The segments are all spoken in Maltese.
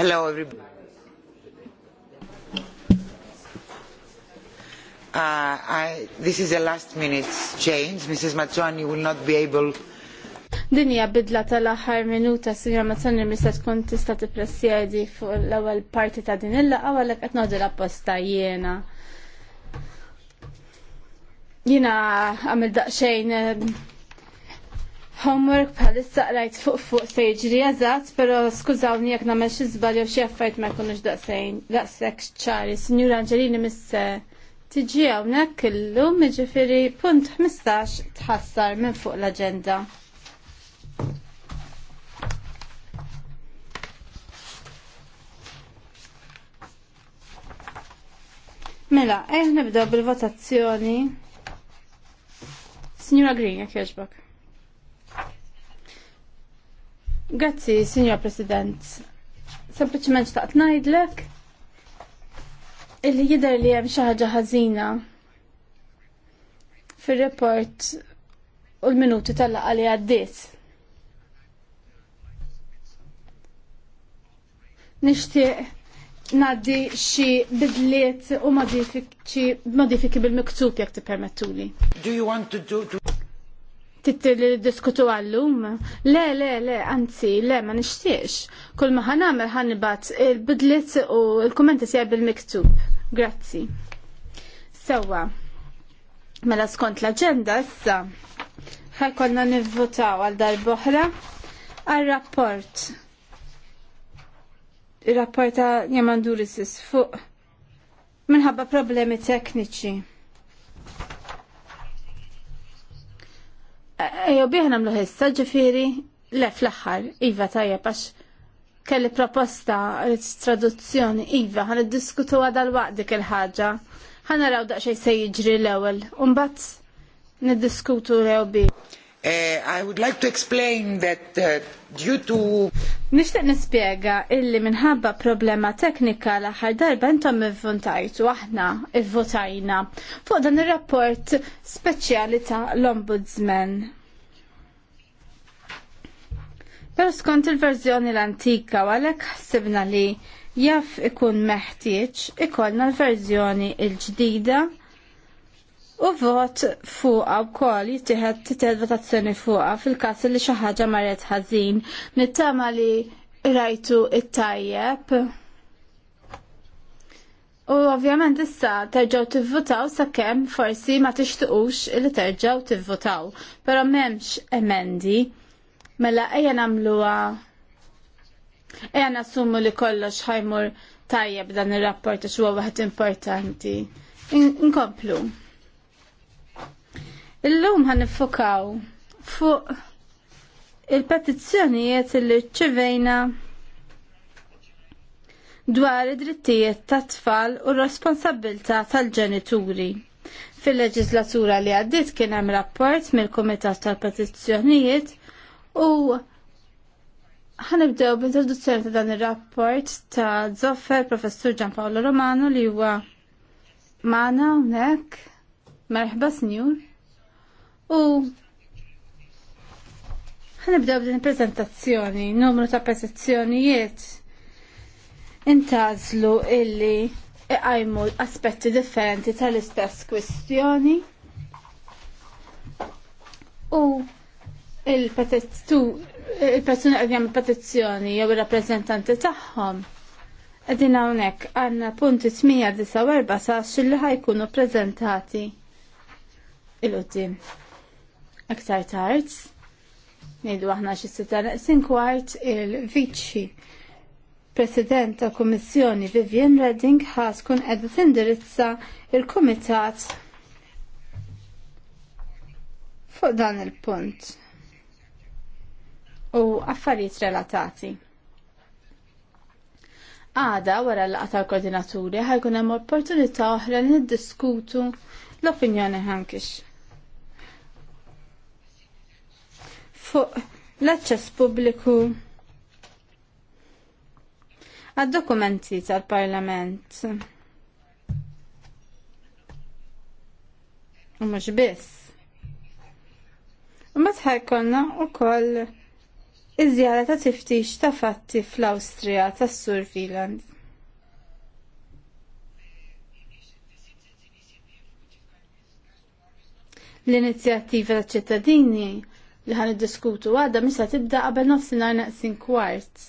Hello, everybody. Uh, I, this is a last minute change. Mrs. Mazzoni will not be able Din hija bidla tal-aħħar minuta sinja Mazzoni mista tkun tista' tippresjedi fuq l-ewwel parti ta' din illa laqgħa għalhekk qed nodu l-apposta jiena. Jiena għamil daqsxejn eh, homework bħalissa rajt fuq fuq sejġri jiġri eżatt, però skużawni jekk nagħmel xi żball xie xi ma jkunux daqsejn daqshekk ċari. Signor Angelini misse tiġi hawnhekk illum meġifiri punt 15 tħassar minn fuq l agenda Mela, eħ eh, nibdew bil-votazzjoni. Signora Green, jek jaġbak. Grazzi, Signor President. Sempliċement xtaqt ngħidlek illi jidher li hemm xi ħaġa ħażina fir-report u l-minuti tal-laqgħa li għaddiet. Nixtieq ngħaddi xi bidliet u modifiki bil-miktub jekk tippermettuli. Do you want to do to titti li diskutu għallum. Le, le, le, anzi, le, ma nishtiex. Kull ma ħanamel ħannibat il-bidlit u il-kommenti sija bil-miktub. Grazzi. Sewa, mela skont l-agenda issa. ħajkolna nivvotaw għal darboħra għal rapport. Il-rapport ta' jamanduris fuq minħabba problemi tekniċi. Ejo bieħna mlu ħissa ġifiri lef l-axħar, Iva tajja bax kelli proposta eh, traduzzjoni, Iva ħan id-diskutu għadal waqdik il-ħagġa, għan naraw daqxej se jiġri l-ewel, un-bat nid-diskutu l-ewel Eh, I would like to explain that uh, due to Nixtieq nispjega illi minħabba problema teknika l-aħħar darba intom ivvuntajt u aħna ivvotajna fuq dan ir-rapport speċjali ta' l-Ombudsman. Però skont il-verżjoni l-antika u għalhekk ħsibna li jaf ikun meħtieġ ikollna l-verżjoni l-ġdida u vot fuqa wkoll jittieħed titel votazzjoni fuqa fil-każ li xi ħaġa marret ħażin nittama li rajtu it-tajjeb. U ovvjament issa terġgħu tivvotaw sakemm forsi ma tixtuqux li terġgħu tivvotaw, però m'hemmx emendi mela ejja nagħmluha ejja nassumu li kollox ħajmur tajjeb dan ir rapport għax huwa waħed importanti. Inkomplu. In Illum ħan nifokaw fuq il-petizzjonijiet li ċivejna dwar id-drittijiet ta' tfal u r-responsabilta tal-ġenituri. Fil-leġislatura li għaddit kien hemm rapport mill-Kumitat tal-Petizzjonijiet u ħanibdew b'introduzzjoni ta' dan ir-rapport ta' Zoffer Professur Gian Paolo Romano li huwa Mana, nek, marħba Snjur. U ħanibdew din prezentazzjoni, numru ta' petizzjonijiet intazlu illi iqajmu aspetti differenti tal-istess kwistjoni. U il-persuna il għadjam il-petizzjoni jew il-rappresentanti tagħhom Għedin hawnhekk għanna punti 849 sa' xilli ħajkunu prezentati il-qoddim aktar tard. Nidu aħna xi sita naqsin kwart il vici President ta' Kummissjoni Vivian Redding ħas kun qiegħda tindirizza il-Kumitat fuq dan il-punt u affarijiet relatati. Għada wara l-laqa tal-koordinaturi ħajkun hemm opportunità oħra li niddiskutu l-opinjoni ħankix. fuq l-aċċess pubbliku għad-dokumenti tal-Parlament. U mhux biss. U meta tħajkonna wkoll iż-żjara ta' tiftix ta' fatti fl-Awstrija tas-Sur Finland. L-inizjattiva ta' ċittadini li ħan diskutu għadha misa tibda qabel nofsinhar naqsin kwart.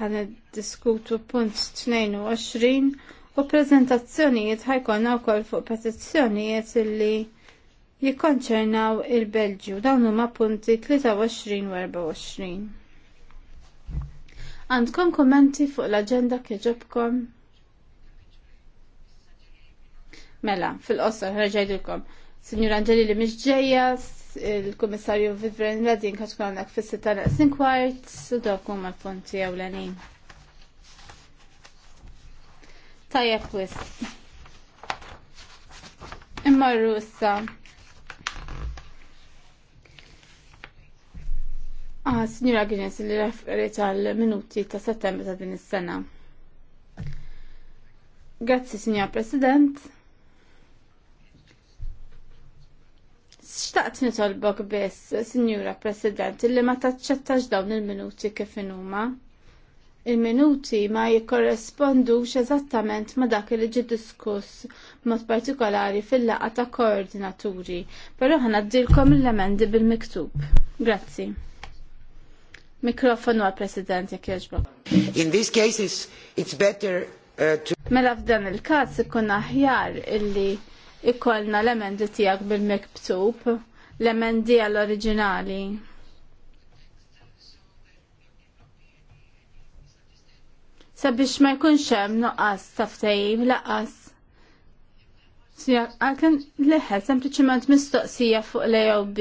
ħan diskutu punt 22 u prezentazzjonijiet ħajkonna wkoll fuq petizzjonijiet li jikkonċernaw il-Belġju dawn huma punti 23 u 24. Għandkom kommenti fuq l-aġenda kieġobkom? Mela, fil-qosor, ħarġajdilkom. Signor Angeli li ġejja, il-Komissarju Vivren Radin kaċkun għandak fil-sitta naqsin kwart, u dokum għal-punti għawlanin. kwis. Imma Immarru issa. Ah, signora Gines, li raffariet għal-minuti ta' settembru ta' din is-sena. Grazzi, signor President. Xtaqt nitolbok biss, Sinjura President, li ma taċċettax dawn il-minuti kif inhuma. Il-minuti ma jikkorrespondux eżattament ma dak li ġi diskuss mod partikolari fil-laqa ta' koordinaturi, però ħana ddilkom l-emendi bil-miktub. Grazzi. Mikrofonu għal President jekk jogħġbok. In these cases, it's better uh, to... Mela f'dan il-każ ikun aħjar illi ikollna l-emendi tiegħek bil-miktub, l-emendi għall-oriġinali. Sabiex ma jkunx hemm nuqqas taftejjim laqas. Għalken liħe, sempliċement mistoqsija fuq l-AOB.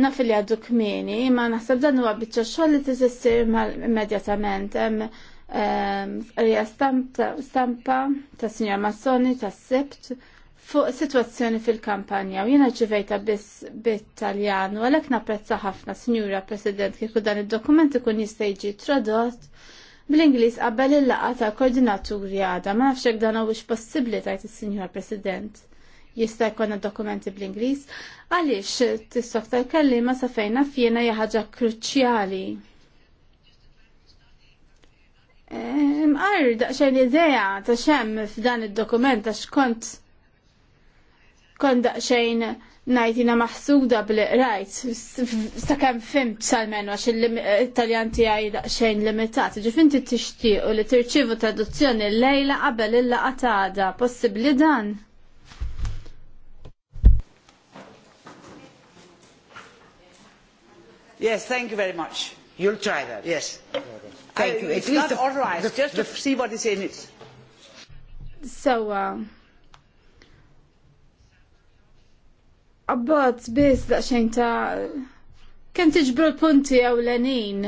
naf li għaddu kmini, ma naħseb dan huwa biċċa xogħol li tiżissir immedjatament hemm għalija stampa ta' Sinjor Massoni ta' Sept fuq situazzjoni fil-kampanja u jiena ġivejta biss bit-Taljan u għalhekk napprezza ħafna Sinjura President kieku dan id-dokument ikun jista' jiġi tradott bl-Ingliż qabel il-laqgħa ta' koordinaturi għada ma nafx hekk dan u possibbli tajt is-Sinjur President jista' jkollna dokumenti bl-Ingliż għaliex tistoktar kellima sa fejna fjena hija ħaġa kruċjali Mqar ehm, daqxajn idea ta' xem f'dan id-dokument għax kont kont daqxajn najtina maħsuda bil-rajt, stakem fimt salmen għax il italjan tijaj daqxajn limitat. Ġifinti t u li tirċivu traduzzjoni l-lejla qabel il laqgħa ta' possibli dan? Yes, thank you very much. You'll try that, yes. Thank I, you. It's it's not the, authorized. The, just to see what is in it. Sewa. Uh, Abbot biss daqsxejn ta' kemm tiġbru l-punti ewlenin.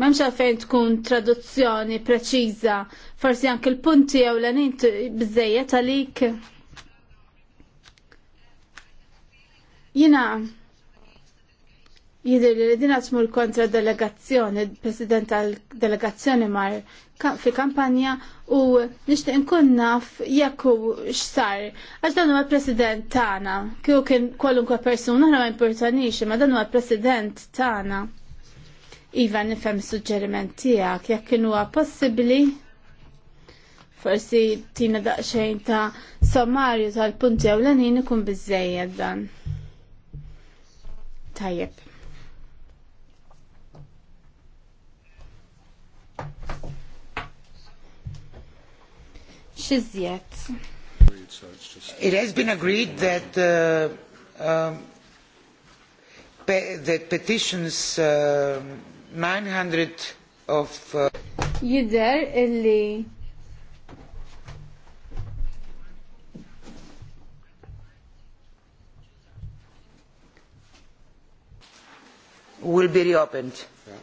M'hemmx għalfejn tkun traduzzjoni preċiża, forsi anke l-punti ewlenin biżejjed għalik. Jina, Jidir li din għatmur kontra delegazzjoni, president tal-delegazzjoni mar fi kampanja u nishtiq nkun naf jekku x'sar. Għax dan huwa president tagħna, kieku kien kwalunkwe persuna ma importanix, ma dan huwa president tagħna. Iva nifhem suġġeriment tiegħek jekk kien huwa possibbli forsi tina daqsxejn ta' sommarju tal-punti ewlenin ikun biżejjed dan. Tajjeb. xiżjed. It has been agreed that uh, um, pe that petitions uh, 900 of uh... illi will be reopened. Yeah.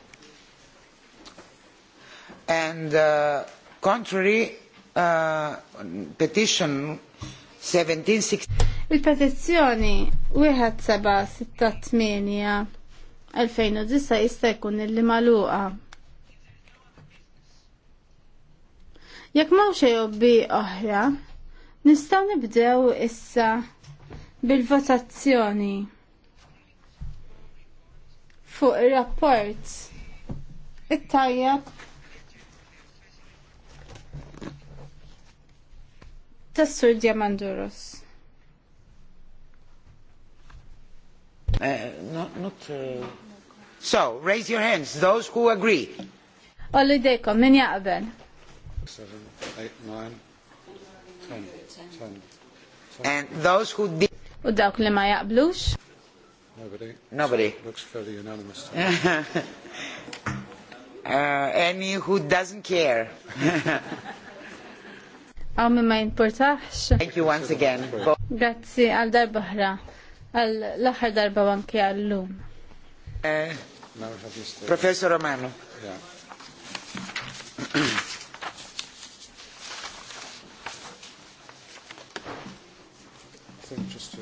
And uh, contrary Uh, petition 1760. Il-petizzjoni 1768-2009 jista' jkun illi maluqa. Jekk ma xej obbi oħra, nistgħu nibdew issa bil-votazzjoni fuq ir-rapport it-tajjeb tas-Sur Diamanduros. Uh, eh, not, not, uh... Eh. So, raise your hands, those who agree. Ollu dejkom, min jaqbel? And those who did... U dawk li ma jaqblux? Nobody. Nobody. So looks fairly unanimous. uh, any who doesn't care. għaw ma jimportax. Thank you once again. Grazzi għal darbaħra, għal l-axar darba banki għallum. Eh, Professor Romano. Yeah. just to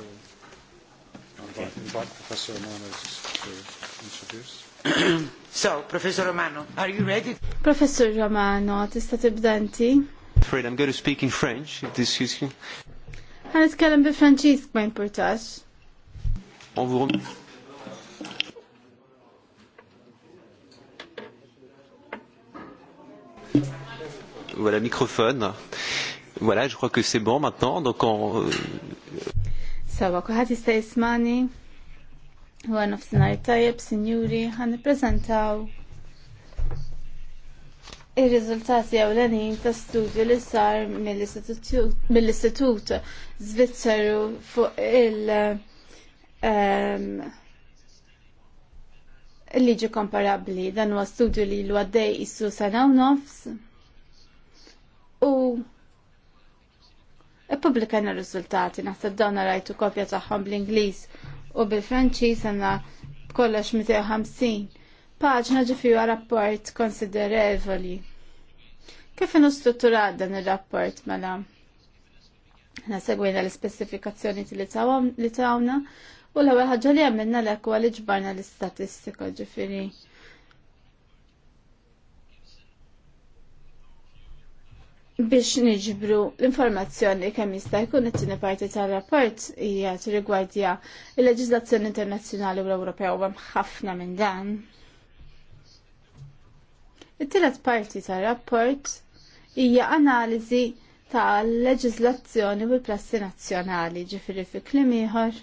invite, invite Professor Romano to introduce. so, Professor Romano, are you ready? Professor Romano, tista tibda inti? afraid I'm going to speak in French, if this is... Għan itkellem bi Franċiż ma importax. On Voilà, microphone. Voilà, je crois que c'est bon maintenant. Donc on. Ça va, quoi, euh, Sawa, kuħat jista' jismani. Huwa nofsinhar tajjeb, on est nippreżentaw Ir-riżultati ewlenin ta' studju li sar mill-Istitut Zvizzeru fuq il- ehm, liġi komparabli dan huwa studju li l għaddej issu sena u nofs u ippubblikajna r-riżultati naħseb dawn rajtu kopja tagħhom bl-Ingliż u bil-Franċiż għandna kollox 250 paġna ġifiju rapport konsiderevoli. Kif inu strutturat dan il-rapport mela? Ħna segwina l-ispesifikazzjoni li tawna u l-ewwel ħaġa li għamilna l ekwa li ġbarna l-istatistika ġifieri. biex niġbru l-informazzjoni kemm jista' jkun it-tieni parti tar-rapport hija tirrigwardja l-leġiżlazzjoni internazzjonali u l-Ewropea hemm ħafna minn dan. It-tielet parti tar-rapport hija analiżi tal-leġiżlazzjoni u l-prassi nazzjonali ġifieri fi klim ieħor.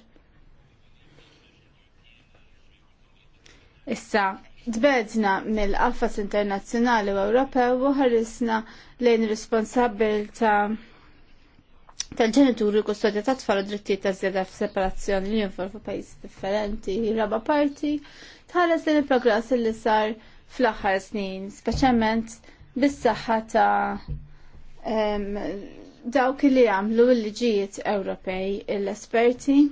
Issa, Tbedna mill-qafas internazzjonali u Ewropew u ħarisna lejn responsabilta tal-ġenituri u kustodja ta' tfal u drittijiet ta' zjeda f'separazzjoni li jinforfu pajjiżi differenti. Raba parti tħares lejn il-progress li sar fl-aħħar snin, speċjalment bis-saħħa ta' dawk li għamlu l-liġijiet Ewropej l-esperti.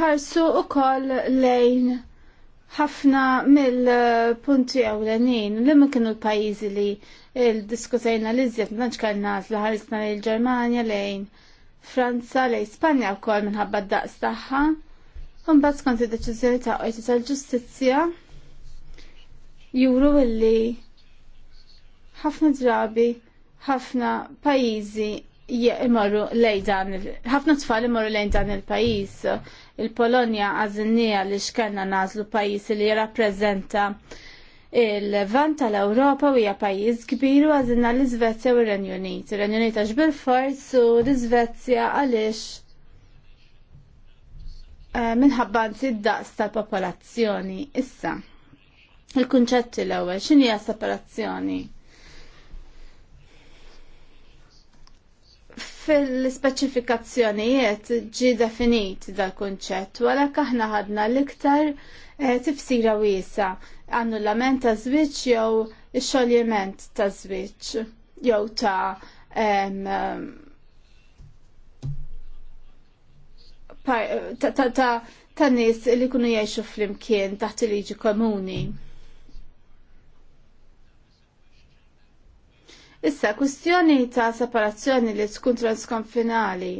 ħarsu u koll lejn ħafna mill-punti ewlenin li ma kienu l-pajjiżi li l-diskutajna li żjed m'għandx kellna li ħarisna lejn Ġermanja lejn Franza lejn Spanja wkoll minħabba d-daqs tagħha. Imbagħad skont id-deċiżjoni ta' qorti tal-ġustizzja juru illi ħafna drabi ħafna pajjiżi imorru lejn dan ħafna tfal imorru lejn dan il-pajjiż il-Polonja għazinnija li xkellna nazlu pajis li jirrappreżenta il-vant tal-Ewropa u hija pajjiż kbir u għażinna l-Iżvezja u r-Renju Unit. Ir-Renju Unit għax bil-fors u l-Iżvezja għaliex eh, minħabba id-daqs tal-popolazzjoni issa. Il-kunċetti l-ewwel x'inhi separazzjoni? fil specifikazzjonijiet ġi definit dal-kunċett, wara aħna ħadna l-iktar eh, tifsira wiesa, annullament ta' żwieġ jew xoljiment ta' żwieġ jew ta' ta' ta' ta' nies li kunu jgħixu fl-imkien taħt il-liġi komuni. Issa, kwistjoni ta' separazzjoni li tkun transkonfinali.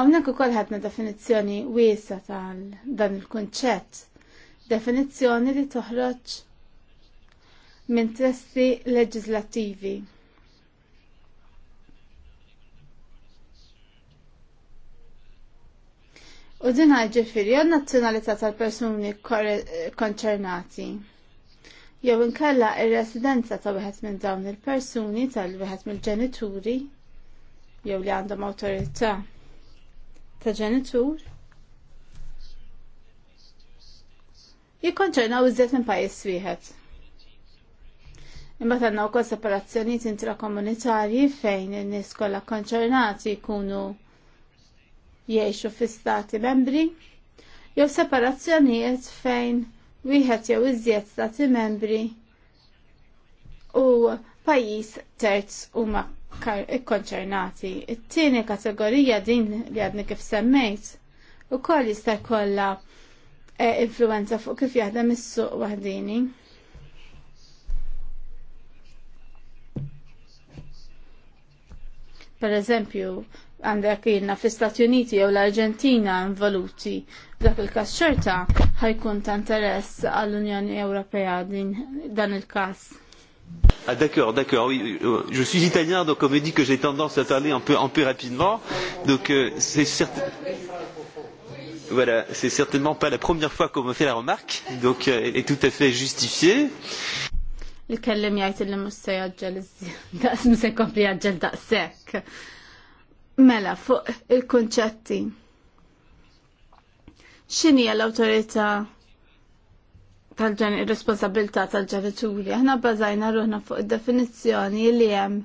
Għawnek u kolħatna definizjoni wiesa tal dan il-konċett. Definizjoni li toħroġ minn testi leġislativi. U din ġifiri, għad nazzjonalità tal-persuni konċernati jew inkella ir-residenza ta' wieħed minn dawn il-persuni tal-wieħed mill-ġenituri jew li għandhom awtorità ta' ġenitur jikkonċernaw iżjed minn pajjiż wieħed. Imma għandna wkoll separazzjonijiet intrakomunitarji fejn in-nies kollha konċernati jkunu jgħixu fi stati membri jew separazzjonijiet fejn wieħed jew iżjed stati membri u pajjiż terz huma kkonċernati. It-tieni kategorija din li għadni kif semmejt ukoll jista' jkollha eh, influenza fuq kif jaħdem is-suq waħdini. Per eżempju, għandek jenna fl Stati Uniti jew l-Arġentina involuti f'dak il-kas ċerta ħajkun ta' interess għall-Unjoni Ewropea din dan il-kas. Ah d'accord, d'accord. Oui, euh, je suis italien, donc on me dit que j'ai tendance à parler un peu, un peu rapidement. Donc euh, c'est certain. Voilà, c'est certainement pas la première fois qu'on me fait la remarque, donc euh, elle est tout à fait justifiée. Il kellem jgħid li mhux se jaġġel iż-żjed, daqs se jkompli Mela, fuq il-konċetti. X'inhi l-awtorità tal-ġen ir-responsabilità tal-ġenituri? Aħna bbażajna ruħna fuq id-definizzjoni li hemm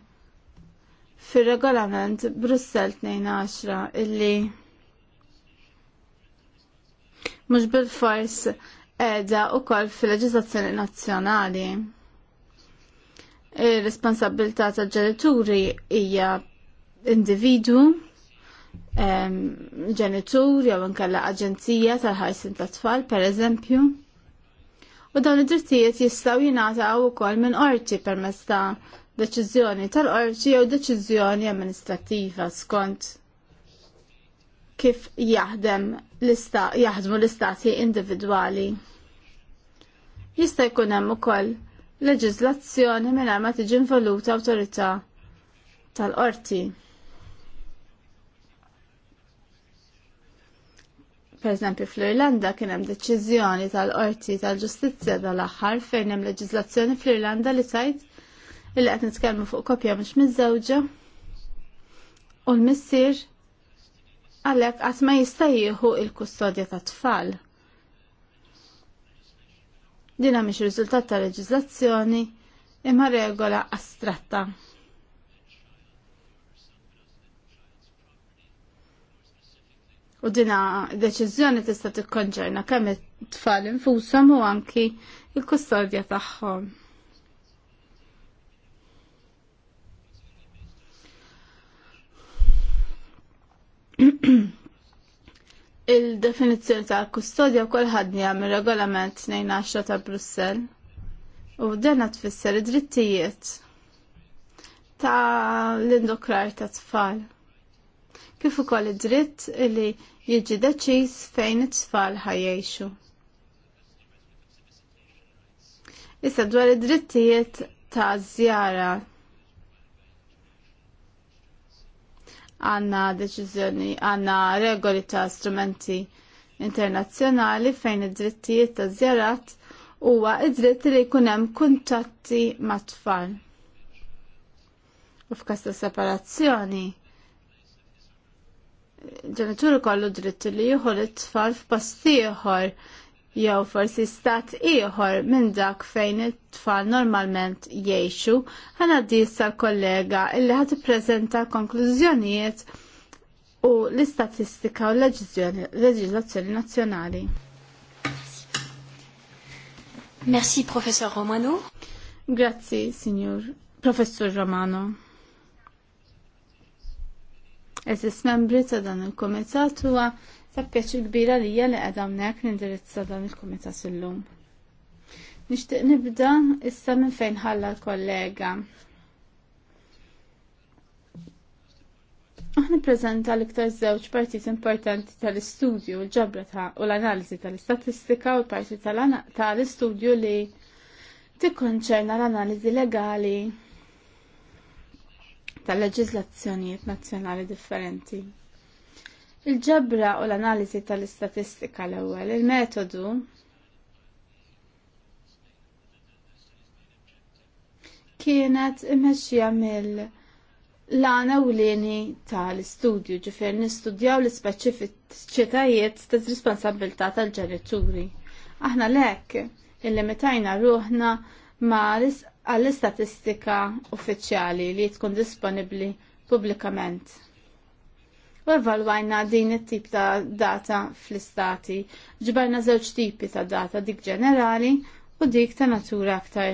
fir-regolament Brussell 210 illi mhux bil-fors qiegħda wkoll fil-leġiżlazzjoni nazzjonali. Ir-responsabilità tal-ġenituri hija individu ġenitur jew inkella aġenzija tal-ħajsin tat-tfal pereżempju. U dawn id-drittijiet jistgħu jingħataw ukoll minn qorti permezz ta' deċiżjoni tal-qorti jew deċiżjoni amministrattiva skont kif jaħdem jaħdmu l-istati individwali. Jista' jkun hemm ukoll leġiżlazzjoni mingħajr ma tiġi involuta awtorità tal-qorti. per eżempju fl-Irlanda kien hemm deċiżjoni tal-Qorti tal-Ġustizzja tal-aħħar fejn hemm leġiżlazzjoni fl-Irlanda li tajt illi qed nitkellmu fuq kopja mhux miż-żewġa u l-missier għalhekk qatt ma jista' jieħu l-kustodja tat-tfal. Dina mhix riżultat ta' leġiżlazzjoni imma regola astratta. U dina deċiżjoni tista' tikkonċerna kemm it-tfal infushom u anki il-kustodja tagħhom. Il-definizzjoni ta' kustodja wkoll ħadni għamil regolament 12 ta' Brussell u dena tfisser id-drittijiet ta' l-indokrar ta' tfal kif ukoll id-dritt li jiġi deċiż fejn it-tfal ħajjexu. Issa dwar id-drittijiet ta' żjara għanna deċiżjoni, għanna regoli ta' strumenti internazzjonali fejn id-drittijiet ta' żjarat huwa id-dritt li jkun hemm kuntatti mat-tfal. U f'każ ta' separazzjoni ġenitur kollu dritt li jieħu it-tfal f'post ieħor jew forsi stat ieħor minn dak fejn it-tfal normalment jgħixu, ħana issa l-kollega illi ħad prezenta konklużjonijiet u l-istatistika u l-leġiżlazzjoni nazzjonali. Merci, professor Romano. Grazzi, signor professor Romano. Eżis membri ta' dan il-komitat huwa ta' pjaċi kbira li li għadam nek nindirizza dan il-komitat illum. Nishtiq nibda issa minn fejn ħalla l-kollega. Aħna prezenta l-iktar żewġ partit importanti tal-istudju, l-ġabra ta' u l-analiżi tal-istatistika u l-parti tal-istudju li tikkonċerna l-analiżi legali ta' leġiżlazzjonijiet nazzjonali differenti. Il-ġebra u l-analiżi tal-istatistika l-ewwel, il-metodu kienet imexxija mill l-għana u l tal-istudju ġifier nistudjaw l-ispeċifiċitajiet ta' responsabilta tal-ġenituri. Aħna lek, illimitajna ruħna ma għall-istatistika uffiċjali li tkun disponibli pubblikament. U evalwajna din it-tip ta' data fl-istati. Ġbarna żewġ tipi ta' data dik ġenerali u dik ta' natura aktar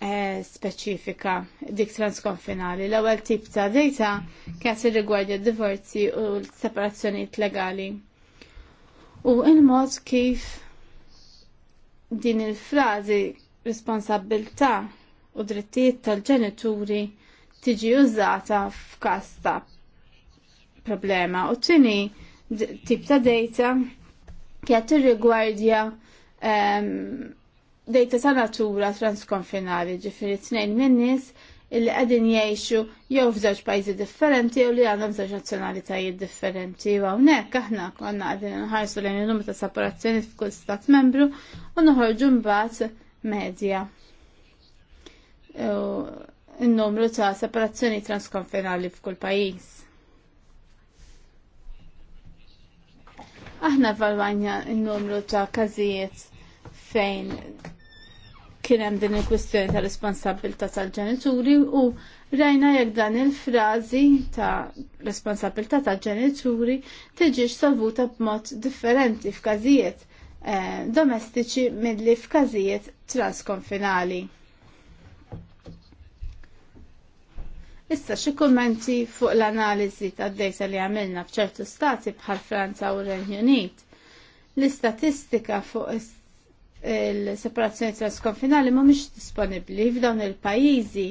eh, speċifika dik transkonfinali. L-ewwel tip ta' data kienet irrigwardja d-divorzi u l-separazzjonijiet legali. U il-mod kif din il-frażi responsabilità u drittijiet tal-ġenituri tiġi użata f'każ ta' problema. U tini tip ta' data kienet irrigwardja um, ehm, data ta' natura transkonfinali, ġifieri tnejn min-nies illi qegħdin jgħixu jew f'żewġ pajjiżi differenti jew li għandhom żewġ nazzjonalitajiet differenti u hawnhekk aħna konna qegħdin nħarsu lejn il-numru ta' separazzjoni f'kull stat membru u noħorġu mbagħad medja. Il-numru ta' separazzjoni transkonfinali f'kull pajjiż. Aħna valwanja il-numru ta' każijiet fejn kien hemm din il-kwistjoni ta' responsabilità tal-ġenituri u rajna jekk dan il-frażi ta' responsabilità tal-ġenituri tiġix solvuta b'mod differenti f'każijiet eh, domestiċi milli f'każijiet transkonfinali. Issa xi kummenti fuq l-analiżi tad-dejta li għamilna f'ċertu stati bħal Franza u r-Renju Unit. L-istatistika fuq il-separazzjoni transkonfinali ma mhux disponibbli f'dawn il-pajjiżi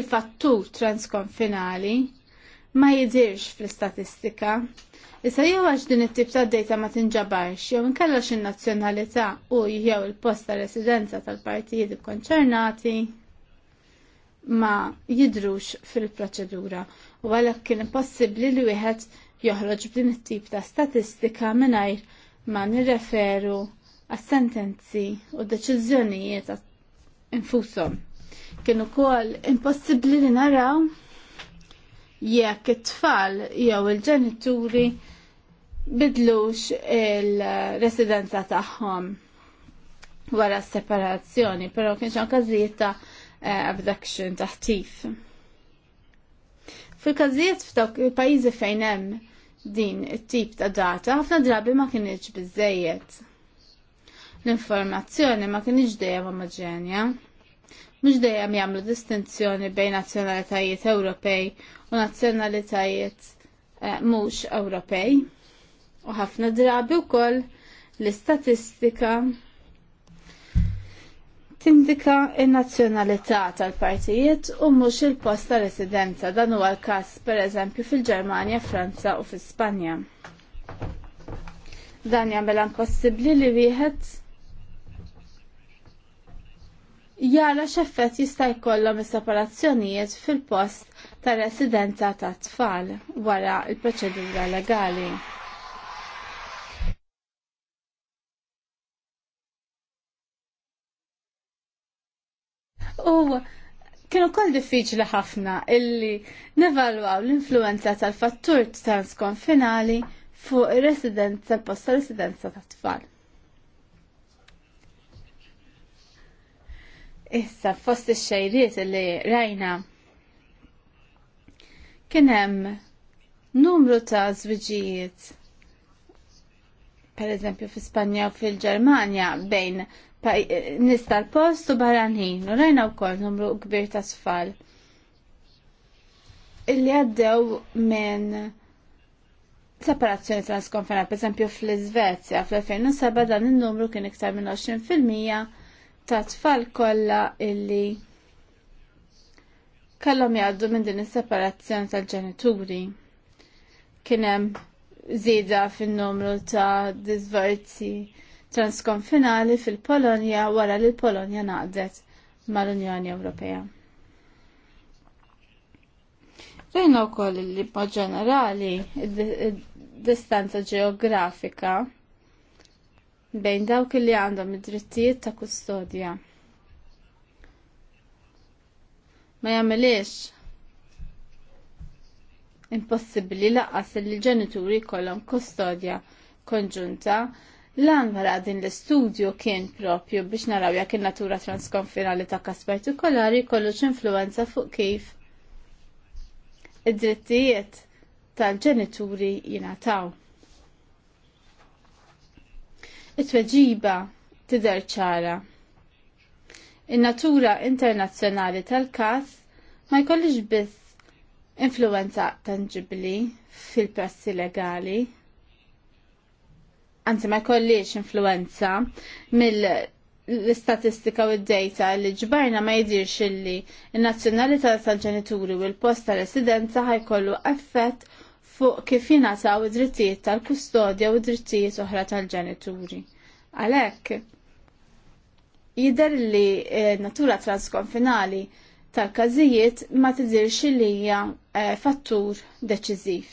il-fattur transkonfinali ma jidirx fl-istatistika. Issa jew għax din it-tip ta' data ma tinġabarx jew inkella xi nazzjonalità u jew il-post ta' residenza tal-partijiet ikkonċernati ma jidrux fil-proċedura u għalhekk kien possibbli li wieħed joħroġ b'din it-tip ta' statistika mingħajr ma nirreferu għas-sentenzi u d-deċiżjonijiet infushom. Kienu kol impossibbli li naraw jekk it-tfal jew il-ġenituri bidlux il-residenza tagħhom wara s-separazzjoni, però kienx hemm każijiet ta' eh, abduction ta' ħtif. Fil-każijiet f'dawk il-pajjiżi fejn hemm din it-tip ta' data, ħafna drabi ma kienx biżejjed. L-informazzjoni ma kienx dejjem omoġenja. Mhux dejjem jagħmlu distinzjoni bejn nazzjonalitajiet Ewropej u nazzjonalitajiet eh, mhux Ewropej. U ħafna drabi wkoll l-istatistika tindika in-nazzjonalità tal-partijiet u mhux il-post ta' residenza dan huwa l-każ pereżempju fil-Ġermanja, Franza u fl-Spanja. Dan jagħmel possibbli li wieħed jara x'effett jista' jkollhom is-separazzjonijiet fil-post ta' residenza ta' tfal wara l-proċedura legali. U kienu kol diffiċli ħafna illi nevalwaw l-influenza tal-fattur trans-konfinali fuq residenza posta residenza tat tfal. Issa fost il xejriet li rajna kien hemm numru ta' żwiġijiet per eżempju fi Spanja u fil-Ġermanja bejn nista' l post u barranin u rajna wkoll numru kbir ta' sfal illi għaddew minn separazzjoni transkonfena, per eżempju fl-Svezja fl-2007 dan il-numru kien iktar minn 20% ta' tfal kollha illi kellhom jaddu minn din is-separazzjoni tal-ġenituri. Kien hemm żieda fin-numru ta' disvorzi transkonfinali fil-Polonja wara li l-Polonja naqdet mal-Unjoni Ewropea. Rejna wkoll li ma' ġenerali id-distanza ġeografika bejn dawk li għandhom id-drittijiet ta' kustodja. Ma jagħmilx impossibbli laqqas li ġenituri kollhom kustodja konġunta lan wara din l-istudju kien propju biex naraw jekk in-natura transkonfinali ta' każ partikolari kollux influenza fuq kif id-drittijiet tal-ġenituri jingħataw it-tweġiba tidher ċara. In-natura internazzjonali tal-każ ma jkollix biss influenza tangibli fil-prassi legali. Anzi ma jkollix influenza mill-istatistika u d-data li ġbarna ma jidirx illi il nazzjonalità tal-ġenituri u l-post tal-residenza ħajkollu effett fuq kif jingħataw id-drittijiet tal-kustodja u drittijiet oħra tal-ġenituri. Għalhekk jidher li eh, natura transkonfinali tal-każijiet ma tidirx li hija eh, fattur deċiżiv.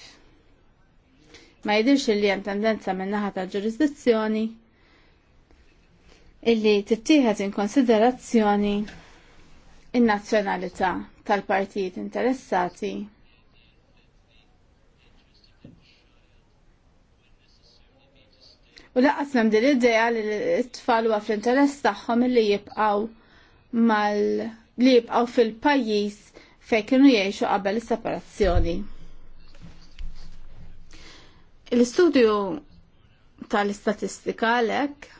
Ma jidirx li hemm tendenza minnaħa naħa tal-ġurisdizzjoni illi tittieħed in konsiderazzjoni in-nazzjonalità tal-partijiet interessati U laqqas mem din l-idea li t-tfal għaf fl-interess tagħhom li jibqaw mal li jibqgħu fil-pajjiż fejn kienu jgħixu qabel is-separazzjoni. L-istudju tal-istatistika għalhekk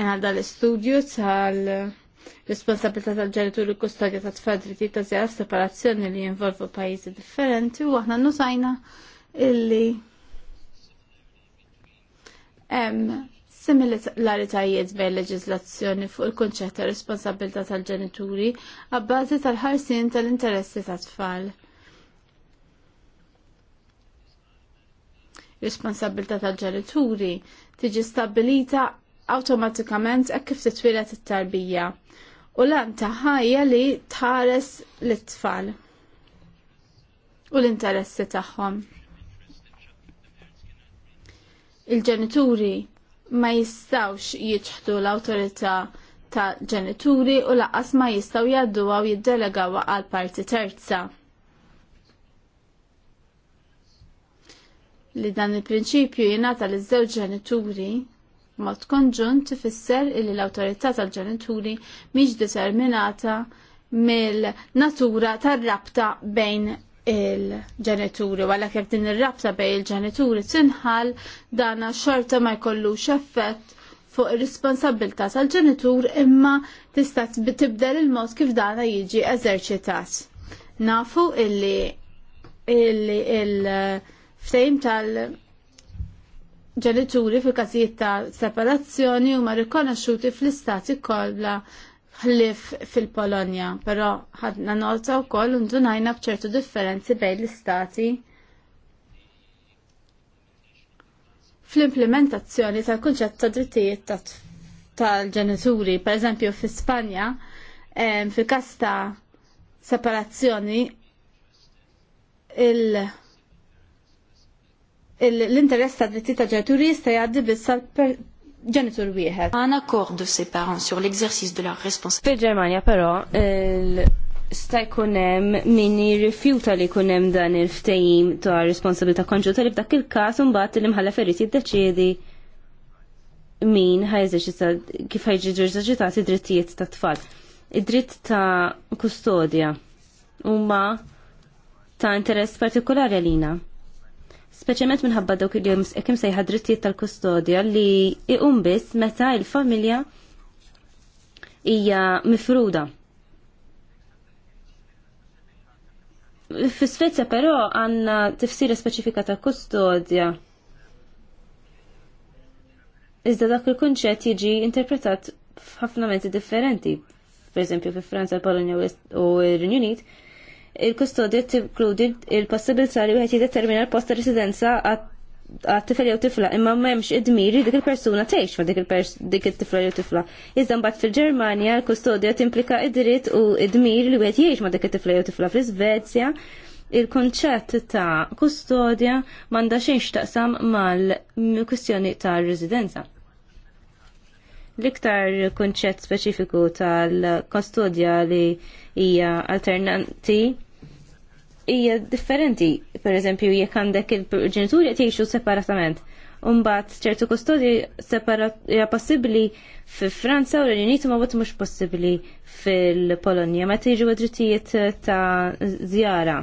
għal dal tal-, -istudju tal responsabilità tal-ġenitur u kustodja ta' tfal dritti ta' zjara separazzjoni li jinvolvu pajjiżi differenti u aħna nużajna illi hemm similaritajiet bejn leġiżlazzjoni fuq il-kunċett ta' responsabilità tal-ġenituri għabbażi tal-ħarsien tal-interessi tat-tfal. Responsabilità tal-ġenituri tiġi stabilita awtomatikament hekk kif titwilet it-tarbija u lan taħħajja li tħares l-tfal u l-interessi tagħhom. Il-ġenituri ma jistawx jitħdu l autorita ta' ġenituri u laqqas ma jistaw jaddu għaw jiddelega għal parti terza. Li dan il-prinċipju jenata l żewġ ġenituri mod konġunt tifisser illi l-awtorità tal-ġenituri mhix determinata mill-natura tar-rabta bejn il-ġenituri, għalla kif din ir-rabta bejn il-ġenituri tinħal dana xorta ma jkollux effett fuq ir-responsabilità tal-ġenitur imma tista' tibdel il-mod kif dana jiġi eżerċitat. Nafu illi il-ftejm tal- ġenituri fil-każijiet ta' separazzjoni huma rikonoxxuti fl-istati kollha ħlif fil-Polonja, però ħadna nota wkoll undunajna b'ċertu differenzi bejn l-istati fl-implementazzjoni tal-kunċett ta' drittijiet tal-ġenituri, per eżempju fi Spanja, fil-kas ta' separazzjoni il- l-interess ta' dritti ta' ġenituri jista' jgħaddi biss ġenitur wieħed. Un accord se ses parents sur l'exercice de la responsabilité. Fil-Ġermanja però sta jkun hemm min jirrifjuta li jkun hemm dan il-ftehim ta' responsabilità konġuta li f'dak il-każ imbagħad l-imħallef irid jiddeċiedi min ħajżeċita kif ħajġiġu ġaġitati drittijiet ta' tfal. Id-dritt ta' kustodja huma ta' interess partikolari għalina speċjalment minħabba dawk il-joms kim sejħa drittijiet tal-kustodja li iqum biss meta il-familja hija mifruda. Fis-Svezja però għandna tifsira speċifika ta' kustodja. Iżda dak il-kunċett jiġi interpretat f'ħafna mezzi differenti. Per fi Franza, Polonja u l-Renju Unit, il-kustodja tinkludi il-possibilità li wieħed jiddetermina l-post ta' residenza għat tifel jew tifla imma m'hemmx idmiri dik il-persuna tgħix ma' dik dik it-tifla jew tifla. Iżda mbagħad fil-Ġermanja l-kustodja timplika id-dritt u id-dmir li wieħed jgħix ma' dik it-tifla jew tifla fl-Iżvezja il-konċett ta' kustodja m'għandha xejn x'taqsam mal-kwistjoni ta' residenza. L-iktar kunċett speċifiku tal kostodja li hija alternanti hija differenti. Per eżempju, jekk għandek il-ġenituri qed jgħixu separatament. Umbat ċertu kustodi separat hija possibbli fi Franza u l-Uniti ma mhux possibbli fil-Polonja meta jiġu drittijiet ta' żjara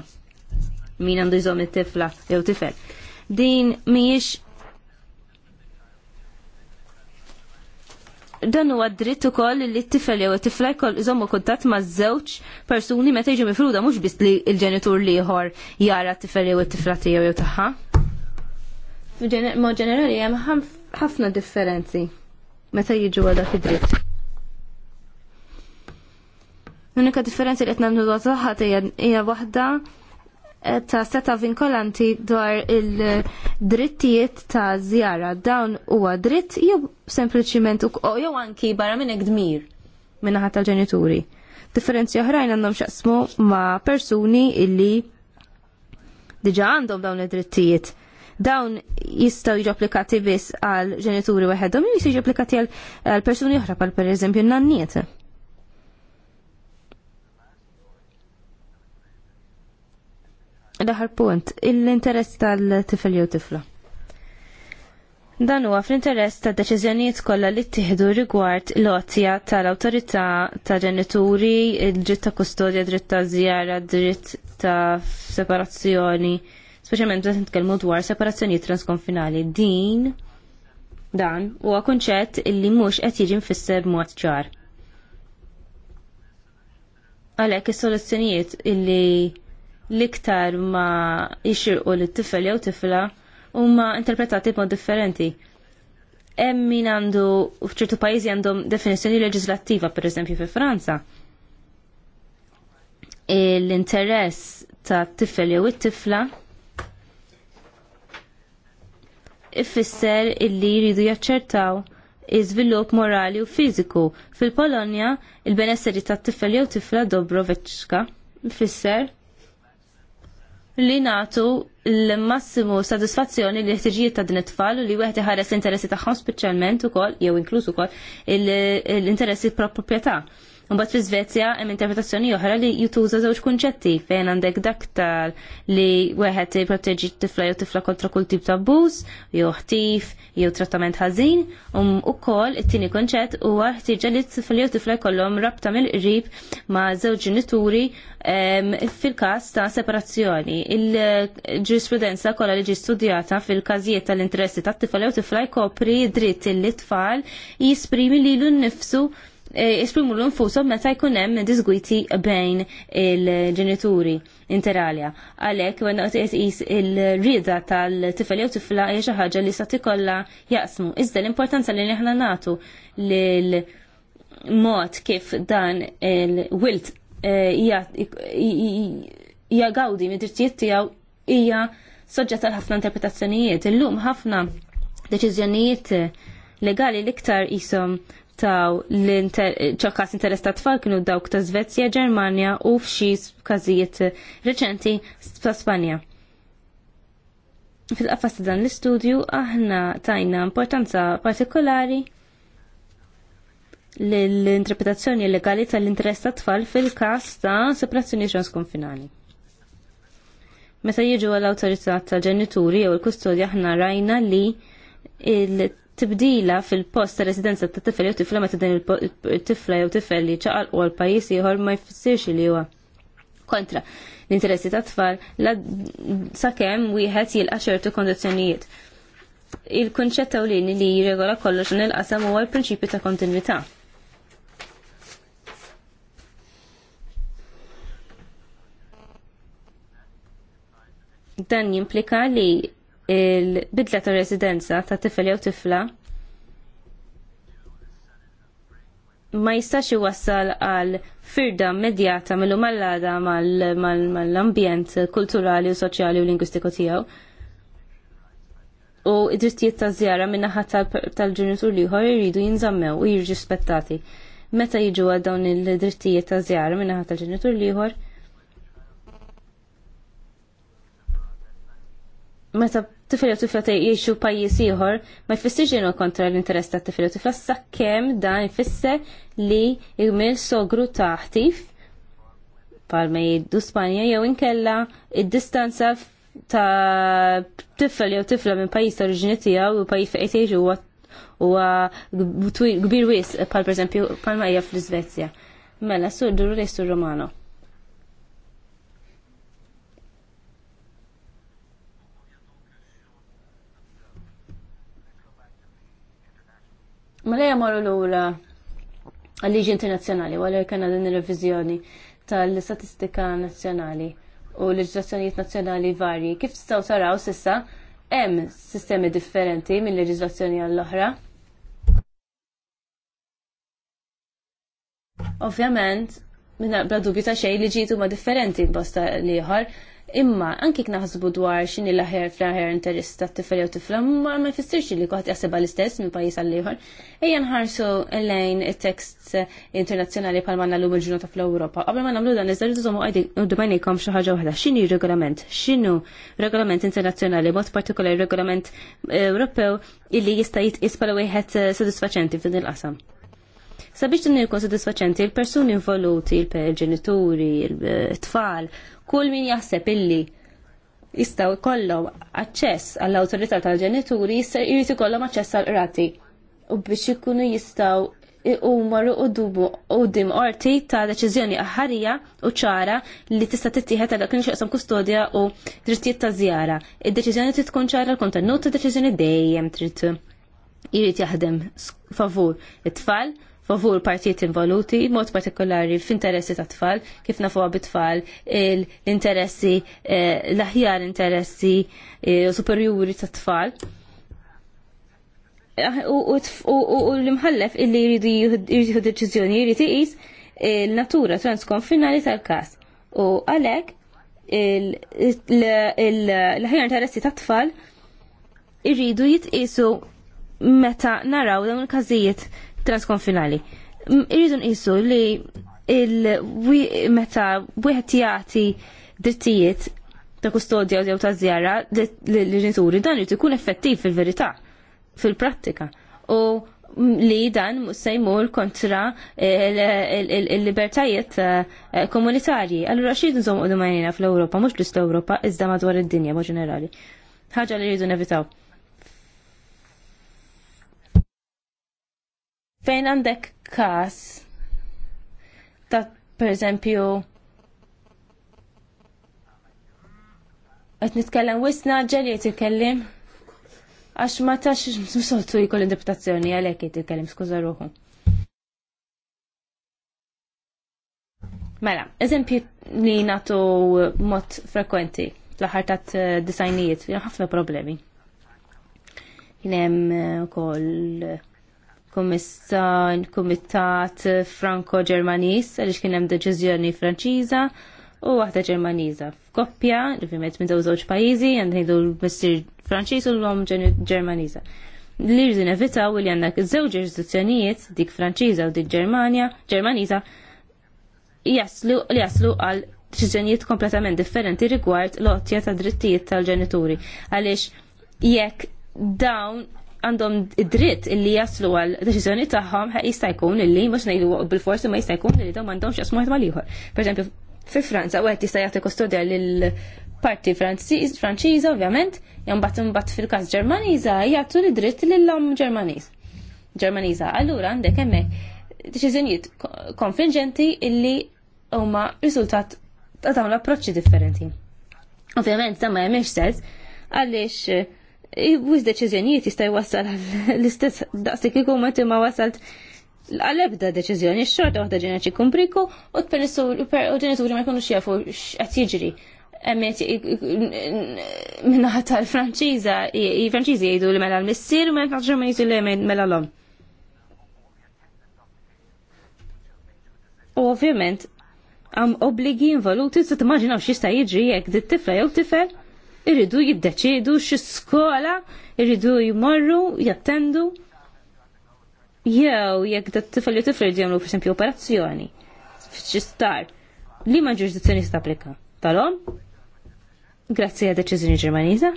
min għandu jżomm it-tifla jew tifel. Din mhijiex dan huwa dritt ukoll li t-tifel jew it tifla jkoll iżommu kuntatt ma' żewġ persuni meta jiġu mifruda mhux biss li l-ġenitur liħor jara t-tifel jew it tifla tiegħu jew tagħha. Mod ġenerali hemm ħafna differenzi meta jiġu għal dak id-dritt. L-unika differenzi li qed nagħmlu dwar tagħha hija waħda Eh, ta' seta' vinkolanti dwar il-drittijiet ta' zjara. Dawn huwa dritt jew sempliċiment jew anki barra minn dmir minn ħadd tal-ġenituri. Differenzi oħrajn għandhom xaqsmu ma' persuni illi diġa għandhom dawn id-drittijiet. Dawn jistgħu jiġu applikati biss għal ġenituri waħedhom jew jistgħu jiġu applikati għal persuni oħra bħal pereżempju n nannieta Daħar punt, l-interess tal-tifel jew tifla. Dan huwa fl-interess ta' deċiżjonijiet kollha li ttieħdu rigward l-għotja tal-awtorità ta' ġenituri, il-dritt ta' kustodja, dritt ta' żjara, dritt ta' separazzjoni, speċjalment meta nitkellmu dwar separazzjonijiet transkonfinali. Din dan huwa kunċett illi mhux qed jiġi mfisser b'mod ċar Għalhekk is soluzzjonijiet illi l-iktar ma li t tifel jew tifla huma interpretati b'mod differenti. Hemm min għandu f'ċertu pajjiżi għandhom definizzjoni leġislattiva, pereżempju fi Franza. L-interess ta' tifel jew it-tifla ifisser illi jridu jaċċertaw iżvilupp morali u fiżiku. Fil-Polonja, il-benesseri tat tifel jew tifla Dobro veċka, ifisser li natu l-massimu sadisfazzjoni li ħtiġijiet ta' din it-tfal u li wieħed iħares interessi tagħhom speċjalment ukoll jew inkluż ukoll l-interessi tal-proprjetà. Mbagħad fi Svezja hemm interpretazzjoni oħra li jituża żewġ kunċetti fejn għandek dak tal li wieħed jipproteġġi t-tifla jew tifla kontra kull tip ta' abbuż, jew ħtif, jew trattament ħażin, u wkoll it-tieni kunċett huwa ħtieġa li t jew tifla jkollhom rabta mill-qrib ma' żewġ ġenituri ehm, fil-każ ta' separazzjoni. Il-ġurisprudenza kollha li ġi studjata fil-każijiet tal-interessi tat-tifla jew tifla jkopri dritt li tfal jisprimi lilu nnifsu E, esprimu l-infusom meta jkun hemm disgwiti bejn il-ġenituri interalja. Għalhekk wara qed il-rieda tal-tifel jew tifla hija xi ħaġa li sa tikollha jaqsmu. Iżda l-importanza li aħna nagħtu lil mod kif dan il-wilt e, gawdi mid-drittijiet tiegħu hija soġġett għal ħafna interpretazzjonijiet. Illum ħafna deċiżjonijiet legali l-iktar jisom Taw l-ċokkas interess ta' tfal kienu dawk ta' Svezja, Ġermanja u f'xi każijiet reċenti ta' Spanja. Fil-qafas ta' dan l-istudju aħna tajna importanza partikolari l-interpretazzjoni legali tal-interess ta' tfal fil-kas ta' separazzjoni transkonfinali. Meta jiġu għall-awtorità tal-ġenituri jew il-kustodja aħna rajna li il tibdila fil-post ta' residenza ta' tifel jew tifla meta din il-tifla jew tifel li ċaqal u għal-pajis ieħor ma jfissirx li huwa kontra l-interessi ta' tfal la sakemm wieħed jilqa' ċertu kondizzjonijiet. Il-kunċett tawlini li jirregola kollox nil-qasam huwa l-prinċipju ta' kontinwità. Dan jimplika li il-bidla ta' residenza ta' tifel jew tifla ma jistax iwassal għal firda medjata mill lada mal-ambjent kulturali u soċjali u lingwistiku tiegħu. U id-drittijiet ta' żjara min tal-ġenitur liħor jridu jinżammew u spettati. Meta jiġu għal dawn il-drittijiet ta' żjara min-naħa tal-ġenitur liħor, meta tifel u tifla jiexu pajjiż ieħor ma jfissirx li kontra l-interess ta' tifel u tifla sakkem dan ifisser li jgmil sogru ta' ħtif palma jiddu Spanja jew inkella id-distanza ta' tifel jew tifla minn pajjiż ta' oriġini tiegħu u pajjiż fejn jgħixu huwa kbir wis pal pereżempju palma hija fl-Iżvezja. Mela sur duru Romano. Ma lejja għal l-ura għal-liġi internazjonali, għal kanna din revizjoni tal-statistika nazjonali u leġislazzjonijiet nazjonali varji. Kif tistaw saraw sissa, hemm sistemi differenti minn leġislazzjoni għall-oħra. Ovvjament, minna bladu dubju ta' xejn li ġitu ma' differenti b'bosta liħor, Imma anki naħsbu dwar x'inhi l-aħjar fl-aħjar interista t tifel jew tifla ma ma jfissirx li kuħat jaħsebha l-istess minn pajjiż għal ieħor. Ejja nħarsu lejn it-tekst internazzjonali bħal manna lum il ġunota fl-Ewropa. Għabla ma nagħmlu dan u d qegħdin xi ħaġa uħda. X'inhi regolament? X'inhu regolament internazzjonali bot partikolari regolament eh, Ewropew illi jista' jitqis bħala wieħed eh, sodisfaċenti f'din il-qasam. Sabiex t jkun sodisfaċenti, il-persuni involuti, il-ġenituri, il-tfal eh, kull min jaħseb illi jistaw kollom aċċess għall-awtorità tal-ġenituri jrid ikollhom aċċess għall qrati u biex ikunu jistaw marru u dubu u dim orti ta' deċiżjoni aħħarija u ċara li tista' tittieħed għal kienx jaqsam kustodja u drittijiet ta' żjara. Id-deċiżjoni trid tkun ċara l-kontenut ta' deċiżjoni dejjem trid irid jaħdem favur it-tfal favur partijiet involuti, mod partikolari f'interessi ta' tfal, kif nafu bit-tfal l-interessi, eh, l-aħjar interessi eh, superjuri ta' tfal. Eh, u l-imħallef illi jridu jieħu deċiżjoni jridu iqis il-natura transkonfinali tal-każ. U għalhekk l-ħajja interessi ta' tfal irridu jitqisu meta naraw dawn il-każijiet transkonfinali. Irridu nisu li il meta wieħed jagħti drittijiet ta' kustodja jew ta' żjara li ġenituri dan irid ikun effettiv fil-verità, fil-prattika. U li dan se jmur kontra il-libertajiet eh, komunitarji. Allura xi nżomm u fl-Ewropa, mhux l-Ewropa, iżda madwar id-dinja ma' ġenerali. Ħaġa li rridu nevitaw. fejn għandek kas ta' per esempio qed nitkellem wisna ġeli qed għax ma tax soltu jkoll interpretazzjoni għalhekk qed ikellim skuża ruħu. Mela, eżempju li natu mod frekwenti fl aħħar ta' eh, disajnijiet, ħafna problemi. Jinem eh, kol kumissan, kumitat franco-ġermanis, għalix kien hemm deċiżjoni franċiża u waħda ġermaniża. F'koppja, rifimet minn dawn żewġ pajjiżi, ngħidu l-missier franċiż u l-om ġermaniża. Li rridu nevitaw li għandek żewġ ġurisdizzjonijiet, dik franċiża u dik Ġermanja, Ġermaniża, jaslu li jaslu għal deċiżjonijiet kompletament differenti rigward l-ottja ta' drittijiet tal-ġenituri. Għaliex jekk dawn għandhom id-dritt illi jaslu għal deċiżjoni tagħhom jista' jkun illi mhux ngħidu bil-forsi ma jista' jkun illi dawn m'għandhomx jasmuħ mal Per Pereżempju, fi Franza wieħed jista' jagħti kustodja l parti Franċiża ovvjament, jew mbagħad imbagħad fil-każ Ġermaniża jagħtu l-dritt l om Ġermaniż. Ġermaniża. Allura għandek hemmhekk deċizjoniet konfringenti illi huma riżultat ta' dawn l-approċċi differenti. Ovvjament, sa ma jemmex sens għaliex Wiz deċiżjonijiet jista' jwassal l-istess daqsik kieku ma ma wasalt għal-ebda deċiżjoni x-xorta waħda ġenet ikkumpriku u l-ġenituri ma jkunux jafu x'qed jiġri. Emmet minnaħat tal-Franċiża, i-Franċiżi jgħidu li mela l-missier u ma jkunx ma jgħidu li mela l-om. U ovvjament, għam obligi involuti, t-immaġinaw xista jiġri jekk dit tifla jew tifel irridu jiddeċidu skola, irridu jmorru jattendu jew jekk dat tifel li tifel jagħmlu pereżempju operazzjoni f'xi star li ma ġurisdizzjoni tapplika. Talom? Grazzi għad deċiżjoni Ġermaniża.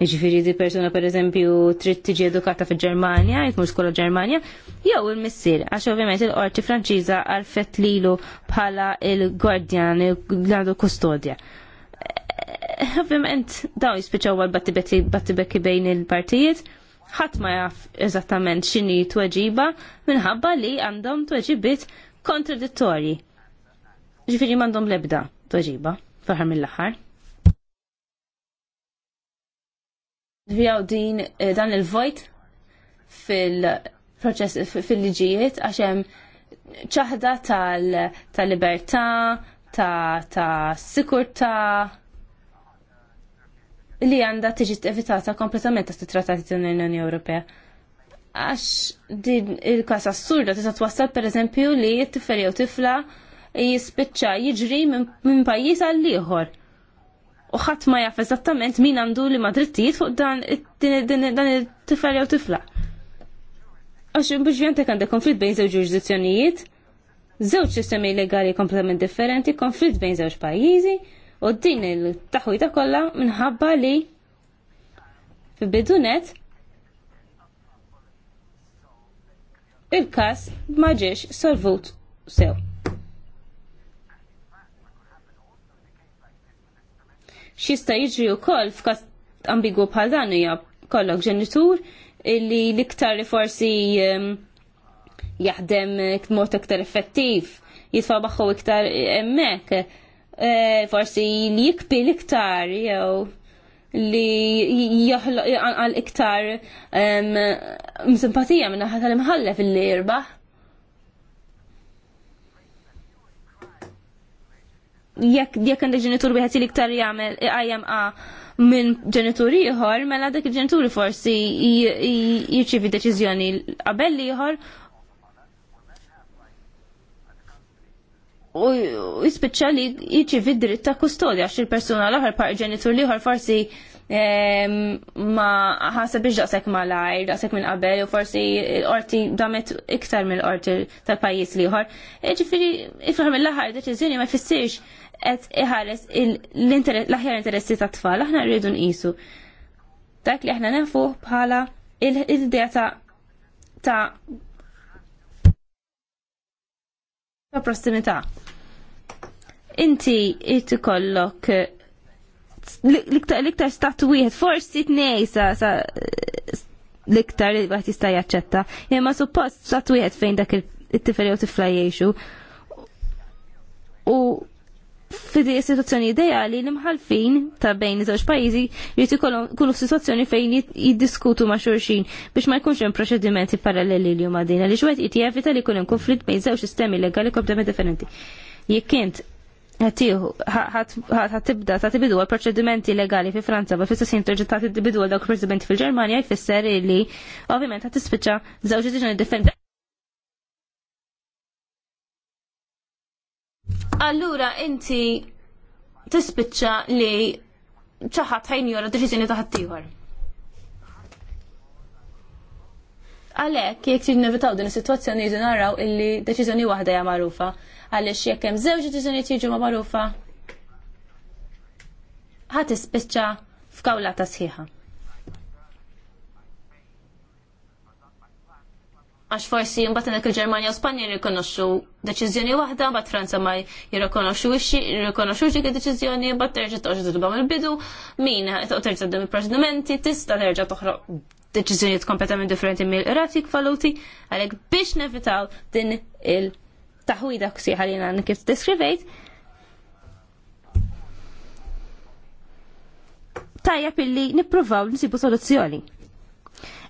Ġifiri di persona per eżempju trid tiġi edukata fi Ġermanja, jitmur skola Ġermanja, jew il-missir, għax ovvjament il-qorti Franċiża għalfet lilu bħala il-gwardjan, il-għandu kustodja. Eh, ovvjament dawn jispiċaw għal battibekki bejn il-partijiet, ħadd ma jaf eżattament x'inhi tweġiba minħabba li għandhom tweġibiet kontradittorji. Ġifiri m'għandhom l-ebda tweġiba, fl mill-aħħar. Vijaw din eh, dan il-vojt fil-proċess fil-liġijiet għax hemm ċaħda tal-libertà, ta' sikurtà li għandha tiġi evitata kompletament ta' trattati tal-Unjoni Ewropea. Għax din il-kas assurda tista' twassal pereżempju li t-tifel jew tifla jispiċċa jiġri minn pajjiż għall ieħor u ħadd ma jaf eżattament min għandu li ma drittijiet fuq dan it-tifel jew tifla. Għax biex jantek għandek konflitt bejn żewġ ġurisdizzjonijiet, żewġ sistemi legali kompletament differenti, konflitt bejn żewġ pajjiżi, u din il-taħwita kollha minħabba li fil-bidunet il-kas maġiex solvut sew. xista jiġri wkoll f'kas ambigu bħal dan hija kollok ġenitur illi l-iktar li forsi ehm, jaħdem mod iktar effettiv, jitfa' baħħu iktar hemmhekk, eh, forsi li jikpi liktar iktar jew li joħloq għal iktar ehm, simpatija minna ħatal imħalle imħallef li jirbaħ. jekk jekk għandek ġenitur wieħed li iktar jagħmel IMA minn ġenitur ieħor, mela dak il-ġenituri forsi jirċievi deċiżjoni qabel ieħor u jispiċċa li jirċievi dritt ta' kustodja għax il-persuna l-aħħar par ġenitur ieħor forsi ma ħasab biex daqsek ma lajr, daqsek minn qabel, u forsi orti damet iktar minn orti tal-pajis liħor. E, Ġifiri, ifraħam il-laħar deċizjoni ma jfissirx qed iħares l-aħjar interessi ta' tfal, aħna rridu nqisu. Dak li aħna nafu bħala il dieta ta' ta' ta' prossimità. Inti it kollok l-iktar statu wieħed, forsi tnej sa l-iktar li għat jista' jaċċetta. Imma suppost statu wieħed fejn dak it-tifel jew tifla jgħixu. U fidi situazzjoni ideali li mħalfin ta' bejn iż-żewġ pajjiżi jrid ikunu situazzjoni fejn jiddiskutu ma' xulxin biex ma jkunx hemm proċedimenti paralleli li huma din għaliex wieħed jevita li jkun hemm konflitt bejn żewġ sistemi legali kompletament differenti. Jekk int ħatibda ta' tibidu għal proċedimenti legali fi Franza, ba' fissa sin terġa' ta' tibidu għal dawk proċedimenti fil-Ġermanja jfisser li ovvjament ħat tispiċċa żewġ deċiżjoni differenti. Allura inti tispiċċa li ċaħat ħajn jora deċiżjoni ta' tiħor. Għalhekk jekk trid nevitaw din is-sitwazzjoni jridu naraw illi deċiżjoni waħda hija magħrufa. Għaliex jekk hemm żewġ deċiżjonijiet jiġu magħrufa ħadd ispiċċa f'kawla ta' sħiħa. għax forsi mbagħad hekk il-Ġermanja u Spanja jirrikonoxxu deċiżjoni waħda, mbagħad Franza ma jirrikonoxxux dik id-deċiżjoni, mbagħad terġa' toqgħod tidba mill-bidu, min terġa' tdum il-proċedimenti, tista' terġa' toħroq deċiżjonijiet kompletament differenti mill-irati kvaluti għalhekk biex nevitaw din il-taħwida ksiħa li għandna kif deskrivejt. Tajja pilli nippruvaw nisibu soluzzjoni.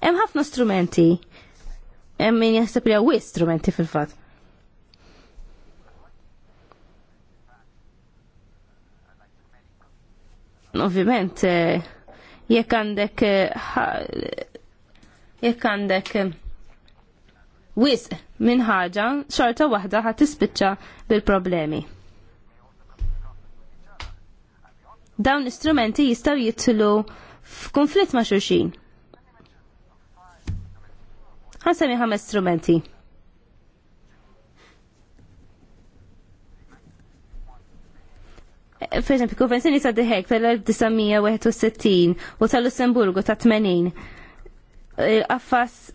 Hemm ħafna strumenti. Hemm min jaħseb li hawn strumenti fil-fatt. Ovvjament, eh, jekk għandek eh, jekk għandek wisq minn ħaġa xorta waħda ħat tispiċċa bil-problemi. Dawn l-istrumenti jistgħu jitlu f'konflitt ma' xulxin. Ħansemi ħames strumenti. Per esempio, konvenzjoni ta' Dehek tal-1961 u tal-Lussemburgu ta' 80 affas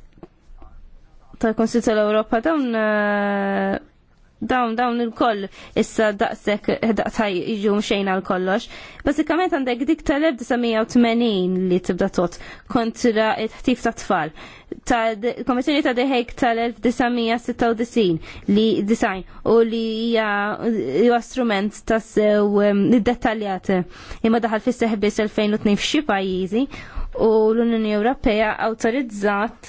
tal tal Ewropa dawn eh, dawn dawn il-koll issa daqsek daqtaj iġu mxejn għal kollox. Basikament għandek dik tal-1980 li tibda tot kontra il-ħtif ta' tfal. Komissjoni ta' deħek tal-1996 li design u li hija strument ta' sew id-dettaljat imma daħal fis-seħbis 2002 f'xi pajjiżi u l-Unjoni Ewropea awtorizzat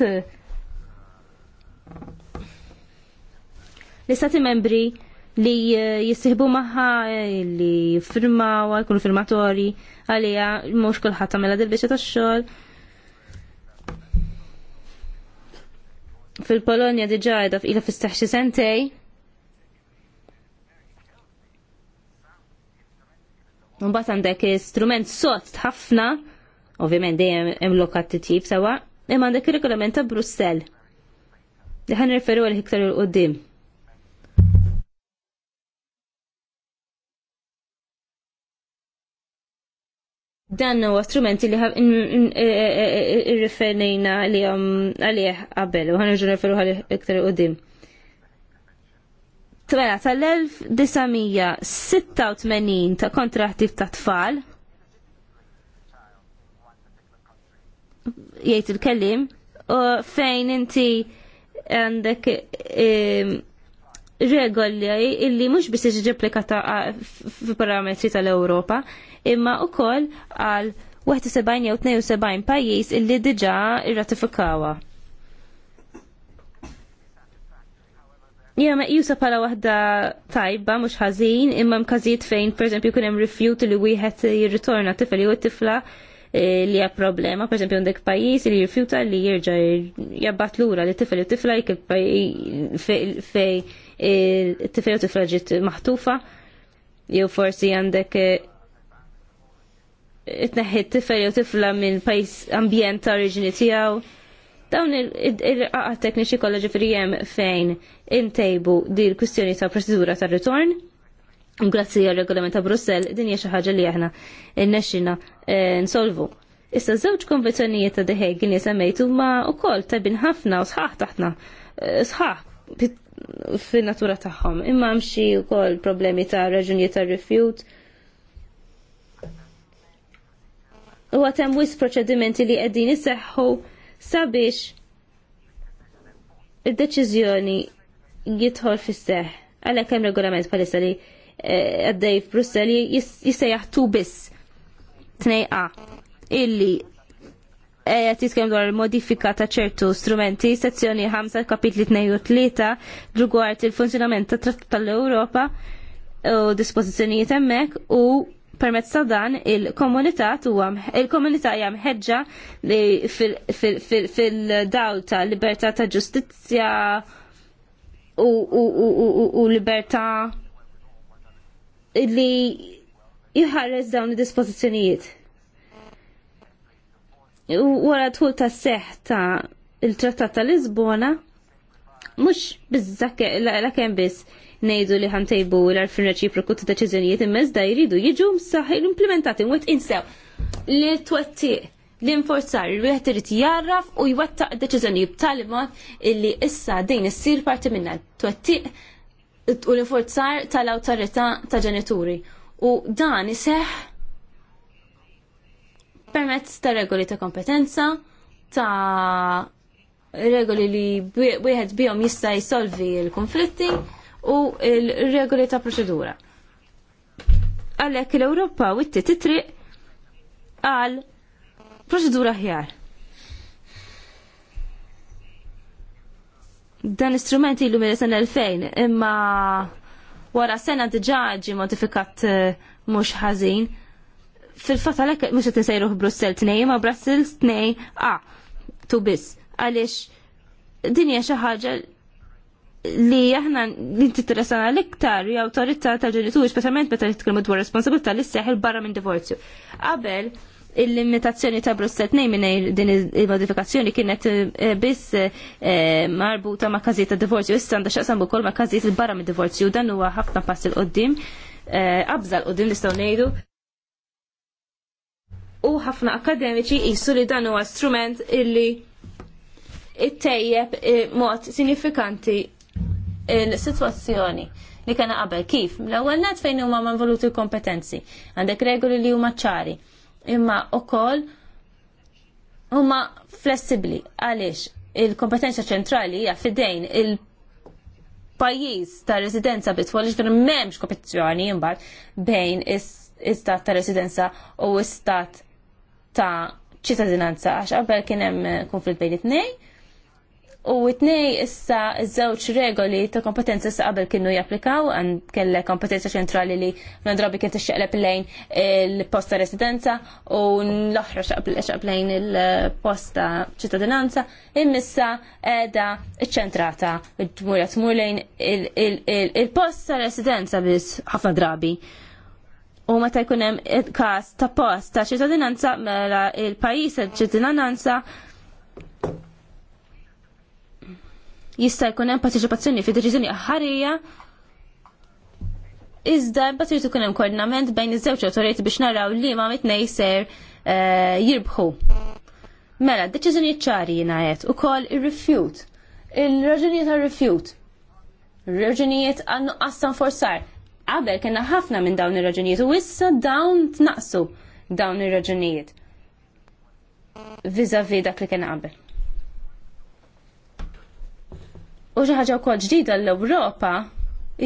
l-istati membri li jistihbu maħħa li firmaw għal kun firmatori għalija mux kullħat għamela dil-bieċa ta' xol fil-Polonja diġa għedha f'ila fistaxi sentej. Mbagħad għandek strument sot ħafna Ovvjament dejjem hemm lokat titjib sewa, imma għandek ir-regolament ta' Brussell. Li ħan referu għal iktar il qoddim Dan huwa strumenti li e- e- e- rrifernejna li għalih qabel u ħanġu referu għal iktar qoddim Twela tal-1986 ta' kontratti ta' tfal jgħid il-kellim u fejn inti għandek ehm, regoli illi mhux biss iġi ġeplikata parametri tal-Ewropa, imma wkoll għal 71 jew 72 pajjiż illi diġà irratifikawha. Jena meqjusa pala wahda tajba, mux ħazin, imma mkazijiet fejn, per esempio, kunem rifjut li wieħed jirritorna tifel jew tifla Eh, li hija problema, pereżempju dek pajjiż li rifiuta li jirġa' jabbat lura li tifel u tifla jekk fej e, tifel u tifla ġiet maħtufa jew forsi għandek itneħħi e, tifel jew tifla minn pajjiż ambjent ta' oriġini tiegħu dawn il-raqqa tekniċi kollha ġifieri fejn intejbu din l-kwistjoni ta' proċedura ta' ritorn Grazzi għal regolament ta' Brussel, din hija xi ħaġa li aħna nnexxina eh, nsolvu. Issa żewġ konvenzjonijiet ta' deħej li semmejtu ma wkoll tabin ħafna u sħaħ taħtna eh, sħaħ fin-natura tagħhom. Imma hemm xi wkoll problemi ta' raġunijiet ta' rifjut. U għatem wis proċedimenti li qegħdin isseħħu sabiex id-deċiżjoni jidħol fis-seħħ għalhekk hemm regolament palissa li għaddej f'Brussel jissejjaħ tu biss tnejqa illi qed jitkellem dwar il-modifika ta' ċertu strumenti, sezzjoni 5 kapitli 2 u 3 rigward il-funzjonament ta' Trattat tal-Ewropa u dispożizzjonijiet hemmhekk u permezz ta' dan il-komunità huwa il-komunità hija mħeġġa fil-dawl ta' libertà ta' ġustizzja u libertà li jħarres dawn id-dispożizzjonijiet. Wara tħul ta' seħ ta' il-Trattat ta' Lisbona, mux bizzakke, la' kem biss nejdu li ħantejbu l-arfin reċiproku ta' deċizjonijiet imma da' jridu jiġu msaħ il-implementati mwet insew li twetti l-inforzar il-wieħed irid jarraf u jwettaq deċiżjonijiet b'tal mod illi issa din issir parti minna twettiq u l-infurzar tal autorita ta' ġenituri. U dan iseħ permezz ta' regoli ta' kompetenza, ta' regoli li wieħed bihom jista' jisolvi l-konflitti u l-regoli ta' proċedura. Għalhekk l-Ewropa witti titriq għal proċedura ħjar. Dan istrument ilu minn sen 2000 imma wara sena diġaġi modifikat eh, mhux ħażin. Fil-fatt għalhekk mhux qed insejruh Brussell tnej, ma Brussell tnej a tu biss għaliex din hija xi ħaġa li aħna nintitressana l-iktar jew tal-ġenituri, speċjalment meta nitkellmu dwar responsabilità li seħħel barra minn divorzju. Qabel il-limitazzjoni ta' Brussel 2 minn din il-modifikazzjoni kienet eh, biss eh, marbuta ma' każijiet ta' divorzju. Issa għandha xaqsam ukoll ma' każijiet il-barra mid divorzju dan huwa ħafna pass il-qoddim. Qabża eh, qoddim nistgħu ngħidu. U ħafna akademiċi jissu li dan huwa strument illi it-tejjeb mod sinifikanti il-sitwazzjoni li kena qabel kif. L-ewwel net fejn huma man l-kompetenzi. Għandek regoli li huma ċari imma ukoll huma flessibbli għaliex il-kompetenza ċentrali hija fidejn il- pajjiż ta' residenza bitwal ġifir memx kompetizzjoni imbagħad bejn istat ta' residenza u istat ta' ċittadinanza għax qabel kien hemm konflitt bejn it-tnejn U t nej issa żewġ regoli ta' kompetenza issa qabel kienu japplikaw, għan kelle kompetenza ċentrali li minn drabi kien tixxeqleb lejn il-posta residenza u l-oħra xaqleb lejn il-posta ċittadinanza, immissa edha ċentrata id-dmurja t-mur lejn il-posta residenza biss ħafna drabi. U meta jkun hemm każ ta' posta ċittadinanza mela il pajis ċittadinanza jista' jkun hemm parteċipazzjoni fi deċiżjoni aħħarija iżda mbagħad irid ikun hemm koordinament bejn iż-żewġ awtoritajiet biex naraw li ma mitnej ser eh, jirbħu. Mela, deċiżjoni ċari jiena qed ukoll ir-refute. Il-raġunijiet għar-refute. Raġunijiet għannu qassan forsar. Qabel kena ħafna minn dawn ir-raġunijiet u issa dawn tnaqsu dawn ir-raġunijiet. Viżavi dak li kien qabel. U xi ħaġa wkoll ġdida l-Ewropa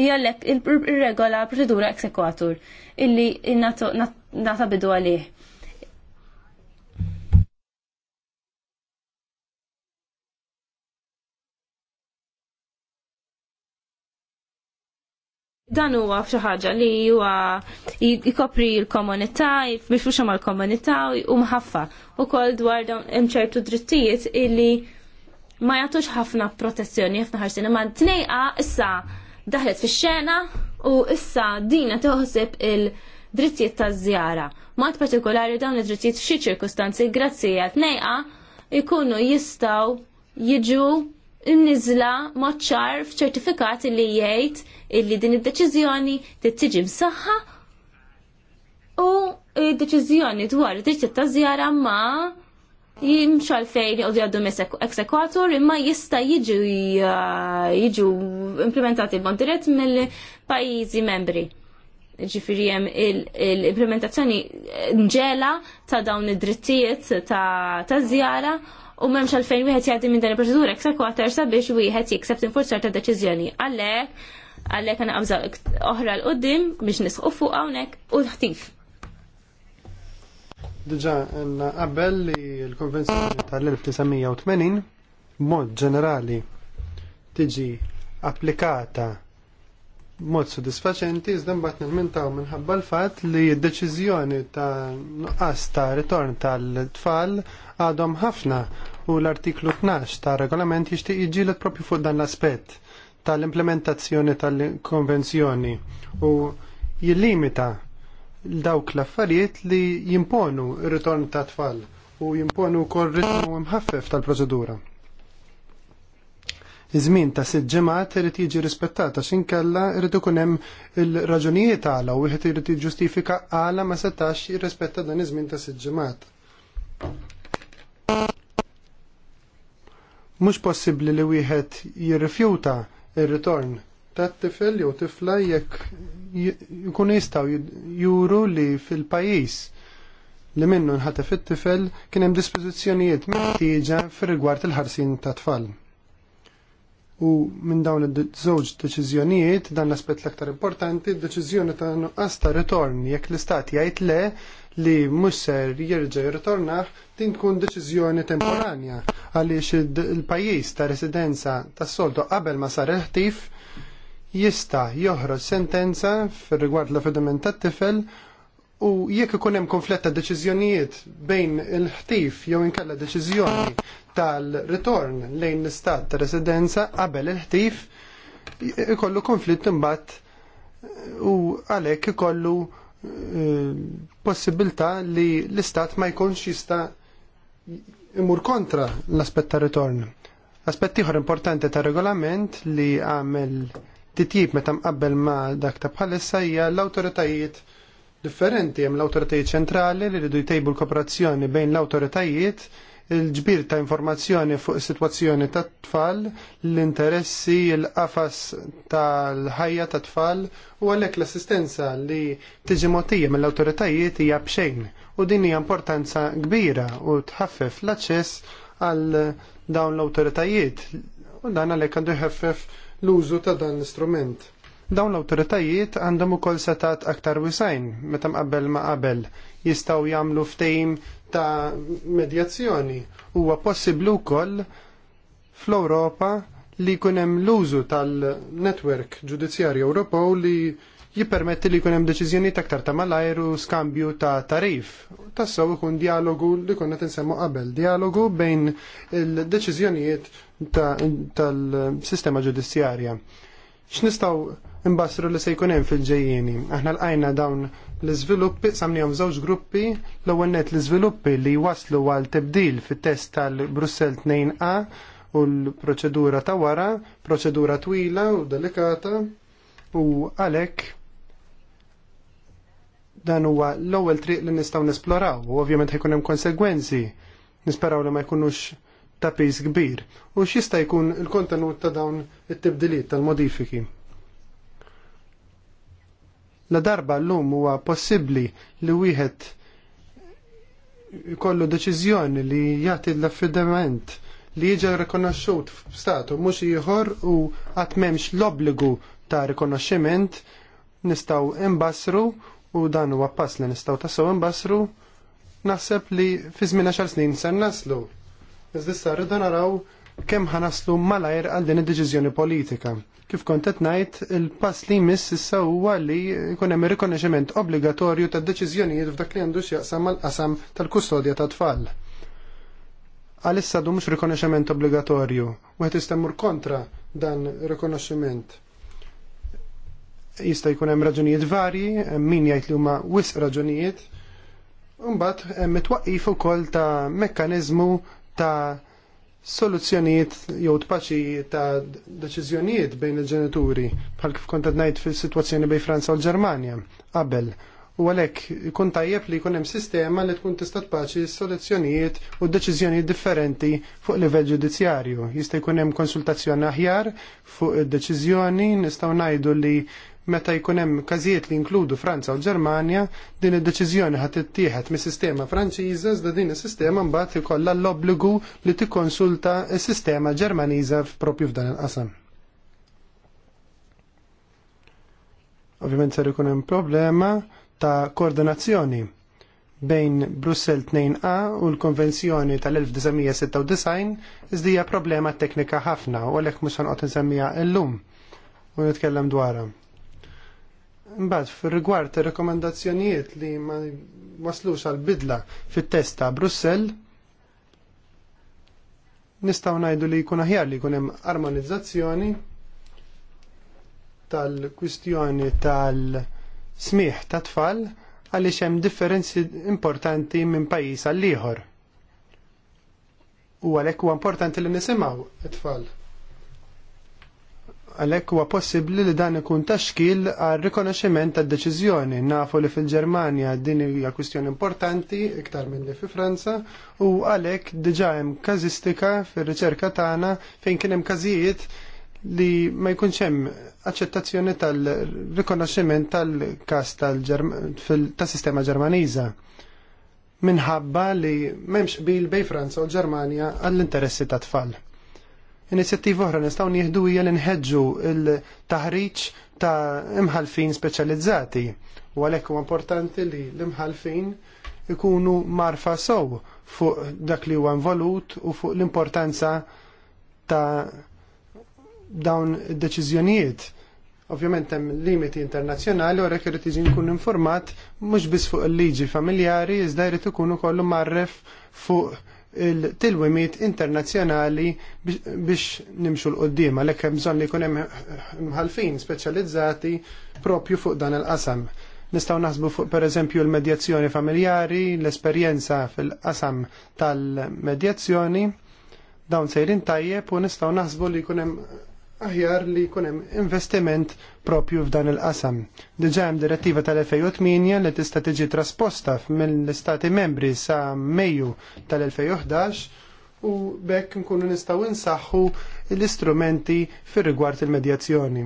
hija il-regola proċedura eksekwatur illi nata bidu għalih. dan huwa f'xi ħaġa li huwa jkopri l-komunità, biex mal-komunità u mħaffa. Ukoll dwar hemm ċertu drittijiet illi ma jagħtux ħafna protezzjoni ħafna ma imma tnejqa issa daħlet fix-xena u issa dina toħsib il-drittijiet ta' żjara Mod partikolari dawn id-drittijiet f'xi ċirkustanzi grazzi għat nejqa ikunu jistgħu jiġu n-nizla ċar f'ċertifikat li jgħid illi din id-deċiżjoni tittiġi msaħħa u d-deċiżjoni dwar id drittijiet ta' żjara ma jimx għalfejn jgħodu jgħaddu eksekwator imma jista jiġu uh, jiġu implementati b'mod dirett mill-pajjiżi membri. Ġifiri hemm l-implementazzjoni nġela ta' dawn id-drittijiet ta' żjara u memx għalfejn wieħed jgħaddi minn dan il-proċedura eksekwator sabiex wieħed jikseb tinfurzar ta' deċiżjoni. Għalhekk għalhekk għana qabża oħra l-qoddim biex nisqu fuq hawnhekk u ħtif. Diġa, qabel li l-Konvenzjoni tal-1980 mod ġenerali tiġi applikata mod sodisfaċenti, iżda mbagħad nilmentaw minħabba l-fatt li d-deċiżjoni ta' nuqqas ta' ritorn tal-tfal għadhom ħafna u l-artiklu 12 ta' regolament jixtieq jiġilet propju fuq dan l-aspett tal-implementazzjoni tal-konvenzjoni u jillimita dawk l-affarijiet li jimponu il ritorn ta' tfal u jimponu kol ritmu mħaffef tal-proċedura. Iż-żmien ta' sitt irid jiġi rispettat x'inkella inkella irid ikun hemm il-raġunijiet għala u wieħed irid jiġġustifika għala ma setax jirrispetta dan iż-żmien ta' sitt Mhux possibbli li wieħed jirrifjuta ir-ritorn tat-tifel jew tifla jekk jkunu jistaw juru li fil-pajis li minnu nħatef it-tifel kien hemm dispożizzjonijiet meħtieġa fir-rigward il-ħarsin ta' tfal. U minn dawn iż-żewġ deċiżjonijiet dan l-aspett l-aktar importanti, d-deċiżjoni ta' nuqqas ta' ritorn jekk l-istat jgħid le li mhux ser jirġa' jirritornaħ din tkun deċiżjoni temporanja għaliex il-pajjiż ta' residenza tas-soltu qabel ma sar il-ħtif jista joħroġ sentenza fir rigward l-affidament tat-tifel u jekk ikun hemm konflett ta' deċiżjonijiet bejn il-ħtif jew inkella deċiżjoni tal-ritorn lejn l-istat ta' residenza qabel il-ħtif ikollu konflitt imbagħad eh, u għalhekk ikollu eh, possibilità li l-istat ma jkunx jista' imur kontra l-aspett ta' ritorn. Aspett ieħor importanti ta' regolament li għamel titjib meta mqabbel ma' dak ta' bħalissa hija l-awtoritajiet differenti hemm l-awtoritajiet ċentrali li rridu jtejbu l-kooperazzjoni bejn l-awtoritajiet il-ġbir ta' informazzjoni fuq is-sitwazzjoni tat tfal, l-interessi, l-qafas tal-ħajja tat tfal u għalhekk l-assistenza li tiġi mogħtija mill-awtoritajiet hija bxejn u din hija importanza kbira u tħaffef l-aċċess għal dawn l-awtoritajiet u dan għalhekk għandu jħaffef l-użu ta' dan l-istrument. Dawn l-autoritajiet għandhom ukoll setat aktar wisajn meta mqabbel ma' qabel jistgħu jagħmlu ftehim ta' medjazzjoni. Huwa possibbli wkoll fl-Ewropa li jkun hemm l-użu tal netwerk ġudizzjarju Ewropew li jippermetti li jkun hemm deċiżjoni taktar ta' malajr u skambju ta' tarif. Tassaw ikun dialogu li konna tinsemmu qabel, dialogu bejn il-deċiżjonijiet tal-sistema ġudizzjarja. X'nistgħu imbasru li se jkun hemm fil-ġejjieni. Aħna lqajna dawn l-iżviluppi samnihom żewġ gruppi l-ewwel net l-iżviluppi li waslu għal tibdil fit-test tal-Brussell 2A u l-proċedura ta' wara, proċedura twila u delikata u għalhekk dan huwa l-ewwel triq li nistgħu nesploraw u ovvjament ħajkun hemm konsegwenzi nisperaw li ma jkunux ta' pis kbir u x'jista' jkun il-kontenut ta' dawn it-tibdiliet tal-modifiki. La darba llum huwa possibbli li wieħed kollu deċiżjoni li jagħti l-affidament li jiġi rikonoxxut f'statu mhux ieħor u qatt m'hemmx l-obbligu ta' rikonoxximent nistgħu imbassru u dan huwa pass li nistgħu tassew nbassru naħseb li fi żmien għaxar snin ser naslu. Iżda issa rridu naraw kemm naslu malajr għal din id-deċiżjoni politika. Kif kont qed ngħid, il-pass li jmiss issa huwa li jkun hemm ir-rikonoxximent obbligatorju tad-deċiżjonijiet f'dak li għandux jaqsam mal-qasam tal-kustodja ta' tfal. Għalissa du mhux rikonoxximent obbligatorju, wieħed jista' kontra dan ir-rikonoxximent jista' jkun hemm raġunijiet varji, min jgħid li huma wisq raġunijiet. Mbagħad hemm itwaqqif ukoll ta' mekkaniżmu ta' soluzzjonijiet jew tpaċi ta' deċiżjonijiet bejn il-ġenituri bħal kif kont ngħid fis-sitwazzjoni bejn Franza u l-Ġermanja qabel. U għalhekk ikun tajjeb li jkun hemm sistema li tkun tista' tpaċi soluzzjonijiet u deċiżjonijiet differenti fuq livell ġudizzjarju. Jista' jkun hemm konsultazzjoni aħjar fuq id-deċiżjoni, nistgħu ngħidu li meta jkun hemm każijiet li inkludu Franza u Ġermanja, din id-deċiżjoni ħadd ittieħed mis-sistema Franċiża iżda din is-sistema mbagħad ikollha l-obbligu li tikkonsulta s-sistema Ġermaniża propju f'dan il-qasam. Ovvjament ser ikun hemm problema ta' koordinazzjoni bejn Brussel 2A u l-Konvenzjoni tal-1996 iżdija problema teknika ħafna u għalhekk mhux ħanqod nsemmiha llum u nitkellem dwarha. Mbagħad fil rigward ir rekomendazzjonijiet li ma waslux għal bidla fit-test ta' Brussell, nistgħu ngħidu li jkun aħjar li jkun hemm armonizzazzjoni tal-kwistjoni tal-smiħ ta' tfal għaliex hemm differenzi importanti minn pajjiż għall ieħor. U għalhekk huwa importanti li nisimgħu it tfal għalhekk huwa possibbli li dan ikun taxkil għal rikonoxximent tad deċiżjoni. Nafu li fil-Ġermanja din hija kwistjoni importanti iktar minn li fi Franza u għalhekk diġà hemm każistika fir-riċerka tagħna fejn kien hemm każijiet li ma jkunx hemm aċċettazzjoni tal-rikonoxximent tal-każ tal sistema Ġermaniża minħabba li m'hemmx bil bej Franza u l għall-interessi tat-tfal. Inizjattiva oħra nistgħu nieħdu hija li nħeġġu l-taħriġ ta' imħalfin speċjalizzati u għalhekk huwa importanti li l-imħalfin ikunu marfa sew fuq dak li huwa involut u fuq l-importanza ta' dawn id-deċiżjonijiet. Ovvjament hemm limiti internazzjonali u rek irid iġi nkun informat mhux biss fuq il-liġi familjari iżda jrid ikun ukoll marref fuq il-tilwimiet internazzjonali biex nimxu l-qoddim, għalhekk hemm bżonn li jkun hemm mħalfin speċjalizzati propju fuq dan il-qasam. Nistgħu naħsbu fuq pereżempju l-medjazzjoni familjari, l-esperjenza fil-qasam tal-medjazzjoni, dawn sejrin tajjeb u nistgħu naħsbu li jkun hemm aħjar li jkun hemm investiment propju f'dan il-qasam. Diġà hemm direttiva tal-2008 li tista' tiġi trasposta mill-Istati membri sa Mejju tal-2011 u bekk nkunu nistgħu insaħħu l-istrumenti fir-rigward il-medjazzjoni.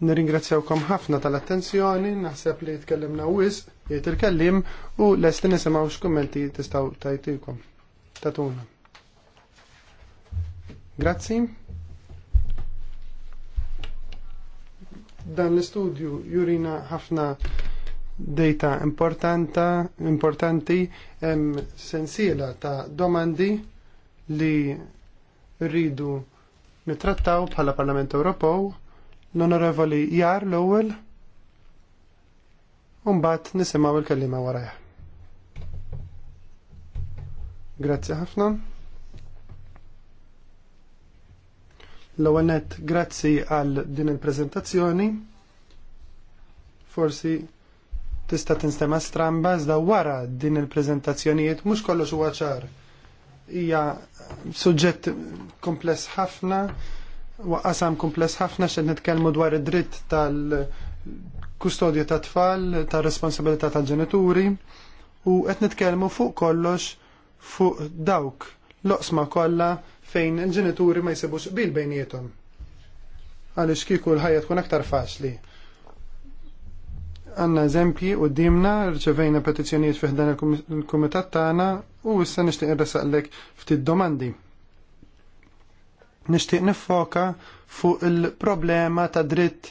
Nirringrazzjawkom ħafna tal-attenzjoni, naħseb li tkellimna wisq, jgħid il-kellim u lest nisimgħu x'kummenti tistgħu tajtikom. Tatuna. Grazzi. Dan l-istudju jurina ħafna data importanta, importanti, em sensiela ta' domandi li rridu nitrattaw bħala Parlament Ewropew l-Onorevoli Jar l-ewwel u mbagħad nisimgħu il-kelliema warajah. Grazie ħafna. L-għanet, grazzi għal din il-prezentazzjoni. Forsi tista' tinstema stramba iżda wara din il-prezentazzjonijiet mhux kollox huwa ċar. Hija suġġett kompless ħafna, waqasam kompless ħafna xed nitkellmu dwar id-dritt tal-kustodju ta' tfal, tal-responsabilità tal-ġenituri u qed nitkellmu fuq kollox fuq dawk loqsma kollha fejn il-ġenituri ma jsibux bil bejnietom. Għaliex kieku l-ħajja tkun aktar faċli. Għanna eżempji u dimna rċevejna petizzjonijiet fiħdan il-kumitat tagħna u issa nixtieq nresaqlek ftit domandi. Nixtieq nifoka fuq il-problema ta' dritt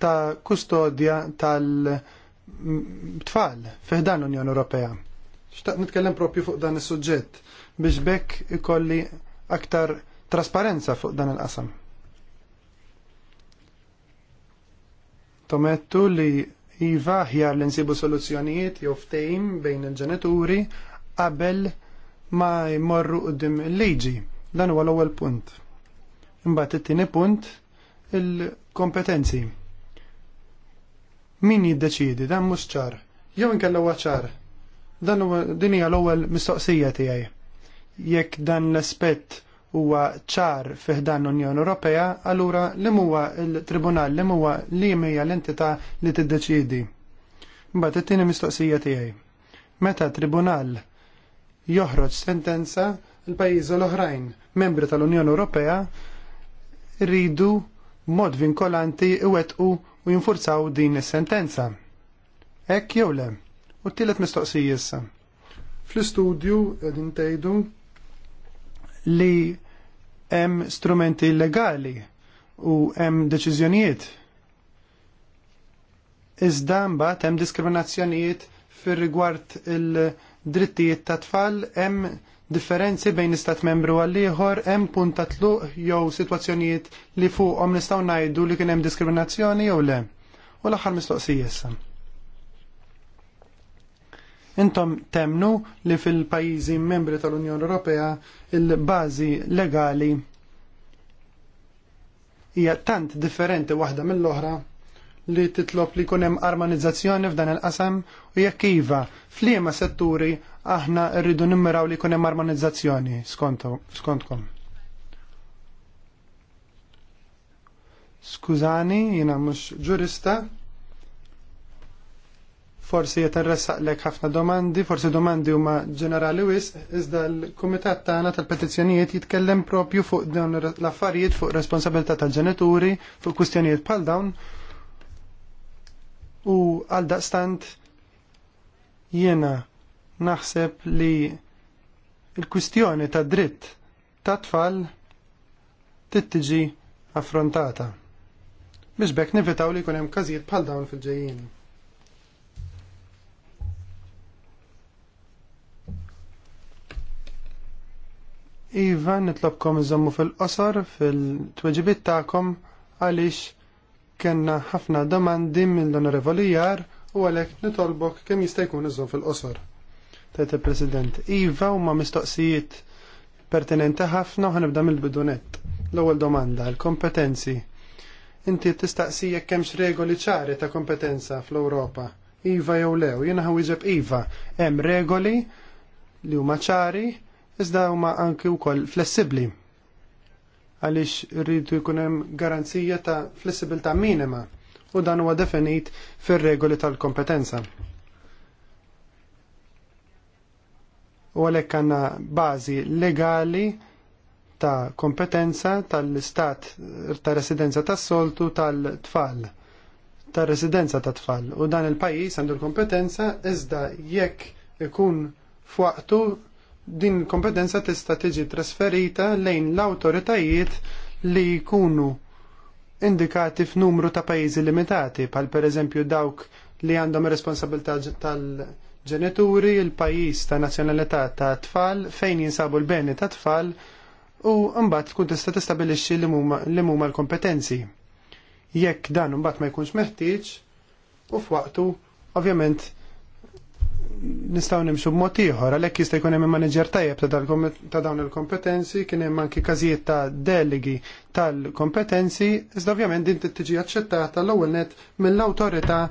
ta' kustodja tal-tfal fiħdan l-Unjoni Ewropea. Xtaq nitkellem propju fuq dan is-suġġett biex bekk ikolli aktar trasparenza fuq dan il-qasam. Tomettu li iva ħjar li nsibu soluzzjonijiet jew ftehim bejn il-ġenituri qabel ma jmorru qudiem il-liġi. Dan huwa l-ewwel punt. Imbagħad it-tieni punt il-kompetenzi. Min jiddeċiedi dan mhux ċar. Jew inkella huwa ċar. Dan huwa din hija l-ewwel mistoqsija tiegħi Jekk dan l-aspett huwa ċar fiħdan l-Unjoni Ewropea, allura li huwa il-Tribunal li huwa li hija l-entità li tiddeċiedi. Mbagħad it-tieni mistoqsija tiegħi. Meta tribunal joħroġ sentenza l-pajjiżi l-oħrajn membri tal-Unjoni Ewropea rridu mod vinkolanti iwettqu u jinfurzaw din is-sentenza. Hekk jew le. U t-tielet mistoqsija issa. Fl-istudju qegħdin tgħidu li hemm strumenti legali u hemm deċiżjonijiet. Iżda mbagħad hemm diskriminazzjonijiet fir-rigward il-drittijiet ta' tfal hemm differenzi bejn istat membru għal ieħor hemm punt ta' tluq jew sitwazzjonijiet li fuqhom nistgħu ngħidu li kien hemm diskriminazzjoni jew le. U l-aħħar mistoqsija issa. Intom temnu li fil-pajjiżi membri tal-Unjoni Ewropea il-bażi legali hija tant differenti waħda mill-oħra li titlob li kunem armonizzazzjoni f'dan il-qasam u jekk iva f'liema setturi aħna rridu nimmiraw li kunem armonizzazzjoni skontkom. Skużani, jina mux ġurista, forsi jeterressaqlek ħafna domandi, forsi domandi huma ġenerali wis, iżda l-Kumitat tagħna tal-Petizzjonijiet jitkellem propju fuq dawn l-affarijiet fuq responsabilità tal-ġenituri, fuq kwistjonijiet bħal dawn. U għal daqstant jiena naħseb li il-kwistjoni ta' dritt ta' tfal tittiġi affrontata. Biex bekk nivitaw li kunem kazijiet bħal dawn fil-ġejjini. Iva, nitlobkom iżommu fil-qosor, fil-tweġibit ta'kom, għalix kena ħafna domandi mill-onorevoli jar u għalek nitolbok kem jista' jkun fil-qosor. Tajt il-President, Iva u ma mistoqsijiet pertinenti ħafna u ħanibda mill-bidunet. L-ewwel domanda, l-kompetenzi. Inti tistaqsija jekk hemmx regoli ċari ta' kompetenza fl-Ewropa. Iva jew lew, jiena ħawiġeb Iva. Hemm regoli li huma ċari iżda huma anki wkoll flessibbli għaliex rridu jkun hemm garanzija ta' flessibilità minima u dan huwa definit fir-regoli tal-kompetenza. U għalhekk għandna bażi legali ta' kompetenza tal-istat ta' residenza tas-soltu tal-tfal ta' residenza ta' tfal u dan il-pajis għandu l-kompetenza iżda jekk ikun fuqtu din il-kompetenza tista' tiġi trasferita lejn l-awtoritajiet li jkunu indikati f'numru ta' pajjiżi limitati, pal pereżempju dawk li għandhom responsabilità tal-ġenituri, il-pajjiż ta' nazzjonalità ta' tfal, fejn jinsabu l-beni ta' tfal, u mbagħad tkun tista' tistabilixxi li huma l-kompetenzi. Jekk dan mbagħad ma jkunx meħtieġ, u f'waqtu ovvjament nistgħu nimxu b'mod ieħor għalhekk jista' jkun hemm manager tajjeb ta' dawn il-kompetenzi kien hemm anki każijiet ta' deligi tal-kompetenzi iżda ovvjament din tiġi aċċettata l-ewwel net mill-awtorità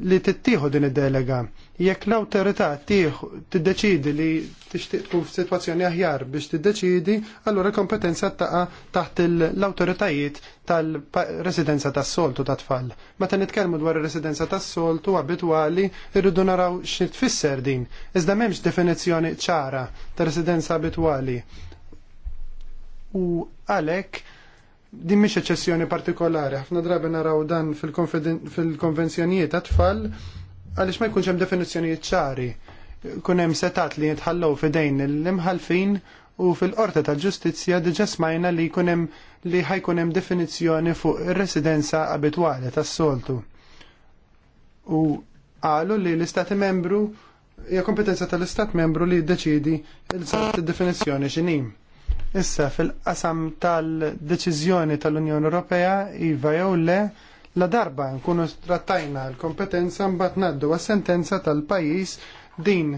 li tittieħu din id-delega. Jekk l-awtorità tiddeċidi li tixtieq tkun f'sitwazzjoni aħjar biex tiddeċidi, allura kompetenza taqa taħt l-awtoritajiet tal-residenza tas-soltu ta' tfal. Meta nitkellmu dwar ir-residenza tas-soltu abitwali irridu naraw xi tfisser din. Iżda m'hemmx definizzjoni ċara ta' residenza abitwali. U għalhekk din mhix eċċessjoni partikolari, ħafna drabi naraw dan fil-konvenzjonijiet tat tfal għaliex ma jkunx hemm definizzjonijiet ċari. Kun hemm setat li jitħallew f'idejn l-imħalfin u fil-qorta tal-ġustizzja diġa smajna li jkun hemm li ħajkun hemm definizzjoni fuq ir-residenza abitwali tas-soltu. U qalu li l-Istati membru hija kompetenza tal-Istat membru li jiddeċidi il-sort definizzjoni x'inhi. Issa fil-qasam tal-deċiżjoni tal-Unjoni Ewropea iva jew le la darba nkunu trattajna l-kompetenza mbagħad ngħaddu għas-sentenza tal-pajjiż din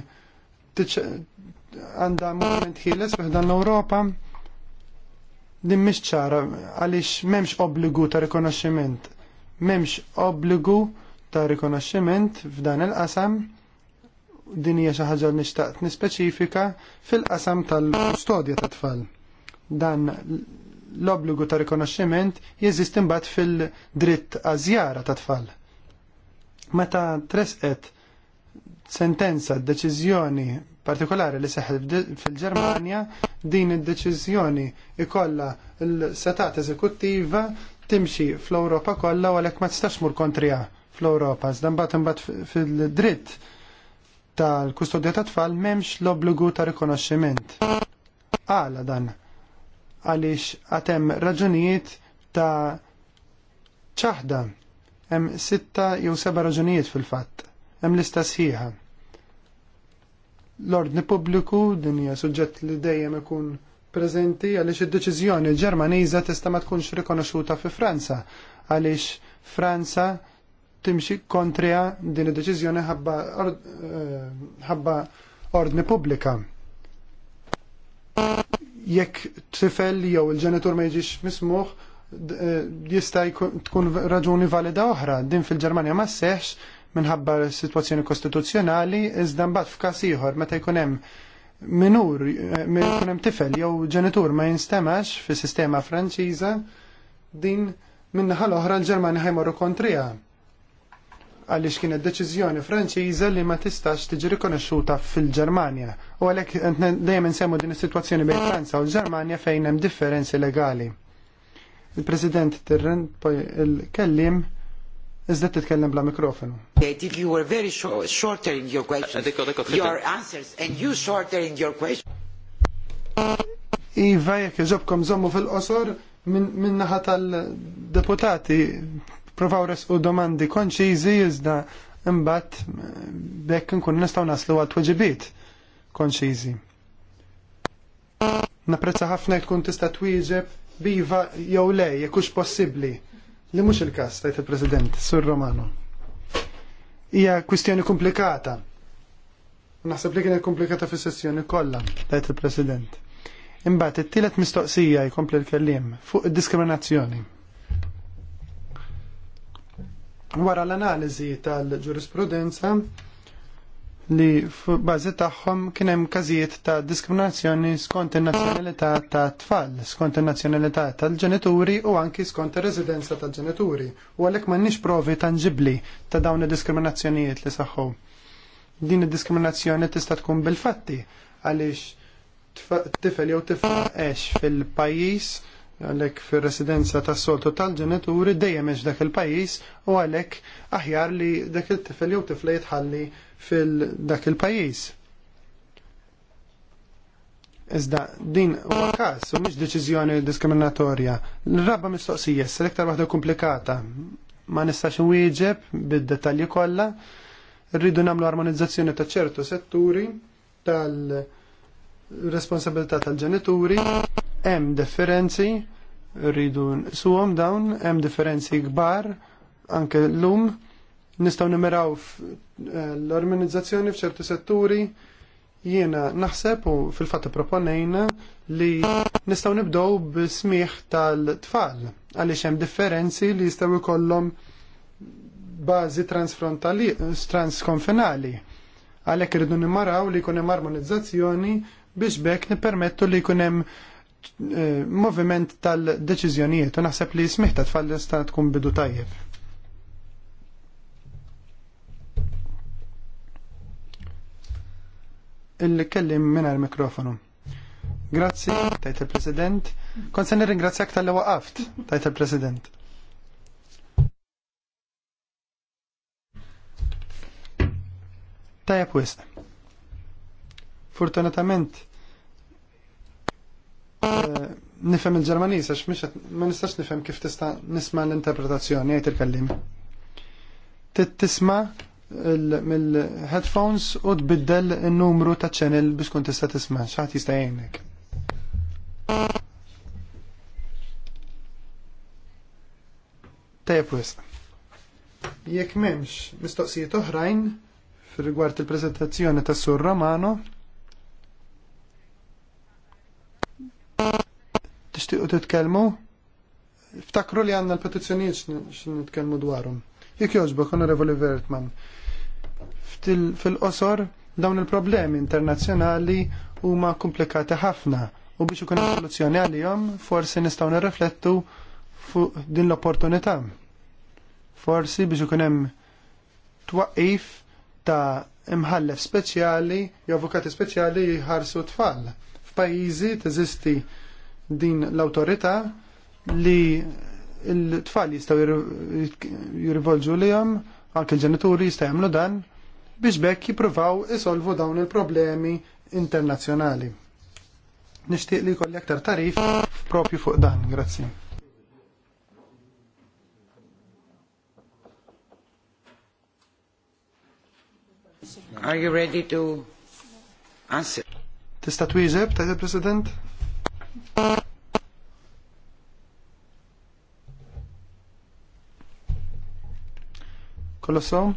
għandha movement ħieles dan l-Ewropa din mhix ċara għaliex m'hemmx obbligu ta' rikonoxximent. M'hemmx obbligu ta' rikonoxximent f'dan il-qasam din hija xi ħaġa li nixtaqt nispeċifika fil-qasam tal-kustodja tat-tfal dan l-obbligu ta' rikonoxximent jeżist imbagħad fil-dritt għażjara ta' tfal. Meta tresqet sentenza deċiżjoni partikolari li seħħet fil-Ġermanja, din id-deċiżjoni ikolla l-setat eżekuttiva timxi fl-Ewropa kollha u għalhekk ma tistax mur kontrija fl-Ewropa. Iżda bat imbagħad fil-dritt tal-kustodja ta' tfal m'hemmx l-obbligu ta' rikonoxximent. Għala dan għaliex għatem raġunijiet ta' ċaħda. Hemm sitta jew seba' raġunijiet fil-fatt. Hemm lista sħiħa. L-ordni pubbliku din hija suġġett li dejjem ikun preżenti għaliex id-deċiżjoni Ġermaniża tista' ma tkunx rikonoxuta fi Franza għaliex Franza timxi kontrija din id-deċiżjoni ħabba eh, ħabba ordni pubblika jekk tifel jew il-ġenitur ma jiġix mismuħ eh, jista' tkun raġuni valida oħra. Din fil-Ġermanja ma seħx minħabba situazzjoni kostituzzjonali iżda mbagħad f'każ ieħor meta jkun hemm minur, eh, jkun hemm tifel jew ġenitur ma jinstemax fis-sistema Franċiża din minnaħal oħra l-Ġermanja ħajmorru kontrija għaliex kienet deċiżjoni Franċiża li ma tistax tiġi rikonoxxuta fil-Ġermanja. U għalhekk dejjem insemmu din is-sitwazzjoni bejn Franza u l-Ġermanja fejn hemm differenzi legali. Il-President Tirren il-kellim iżda titkellem bla mikrofonu. you were very shorter in your questions, your answers, and you shorter in your questions. Iva, jekk jġobkom zommu fil-qosor, minnaħat naħa tal-deputati provaw resqu domandi konċiżi iżda imbagħad eh, bekk nkun nistaw naslu għal tweġibiet konċiżi. Naprezza ħafna tkun tista' twieġeb biva jew le jekk hux possibbli. Li mhux il-każ tajt il-President, Sur Romano. Hija kwistjoni komplikata. Naħseb li kienet komplikata fis-sessjoni kollha, tajt il-President. Imbagħad it-tielet mistoqsija jkompli l-kelliem fuq id-diskriminazzjoni. Wara l-analiżi tal-ġurisprudenza li f'bażi tagħhom kien hemm każijiet ta' diskriminazzjoni skont in-nazzjonalità ta' tfal, skont in-nazzjonalità tal-ġenituri u anki skont ir-residenza tal-ġenituri. U għalhekk m'għandniex provi tanġibli ta' dawn id-diskriminazzjonijiet li saħħu. Din id-diskriminazzjoni tista' tkun bil-fatti għaliex tifel jew tifla għex fil-pajjiż għalek fil-residenza tas soltu tal-ġenituri dejjem eġ dak il-pajis u għalek aħjar li dak il-tifel jew tifla jitħalli fil-dak il-pajis. Iżda din huwa każ u mhix deċiżjoni diskriminatorja. L-raba mistoqsija issa selektar iktar waħda komplikata. Ma nistax nwieġeb bid-dettalji kollha. Rridu nagħmlu armonizzazzjoni ta' ċertu setturi tal-responsabilità tal-ġenituri hemm differenzi rridu suwom dawn hemm differenzi kbar anke llum nistgħu nimeraw eh, l-organizzazzjoni f'ċerti setturi jiena naħseb u fil-fatt proponejna li nistgħu nibdew b'smieħ tal-tfal għaliex hemm differenzi li jistgħu jkollhom bażi transkonfinali għalhekk irridu nimmaraw li jkun hemm armonizzazzjoni biex bekk nippermettu li jkun hemm Eh, moviment tal-deċiżjonijiet u naħseb li smiħta tfal sta tkun bidu tajjeb. Il-kellim l mikrofonu Grazzi, tajt il-President. Kont se nirringrazzjak tal-li waqaft, tajt il-President. Tajab wisq. Fortunatament, Eh, nifhem il-Ġermaniż għax ma nistax nifhem kif tista' nisma' l-interpretazzjoni għajt il-kellim. Tisma' mill-headphones u tbiddel in-numru ta' channel biex tkun tista' tisma' x'aħat jista' jgħinek. Tajab wisq. Jekk m'hemmx mistoqsijiet oħrajn fir-rigward il-preżentazzjoni tas-Sur Romano, Tixtiequ titkellmu? Ftakru li għandna l-petizzjonijiet x'nitkellmu dwarhom. Jekk jogħġbok, Onorevoli Vertman. Fil-qosor dawn il-problemi internazzjonali huma komplikati ħafna u biex ikun soluzzjoni għalihom forsi nistgħu nirriflettu fuq din l-opportunità. Forsi biex ikun hemm twaqqif ta' imħallef speċjali jew avukati speċjali jħarsu tfal. F'pajjiżi teżisti din l autorita li l-tfal jistaw jirrivolġu li jom, anke l-ġenituri jistaw jamlu dan, biex bekk jipruvaw isolvu dawn il-problemi internazjonali. Nishtiq li kolli aktar tarif propju fuq dan, grazzi. Are you ready to answer? Tista' twieġeb, tajt il-President? Kolossom?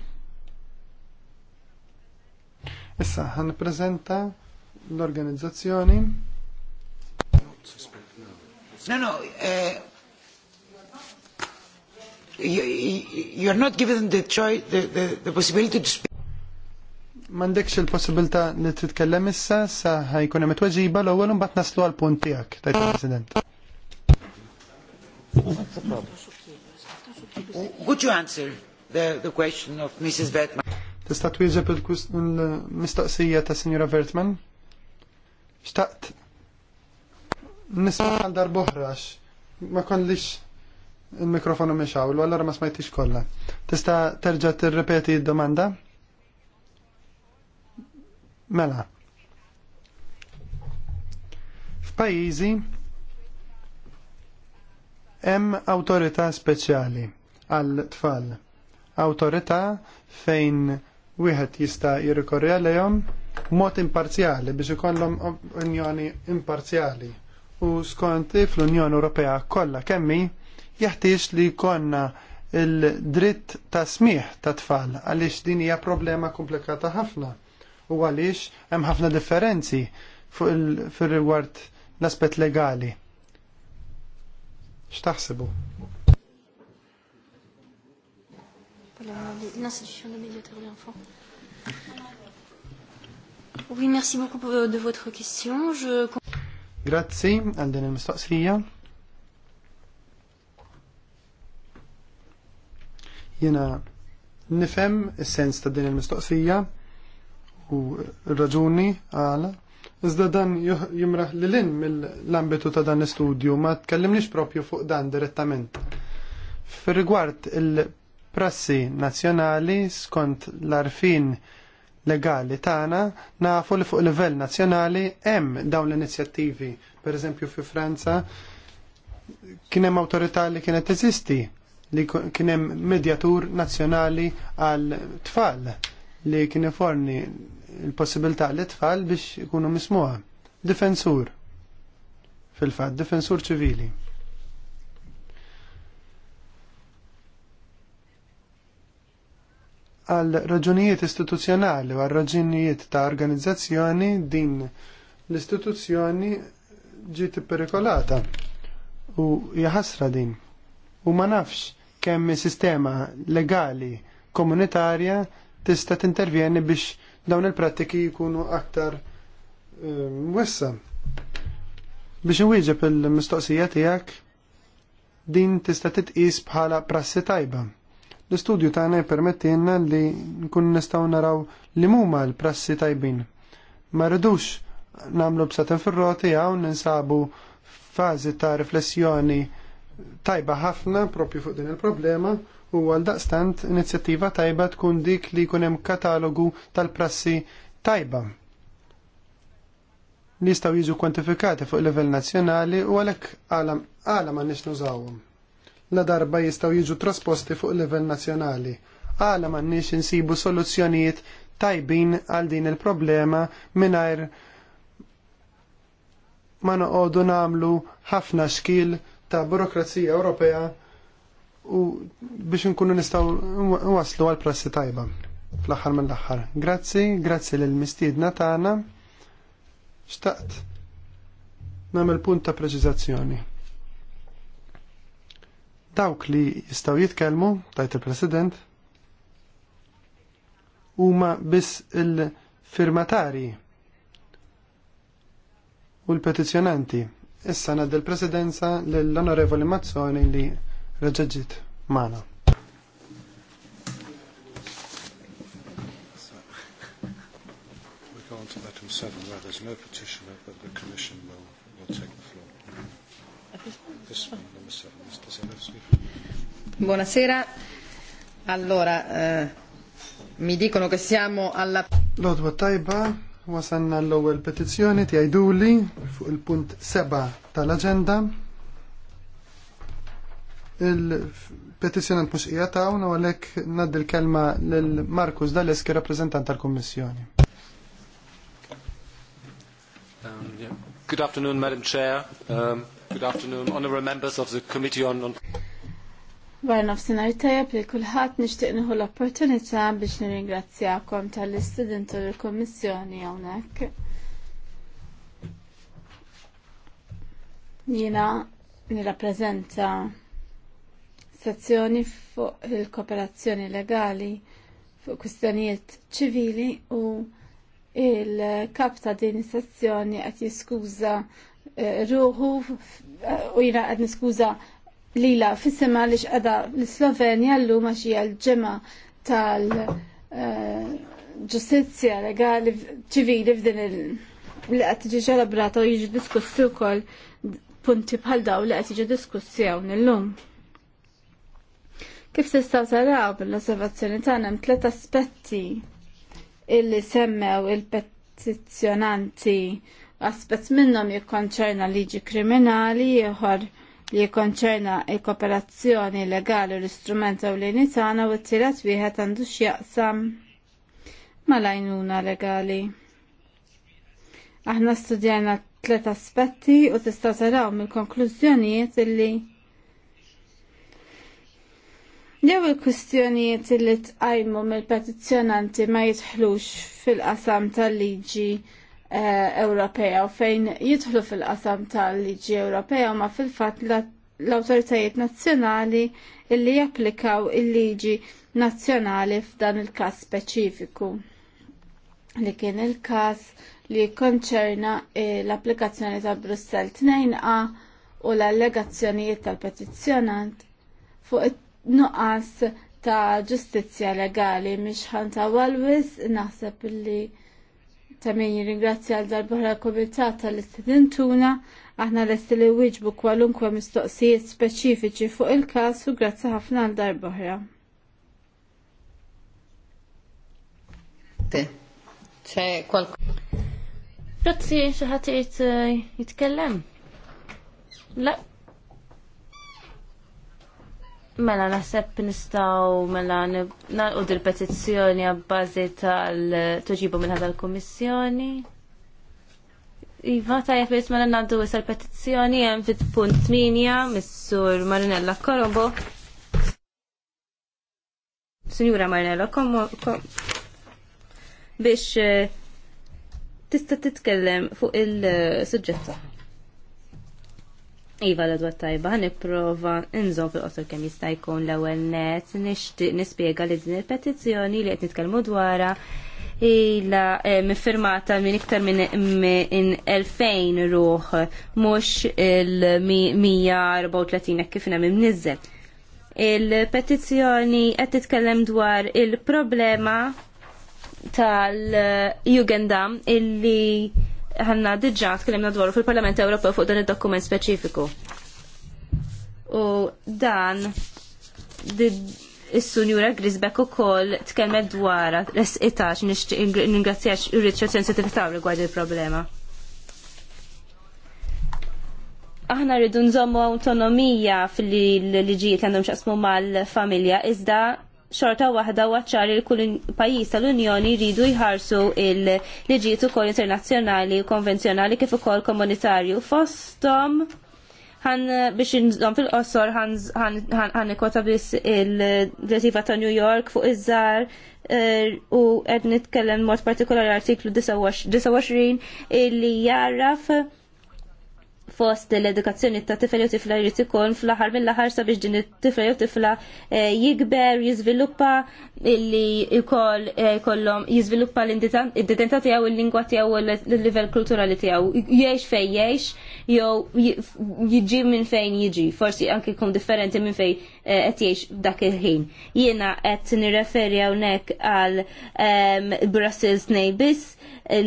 Issa, għan prezenta l-organizzazzjoni. No, no, uh, you, you're not given the choice, the, the, the possibility to speak. M'għandekx il-possibilità li titkellem issa sa ħajkun hemm tweġiba l-ewwel imbagħad naslu għal punt tiegħek, tajt il-President. Would you answer the, the question of Mrs. Vertman? Tista' twieġeb il mistoqsija ta' Sinjura Vertman? Xtaqt nisma' għal darboħrax ma kollix il-mikrofonu mexaw, l ma smajtix kollha. Tista' terġa' tirrepeti d-domanda? Mela. F'pajjiżi hemm awtorità speċjali għal tfal. Awtorità fejn wieħed jista' jirrikorri lejhom b'mod imparzjali biex ikollhom unjoni imparzjali. U skont fl-Unjoni Ewropea kollha kemmi jeħtieġ li jkollna il-dritt ta' smieħ ta' tfal għaliex din hija problema komplikata ħafna u għalix hemm ħafna differenzi fuq il-rigward l-aspett legali. X'taħsibu? Oui, merci beaucoup euh, de votre question. Je... Grazie, għal din il-mistoqsija. Jena nifem is-sens ta' din il-mistoqsija u raġuni għala. Iżda dan jimraħ li lin mill-ambitu ta' dan l-istudju ma tkellimniex propju fuq dan direttament. Fir-rigward il-prassi nazzjonali skont l-arfin legali tagħna nafu li fuq livell nazzjonali hemm dawn l-inizjattivi. Pereżempju fi Franza kien hemm awtorità li kienet teżisti li kien hemm medjatur nazzjonali għal tfal li kien iforni il-possibilità li tfal biex ikunu mismuha. Difensur. Fil-fatt, difensur ċivili. Għal raġunijiet istituzzjonali u għal raġunijiet ta' organizzazzjoni din l-istituzzjoni ġiet perikolata u jaħasra din. U ma nafx kemm sistema legali komunitarja tista' t-intervjeni biex dawn il-prattiki jkunu aktar eh, wessa. Biex inwieġeb il-mistoqsija tiegħek din tista' titqis bħala prassi tajba. L-istudju għana jippermettilna li nkun nistgħu naraw li muma l-prassi tajbin. Ma rridux nagħmlu b'satin fir-roti hawn ninsabu fażi ta' riflessjoni tajba ħafna propju fuq din il-problema u għaldaqstant inizjattiva tajba tkun dik li jkun hemm katalogu tal-prassi tajba li jistaw jiġu kwantifikati fuq livell nazzjonali u għalhekk għala ma nix nużawhom. La darba jistaw jiġu trasposti fuq livell nazzjonali. Għala ma nix insibu soluzzjonijiet tajbin għal din il-problema mingħajr ma noqogħdu nagħmlu ħafna xkil ta' burokrazija Ewropea u biex nkunu nistaw waslu għal prassi tajba fl-axar mill aħħar Grazzi, grazzi l mistiedna tagħna. Xtaqt Namel punt ta' preċiżazzjoni. Dawk li jistgħu jitkellmu, tajt il-President, huma biss il-firmatari u l-petizjonanti. Issa nad il-presidenza l-onorevoli Mazzoni li reġġeġit mana. item seven, where there's no petitioner, but the Commission will, will take the floor. This one, number Mr. Buonasera. Allora, eh, mi dicono che siamo alla... Lord tajba, wasanna l-ewwel petizzjoni tiegħiduli fuq il-punt seba' tal agenda il-petizjoni mux ijata u għalek naddi l-kelma l-Markus Daleski, rappresentant tal-Kommissjoni. Um, yeah. Good afternoon, Madam Chair. Um, good afternoon, honorable members of the Committee on... on... Barna f'sinar tajab li kullħat nishtiq l opportunita biex nirringrazzjakom tal-istudent u l-Kommissjoni għonek. Jina nirrapprezenta sezzjoni fuq il-kooperazzjoni legali fuq kwistjonijiet ċivili u il-kap ta' din is-sezzjoni qed jiskuża eh, ruħu eh, u jina qed niskuża lila fissima li xqada l-Slovenja llum għax hija l-ġimgħa tal-ġustizzja eh, legali ċivili f'din li qed tiġi ċelebrata u jiġi diskussi wkoll punti bħal daw li qed jiġi diskussi hawn illum. Kif tista' taraw bil-osservazzjoni tagħna hemm tliet aspetti illi semmew il-petizzjonanti aspett minnhom jikkonċerna liġi kriminali ieħor li jikkonċerna l-kooperazzjoni legali u l-istrument li tagħna u t-tielet wieħed għandu x'jaqsam mal-għajnuna legali. Aħna studjajna tlet aspetti u tista' taraw mill-konklużjonijiet illi l il-kwistjonijiet li tqajmu mill-petizzjonanti ma jidħlux fil-qasam tal-liġi eh, Ewropea u fejn jidħlu fil-qasam tal-liġi Ewropea ma fil-fatt l awtoritajiet nazzjonali illi japplikaw il-liġi nazzjonali f'dan il-kas speċifiku li kien il-kas li konċerna eh, l-applikazzjoni ta' Brussel 2A u l-allegazzjonijiet tal-petizzjonant fuq it nuqqas ta' ġustizzja legali miex ħanta walwis naħseb li ta' min jirringrazzja għal komitata komitat tal tintuna aħna l li wieġbu kwalunkwe mistoqsijiet speċifiċi fuq il-kas u grazzi ħafna għal darbohra. Grazzi, xaħat eh, jitkellem? La, Mela naħseb nistaw mela nalqu il-petizzjoni għabbażi tal-tuġibu minn ħadha l-Kummissjoni. Iva, tajjeb li mela naddu wisal petizzjoni jem fit punt minja missur Marinella Korobo. Signora Marinella Korobo biex eh, tista titkellem fuq il suġġetta Iva l-dwa tajba, niprofa nżom fil-qosor kem jista' jkun l-ewwel net, nixtieq nispjega li din il-petizzjoni li qed nitkellmu dwarha ila eh, miffirmata minn iktar minn 2000 ruħ mhux il-134 kif hemm imniżżel. Il-petizzjoni qed titkellem dwar il-problema tal-Jugendam illi ħanna diġa tkellimna dwaru fil-Parlament Ewropew fuq dan id-dokument speċifiku. U dan is-Sunjura Grisbeck ukoll tkellmet dwar resqitax ningrazzjax ir-riċċa sensitività rigward il-problema. Aħna rridu nżommu autonomija fil-liġijiet li għandhom xaqsmu mal-familja, iżda xorta waħda waċċar il kull pajjiż tal-Unjoni jridu jħarsu il-liġijiet ukoll internazzjonali u konvenzjonali kif ukoll komunitarju fosthom ħan biex nżom fil-qosor ħan ikota biss il-direttiva ta' New York fuq iż-żar er, u qed nitkellem mod partikolari artiklu 29 illi jarraf fost l-edukazzjoni ta' tifel jew tifla jrid ikun fl-aħħar mill-aħħar sabiex din it-tifel jew tifla eh, jikber, jiżviluppa illi jkoll jkollhom eh, jiżviluppa l-identità tiegħu il-lingwa tiegħu l-livell kulturali tiegħu. Jgħix fejn jgħix jew jiġi minn fejn jiġi, forsi anke jkun differenti minn fejn eh, qed jgħix dak il-ħin. Jiena qed nirreferi hawnhekk għal ehm, Brussels Neighbors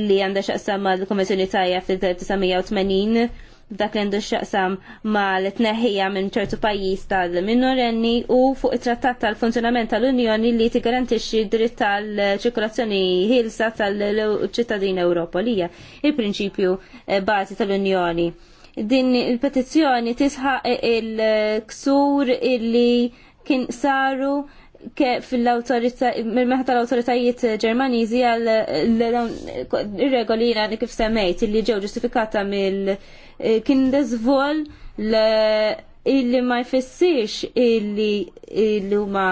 li għandha xaqsam mal-Komissjoni tajja fil-1980 dak li għandu xaqsam ma l-tneħija minn ċertu pajjiż tal-minorenni u fuq it-trattat tal-funzjonament tal-Unjoni li tigarantixxi dritt tal-ċirkolazzjoni ħilsa tal-ċittadin Ewropolija il-prinċipju eh, bażi tal-Unjoni. Din il-petizzjoni tisħaq il-ksur illi kien saru mill-meħat tal-autoritajiet ġermaniżi għal regoli li kif semmejt li ġew ġustifikata mill- Eh, kien dezvol illi ma jfissirx illi huma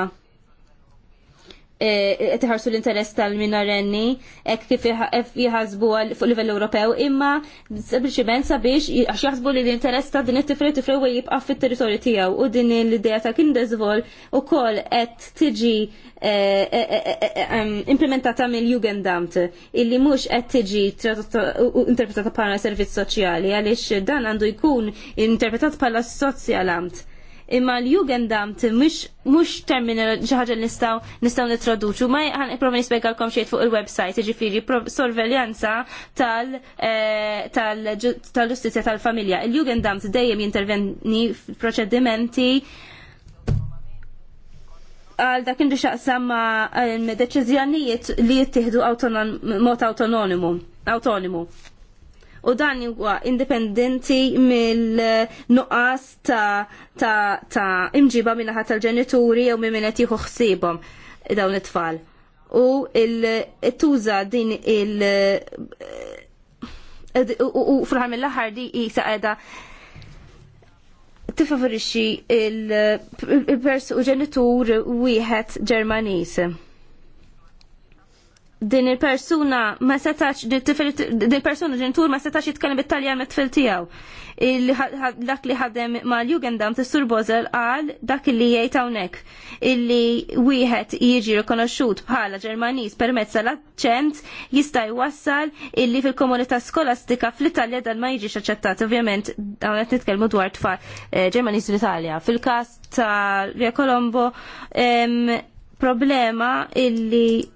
tħarsu eh, l-interess tal-minorenni ek kif jħasbu fuq livell Ewropew imma sempliċiment sabiex għax jaħsbu li l-interess ta' din it-tifel tifel u jibqa' fit-territorju tiegħu u din l-idea ta' kien deżvol ukoll qed tiġi eh, eh, implementata mill-Jugendamt illi mhux qed tiġi interpretata bħala servizz soċjali għaliex dan għandu jkun interpretat bħala sozjalamt imma l-Jugendamt mhux termina xi ħaġa li nistgħu nistgħu nitraduċu, ma ħan ipprova nispjegalkom xejn fuq il-website, jiġifieri sorveljanza eh, tal-ġustizzja tal-familja. Il-Jugendamt dejjem jinterveni f'proċedimenti għal dak indi xaqsam ma' eh, deċiżjonijiet li jittieħdu mod autonomimu u dan huwa indipendenti mill-nuqqas ta', ta, ta imġiba minnaħat tal-ġenituri u minn minnet jieħu ħsiebhom dawn it-tfal. U il-tuża din il- u fl-ħar mill-aħħar di jisa qiegħda tifavorixxi il-persu ġenitur wieħed Ġermaniż din il-persuna ma setax, din il-persuna ġentur ma setax jitkellem bit-taljan mit tfil tiegħu. Dak li ħadem ma l-Jugendam t-sur Bozel għal dak li jgħid hawnhekk illi wieħed jiġi rikonoxxut bħala Ġermaniż permezz tal-aċċent jista' jwassal illi fil-komunità skolastika fl-Italja dan ma jiġix aċċettat. Ovvjament dawn qed nitkellmu dwar tfal eh, Ġermaniż fl-Italja. Fil-każ ta' Via Colombo problema illi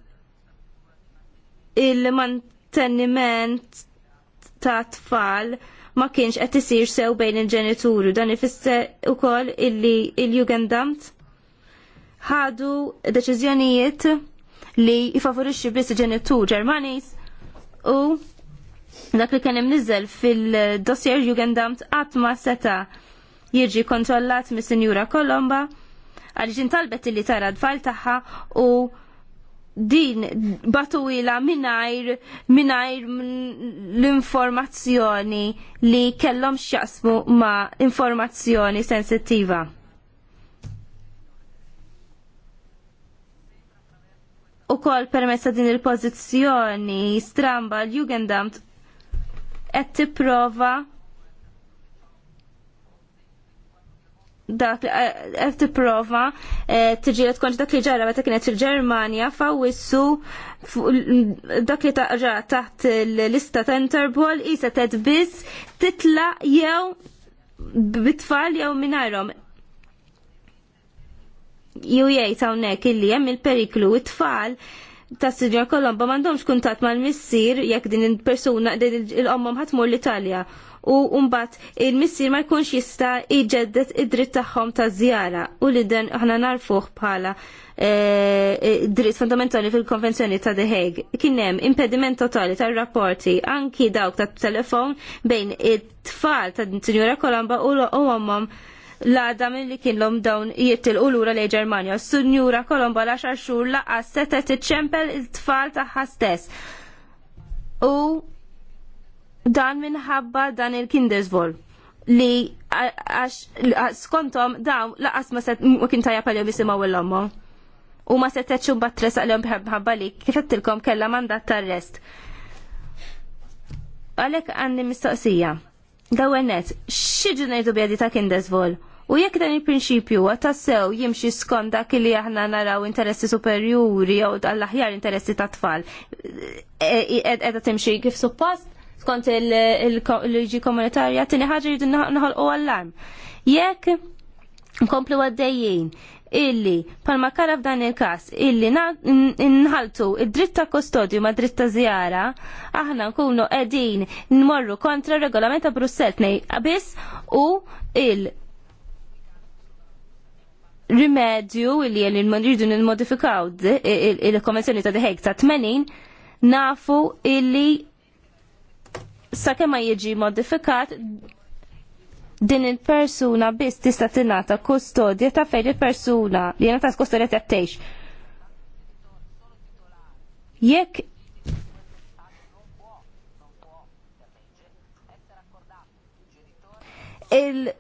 il-manteniment ta' tfal ma kienx qed isir sew bejn il-ġenituri dan ifisser ukoll illi il-Jugendamt ħadu deċiżjonijiet li jfavorixxi biss il-ġenitur Ġermaniż u dak li kien niżel fil-dossier Jugendamt qatt ma seta jiġi kontrollat mis-Sinjura Kolomba għaliex intalbet illi tara tfal tagħha u din batuila minajr minajr l-informazzjoni li kellhom xjaqsmu ma' informazzjoni sensittiva. u kol permessa din il-pozizjoni stramba l-Jugendamt qed tipprova dak qed tipprova eh, tiġi tkun dak li ġara meta kienet fil-Ġermanja fawissu dak li taqra taħt l-lista ta' Interpol isa tedbiss titla jew bitfall jew minarhom ju jgħid hawnhekk illi hemm il-periklu it-tfal ta' Sinjor Kolomba m'għandhomx kuntatt mal-missier jekk din il-persuna din il-ommom ħatmur l-Italja u mbagħad il-missier ma jkunx jista' jġeddet id-dritt tagħhom ta' żjara u li dan aħna narfuh bħala eh, eh, dritt fundamentali fil-konvenzjoni ta' The Hague. Kien hemm impediment totali tar-rapporti anki dawk tat-telefon bejn it-tfal ta' Sinjura Kolomba u l-omom l-għada li kienlom dawn jittilqu lura lej Ġermanja. Sinjura Kolomba l xur xhur laqas seta tiċċempel it-tfal ta' stess. U Dan minħabba dan il-Kindesvol li għax skontom daw laqas ma set ma kien tajja pal-jom jisimaw l-ommo. U ma set teċu battres għal-jom bħabba li kifettilkom kella mandat tar-rest. Għalek għandi mistoqsija. Dawennet, xieġu nejdu bjadi ta' kindesvol? U jekk dan il-prinċipju għatassew jimxi skonda dak aħna naraw interessi superjuri jew għall-aħjar interessi ta' tfal, e- e- edha timxi kif suppost, skont il-liġi komunitarja, tini ħagġa jridu nħal u allarm. Jekk nkomplu għaddejjien illi palma kara f'dan il-kas illi nħaltu id-dritt ta' kustodju ma' dritt ta' zjara aħna nkunu qegħdin nmorru kontra regolament ta' Brussel nej abis u il rimedju illi li nridu n modifikaw il-konvenzjoni ta' deħek ta' 80 nafu illi kemm ma jiġi modifikat din il-persuna biss tista' tingħata kustodja ta' fejn il-persuna li jena ta' kustodja ta' tgħix. Jekk il-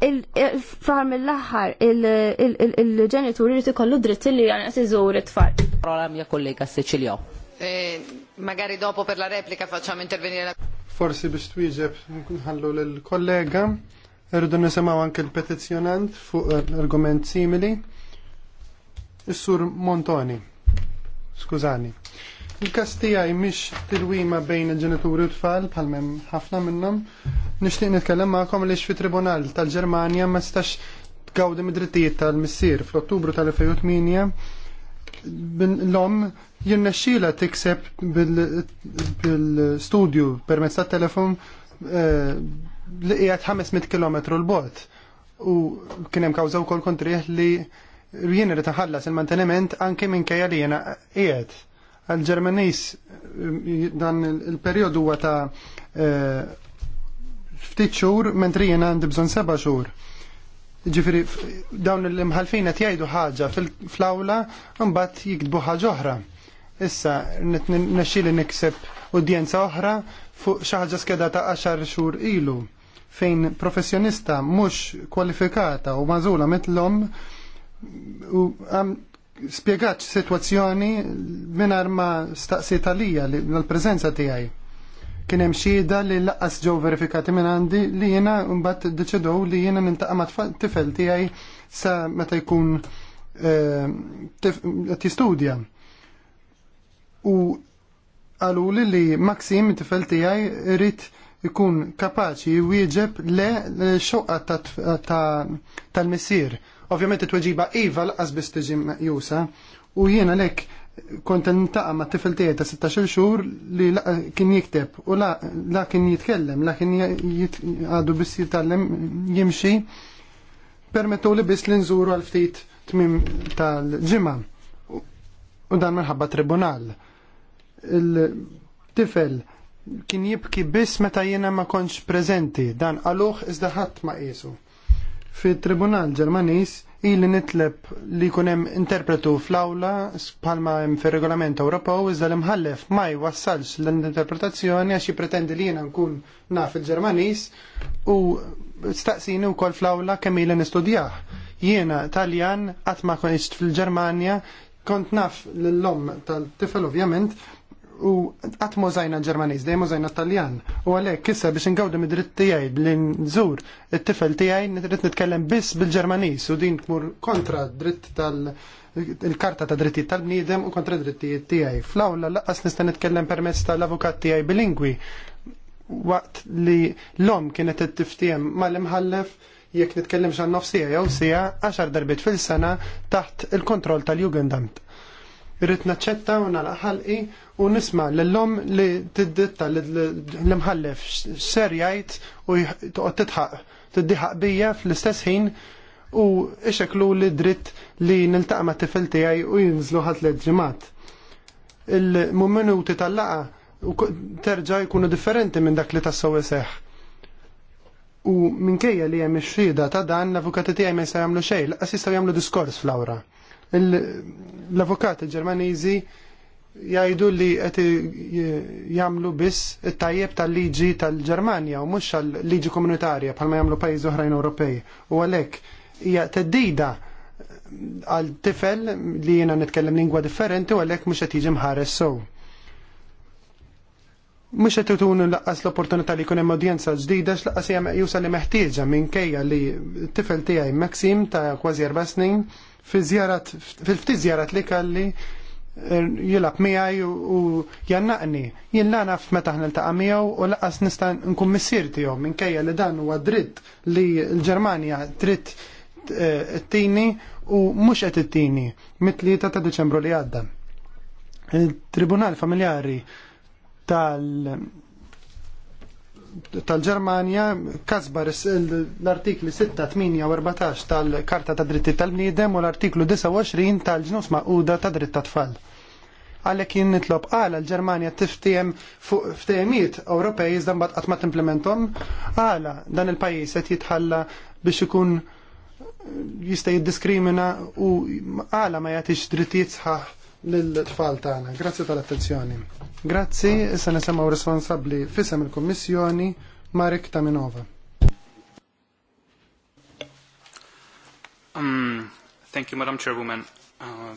il-far mill-axar il-ġenitur jrid ikollu dritt li għanqas iżur it-tfal. Rola mia kollega Siciljaw. Magari dopo per la replica facciamo intervenire la... Forsi biex twieġeb nħallu l-kollega, rridu nisimaw anke l-petizjonant fuq l-argument simili. Is-sur Montoni, skużani. Il-kastija jimix tilwima bejn il-ġenituri u tfal, palmem ħafna minnom, nishtiq nitkellem maqom li fi tribunal tal-Ġermanja ma stax tgawdi mid-drittijiet tal-missir fl-Ottubru tal-2008 l-om jinnexxila tikseb bil-studju permezz ta' telefon eh, li qiegħed 500 km l-bot. U kien hemm kawża wkoll kontrih li jien irid taħallas il-manteniment anke minkejja li jiena qiegħed. Għal-Ġermanis dan il-perjodu huwa ta' eh, ftit xhur mentri jiena għandi bżonn seba' xhur. Ġifiri, dawn l-imħalfin qed jgħidu ħaġa fl-awla mbagħad jikdbu ħaġa oħra. Issa nexxieli nikseb udjenza oħra fuq xi ħaġa skedata għaxar xhur ilu fejn professjonista mhux kwalifikata u mażula mitlhom u spjegat sitwazzjoni mingħajr ma staqsi talija l-preżenza tiegħi kien hemm xhieda li laqas ġew verifikati minn għandi li jiena mbagħad deċidew li jiena nintaqa' ma' tifel tiegħi sa meta jkun eh, qed jistudja. U qalu li li Maxim tifel tiegħi irid ikun kapaċi wieġeb le xoqqa tal-missier. Ovvjament it-tweġiba iva laqas biss tiġi meqjusa u jiena lek kont nintaqa ma' tifel tiegħi ta' 16 xhur li kien jikteb u la kien jitkellem, la kien għadu biss jitallem jimxi permettu li biss li nżuru għal ftit tmim tal-ġimgħa. U dan minħabba tribunal. Il-tifel kien jibki biss meta jiena ma konċ prezenti, dan għaluħ iżda ħadd ma qisu fit tribunal Ġermanis il nitleb li kunem interpretu fl-awla palma jem fil regolament Ewropew iżda l-imħallef ma jwassalx l-interpretazzjoni għax jipretendi li jena nkun naf il-Ġermanis u staqsini u kol fl-awla kemm ili nistudjah. Jiena Taljan għatma konist fil-Ġermania kont naf l-lom tal-tifel ovvjament u qatt mużajna Ġermaniż, dejjem mużajna Taljan. U għalhekk issa biex ingawdu mid-dritt tiegħi li nżur it-tifel tiegħi nitrid nitkellem biss bil-Ġermaniż u din tmur kontra dritt tal- il-karta ta' drittijiet tal-bniedem u kontra drittijiet tiegħi. Fl-awla laqqas nista' nitkellem permezz tal-avukat tiegħi bilingwi waqt li l-om kienet t-tiftiem mal-imħallef jekk nitkellem xan nofsija jew sija għaxar darbit fil-sena taħt il-kontroll tal-Jugendamt. Irrit naċċetta u nara ħalqi u nisma l-lom li t-ditta l-mħallef xer jajt u toqgħod titħaq tiddiħaq bija fl-istess ħin u ixeklu li dritt li niltaqa' ma' tifel tiegħi u jinżlu ħat l ġimgħat. il t tal u terġa' jkunu differenti minn dak li tassew seħħ. U minkejja li hemm ix ta' dan l-avukati tiegħi ma jistgħu jagħmlu xejn, laqas jistgħu jagħmlu diskors fl-awra l-avukati ġermaniżi jgħidu li qed jagħmlu biss it-tajjeb tal-liġi tal-Ġermanja u mhux tal-liġi komunitarja bħalma jagħmlu pajjiżi oħrajn Ewropej. U għalhekk hija teddida għal tifel li jiena nitkellem lingwa differenti u għalhekk mhux qed jiġi mħares sew. Mhux qed itun laqqas l-opportunità li jkun hemm udjenza ġdida x'laqqas hija jusa li meħtieġa minkejja li t-tifel tiegħi Maxim ta' kważi erba' snin fil fti zjarat li kalli eh, jilab miħaj u jannaqni. Jien naf meta ħna l-taqa miħaw u laqas nista nkun missir tiegħu minkejja li dan huwa dritt li l-Ġermanja dritt eh, t-tini u mhux qed t-tini mit-tlieta ta' Deċembru li għadda. Il-Tribunal Familjari tal tal-Ġermanja kasbar l-artikli 6, 8 14 tal-Karta ta' Dritti tal-Bniedem u l-artiklu 29 tal-ġnus maquda ta' dritt ta' tfal. Għalek jien nitlob għala l-Ġermanja tiftijem fuq ftejmiet Ewropej iżda mbagħad qatt ma timplementhom għala dan il-pajjiż qed jitħalla biex ikun eh, jista' jiddiskrimina u għala ma jagħtix drittijiet sħaħ lill-tfal tagħna. Grazzi tal-attenzjoni. Grazzi, issa nisimgħu responsabbli fisem il-Kummissjoni Marek Taminova. Um, thank you, Madam Chairwoman. Uh...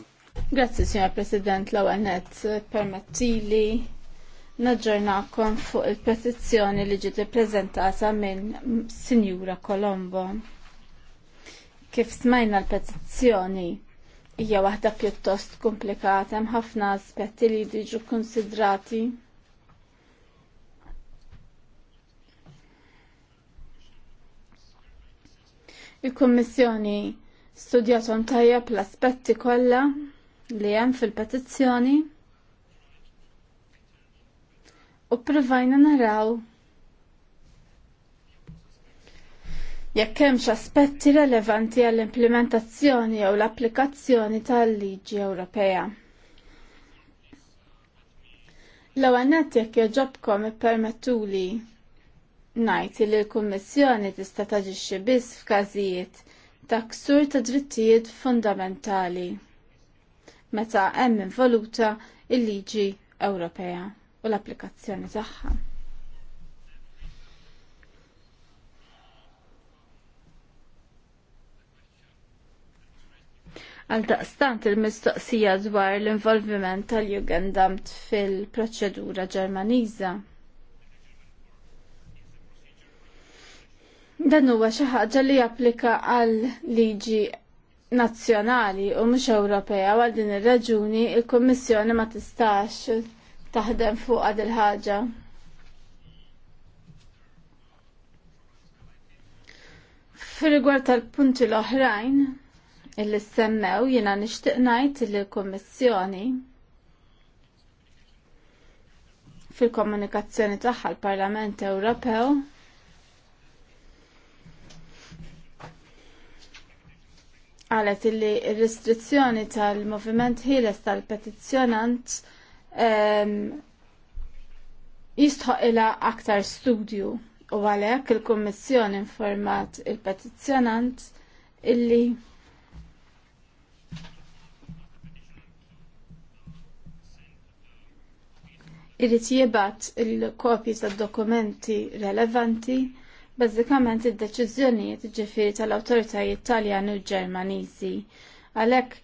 Grazzi, Signor President, l-ewwel nett permettili naġġornakom fuq il-petizzjoni li ġiet ippreżentata minn Sinjura Colombo. Kif smajna l-petizzjoni hija waħda pjuttost komplikata, hemm ħafna aspetti li jiġu konsidrati. Il-Kummissjoni studjatom tajjeb l-aspetti kollha li hemm fil-petizzjoni u provajna naraw jekk hemmx aspetti relevanti għall-implementazzjoni jew l-applikazzjoni tal-liġi Ewropea. L-ewwel nett jekk jogħġobkom ippermettuli ngħid li l-Kummissjoni tista' taġixxi biss f'każijiet ta' ksur ta' drittijiet fundamentali meta hemm involuta il-liġi Ewropea u l-applikazzjoni tagħha. Għal daqstant il-mistoqsija dwar l-involviment tal-Jugendamt fil-proċedura Ġermaniża. Dan huwa xi ħaġa li japplika għal liġi nazzjonali u mhux Ewropea għal din ir-raġuni il-Kummissjoni ma tistax taħdem fuq għad il-ħaġa. Fir-rigward tal-punti l-oħrajn, illi semmew jina nishtiqnajt najt li l-Kommissjoni fil-komunikazzjoni tagħha l-Parlament Ewropew għalet illi restrizzjoni tal-moviment ħieles tal-petizzjonant ehm, jistħoq ila aktar studju u għalhekk il-Kummissjoni informat il-petizzjonant illi irrit jibat il-kopji tad dokumenti relevanti bażikament id-deċiżjonijiet ġifieri tal-awtoritajiet Taljani u ġermanizi. Għalhekk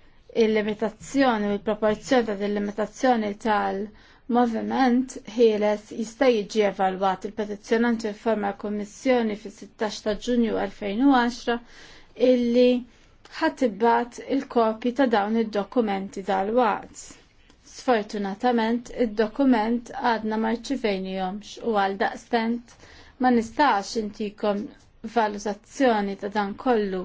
il-limitazzjoni u l-proporzjoni ta' il-limitazzjoni tal-moviment ħieles jista' jiġi evalwat il-petizzjonant informa l-Kummissjoni fis-16 ta' Ġunju 2010 illi ħatibbat il-kopji ta' dawn id-dokumenti dal-waqt. Sfortunatament, id-dokument għadna jomx u għal daqstent ma nistax intikom valutazzjoni ta' dan kollu.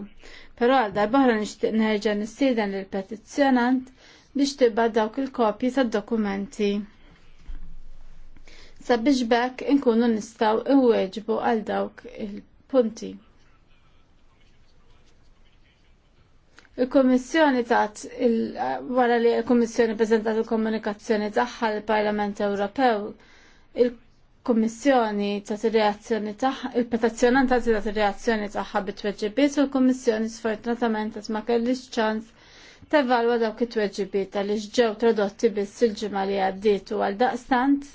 Pero għal darbaħra nishtiq nerġa nistiden l-petizzjonant biex tibba dawk il-kopji ta' dokumenti. Sabiex bekk inkunu nistaw iweġbu għal dawk il-punti. Il-Kommissjoni tat wara li il-Kommissjoni preżentat il-komunikazzjoni tagħha l-Parlament Ewropew, il-Kommissjoni tat ir-reazzjoni tagħha, il-petazzjonant tat ir-reazzjoni tagħha bit-tweġibiet u l-Kommissjoni sfortunatament qed ma kellix ċans tevalwa dawk it-tweġibiet x ġew tradotti biss il-ġimgħa li għaddiet u għal daqstant.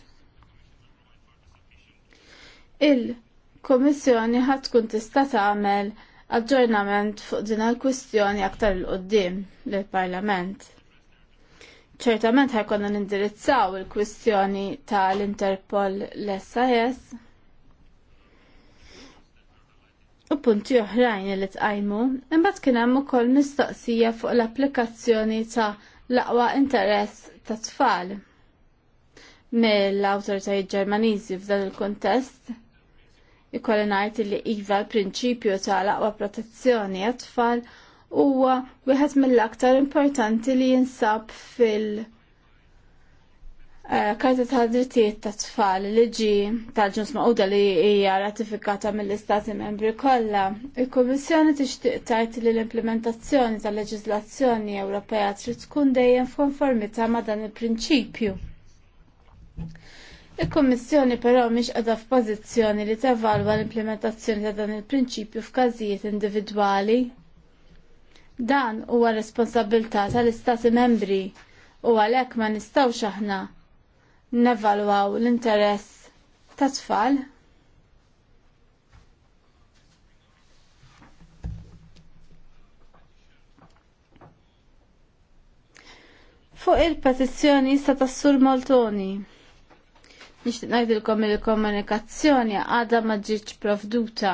Il-Kommissjoni ħadd tkun tista' tagħmel aġġornament fuq din il-kwistjoni aktar il-qoddim lill-Parlament. Ċertament ħajkonna nindirizzaw il-kwistjoni tal-Interpol l-SIS u punti oħrajn li tqajmu, imbagħad kien hemm ukoll mistoqsija fuq l-applikazzjoni ta' l-aqwa interess ta' tfal mill-awtoritajiet Ġermaniżi f'dan il-kontest Ikolli ngħid li iva l-prinċipju tal-aqwa protezzjoni għat-tfal huwa wieħed mill-aktar importanti li jinsab fil- eh, Karta ta' drittijiet ta' tfal li ġi tal-ġuns maquda li hija ratifikata mill-Istati membri kollha. Il-Kummissjoni tixtieq tgħid li l-implementazzjoni tal-leġiżlazzjoni Ewropea trid tkun dejjem f'konformità ma' dan il-prinċipju. Il-Kommissjoni però mhix qiegħda f'pożizzjoni li tevalwa l-implementazzjoni ta' dan il-prinċipju f'każijiet individwali. Dan huwa responsabilità tal-Istati membri u għalhekk ma nistgħux aħna nevalwaw l-interess ta' tfal. Fuq il-petizzjoni sa' tassur Moltoni. Nixtieq ngħidilkom il-komunikazzjoni għadha ma ġietx provduta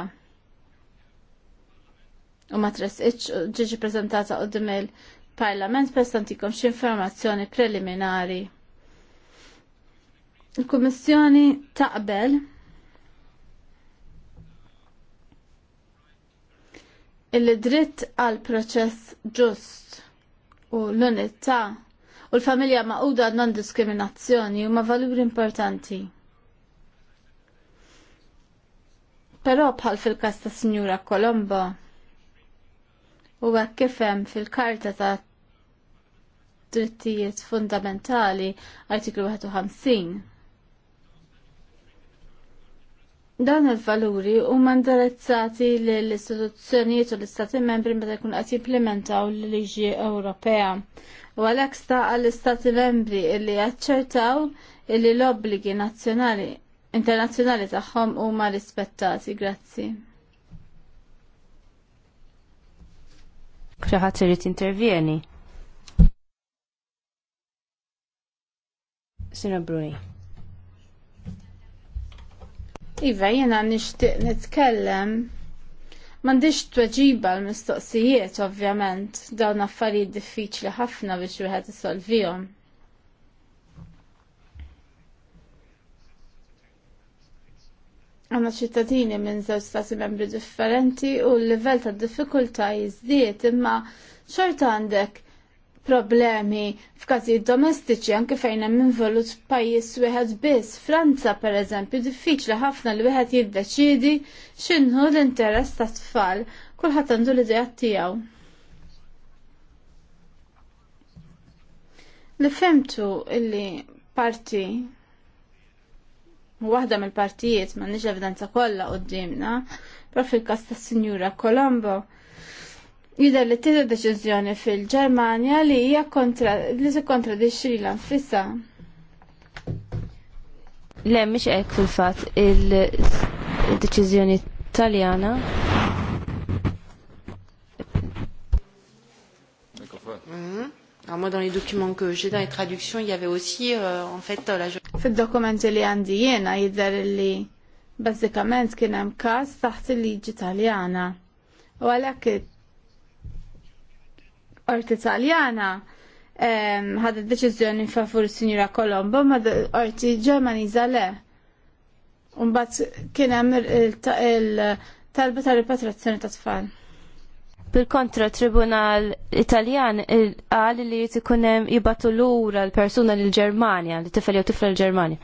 u ma tresqitx ġiġi preżentata qudiem il-Parlament prestantikom xi informazzjoni preliminari. Il-Kummissjoni taqbel il-dritt għal proċess ġust u l-unità u l-familja maquda non-diskriminazzjoni huma valuri importanti. Però bħal fil kasta Signora Sinjura Kolombo u għak kifem fil-karta ta' drittijiet fundamentali artiklu 51. Dan il-valuri huma indirizzati lill-istituzzjonijiet u l-istati membri meta jkun qed jimplementaw l-liġi Ewropea u għalhekk sta għall-Istati membri illi jaċċertaw illi l-obbligi nazzjonali internazzjonali tagħhom huma rispettati. Grazzi. ħadd irid intervjeni. Sina Bruni. Iva, jena nishtiq nitkellem M'għandix tweġiba l-mistoqsijiet ovvjament dawn affarijiet diffiċli ħafna biex wieħed isolvihom. Għanna ċittadini minn żewġ stati membri differenti u l-livell ta' diffikultajiet jiżdied imma xorta għandek problemi f'każijiet domestiċi anke fejn hemm involut pajjiż wieħed biss. Franza pereżempju diffiċli ħafna li wieħed jiddeċiedi x'inhu l-interess tat tfal. Kulħadd għandu l-idea tiegħu. Li femtu illi parti waħda mill-partijiet m'għandniex evidenza kollha qudiemna, profil kas każ tas-Sinjura Colombo Jidher li tieda deċiżjoni fil-Ġermanja li hija kontra li se kontradixxi l nfissa. Le mhix hekk fil-fatt il-deċiżjoni Taljana. Mhm. Alors moi dans les documents que j'ai dans les traductions, il y avait aussi euh, en fait la Fid-dokumenti li għandi jiena jidher li bażikament kien hemm każ taħt il-liġi Taljana. U għalhekk Orti Taljana ħadet deċiżjoni favur Sinjura Kolombo ma orti Ġermaniża le. Umbat kien hemm il-talba tal-repatrazzjoni ta' tfal. Bil-kontra tribunal Italjan qal li jrid ikun hemm jibatu lura l-persuna lill-Ġermanja, li tifel jew tifla l-Ġermanja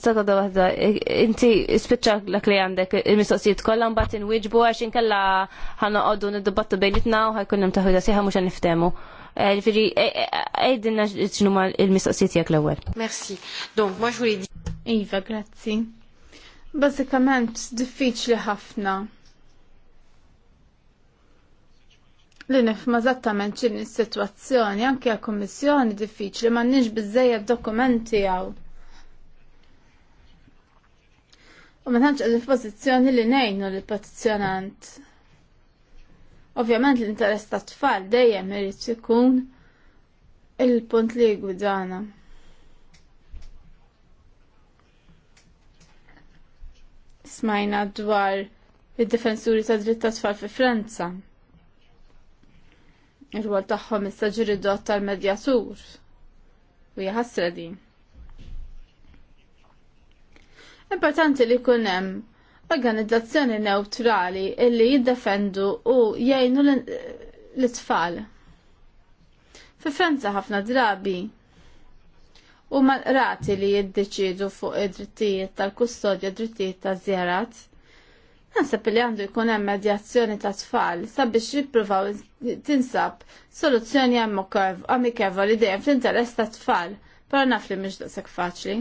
da wahda, inti spiċċa l li għandek il-mistoqsijiet kollha mbagħad inwiġbu għax inkella qoddu niddibattu bejnitna u ħajkunna mtaħuda siħa muxa mhux niftehmu. għajdinna eh, e, e, għejdilna x'inhuma l-mistoqsijiet tiegħek l-ewwel. Merci. Donk, ma je di. Iva, grazzi. Bażikament diffiċli ħafna. li nifma mażattament ċin is-sitwazzjoni anke għal-Kommissjoni diffiċli m'għandniex biżejjed dokumenti għaw. U ma tantx il-pożizzjoni li ngħinu li petizzjonant. Ovvjament l-interess ta' tfal dejjem irid ikun il-punt li jgwidana. Smajna dwar id-difensuri ta' dritt ta' tfal fi Franza. il rwol tagħhom issa ġiri tal-medjatur. U jaħasra din. Importanti li jkun hemm organizzazzjoni neutrali illi jiddefendu u jgħinu l-tfal. Fi Franza ħafna drabi u mal-rati li jiddeċidu fuq id-drittijiet tal-kustodja drittijiet ta' zjarat. Nasab li għandu jkun hemm medjazzjoni ta' tfal sabiex jippruvaw tinsab soluzzjoni għamikevoli dejjem fl-interess ta' tfal, però naf li mhix daqshekk faċli.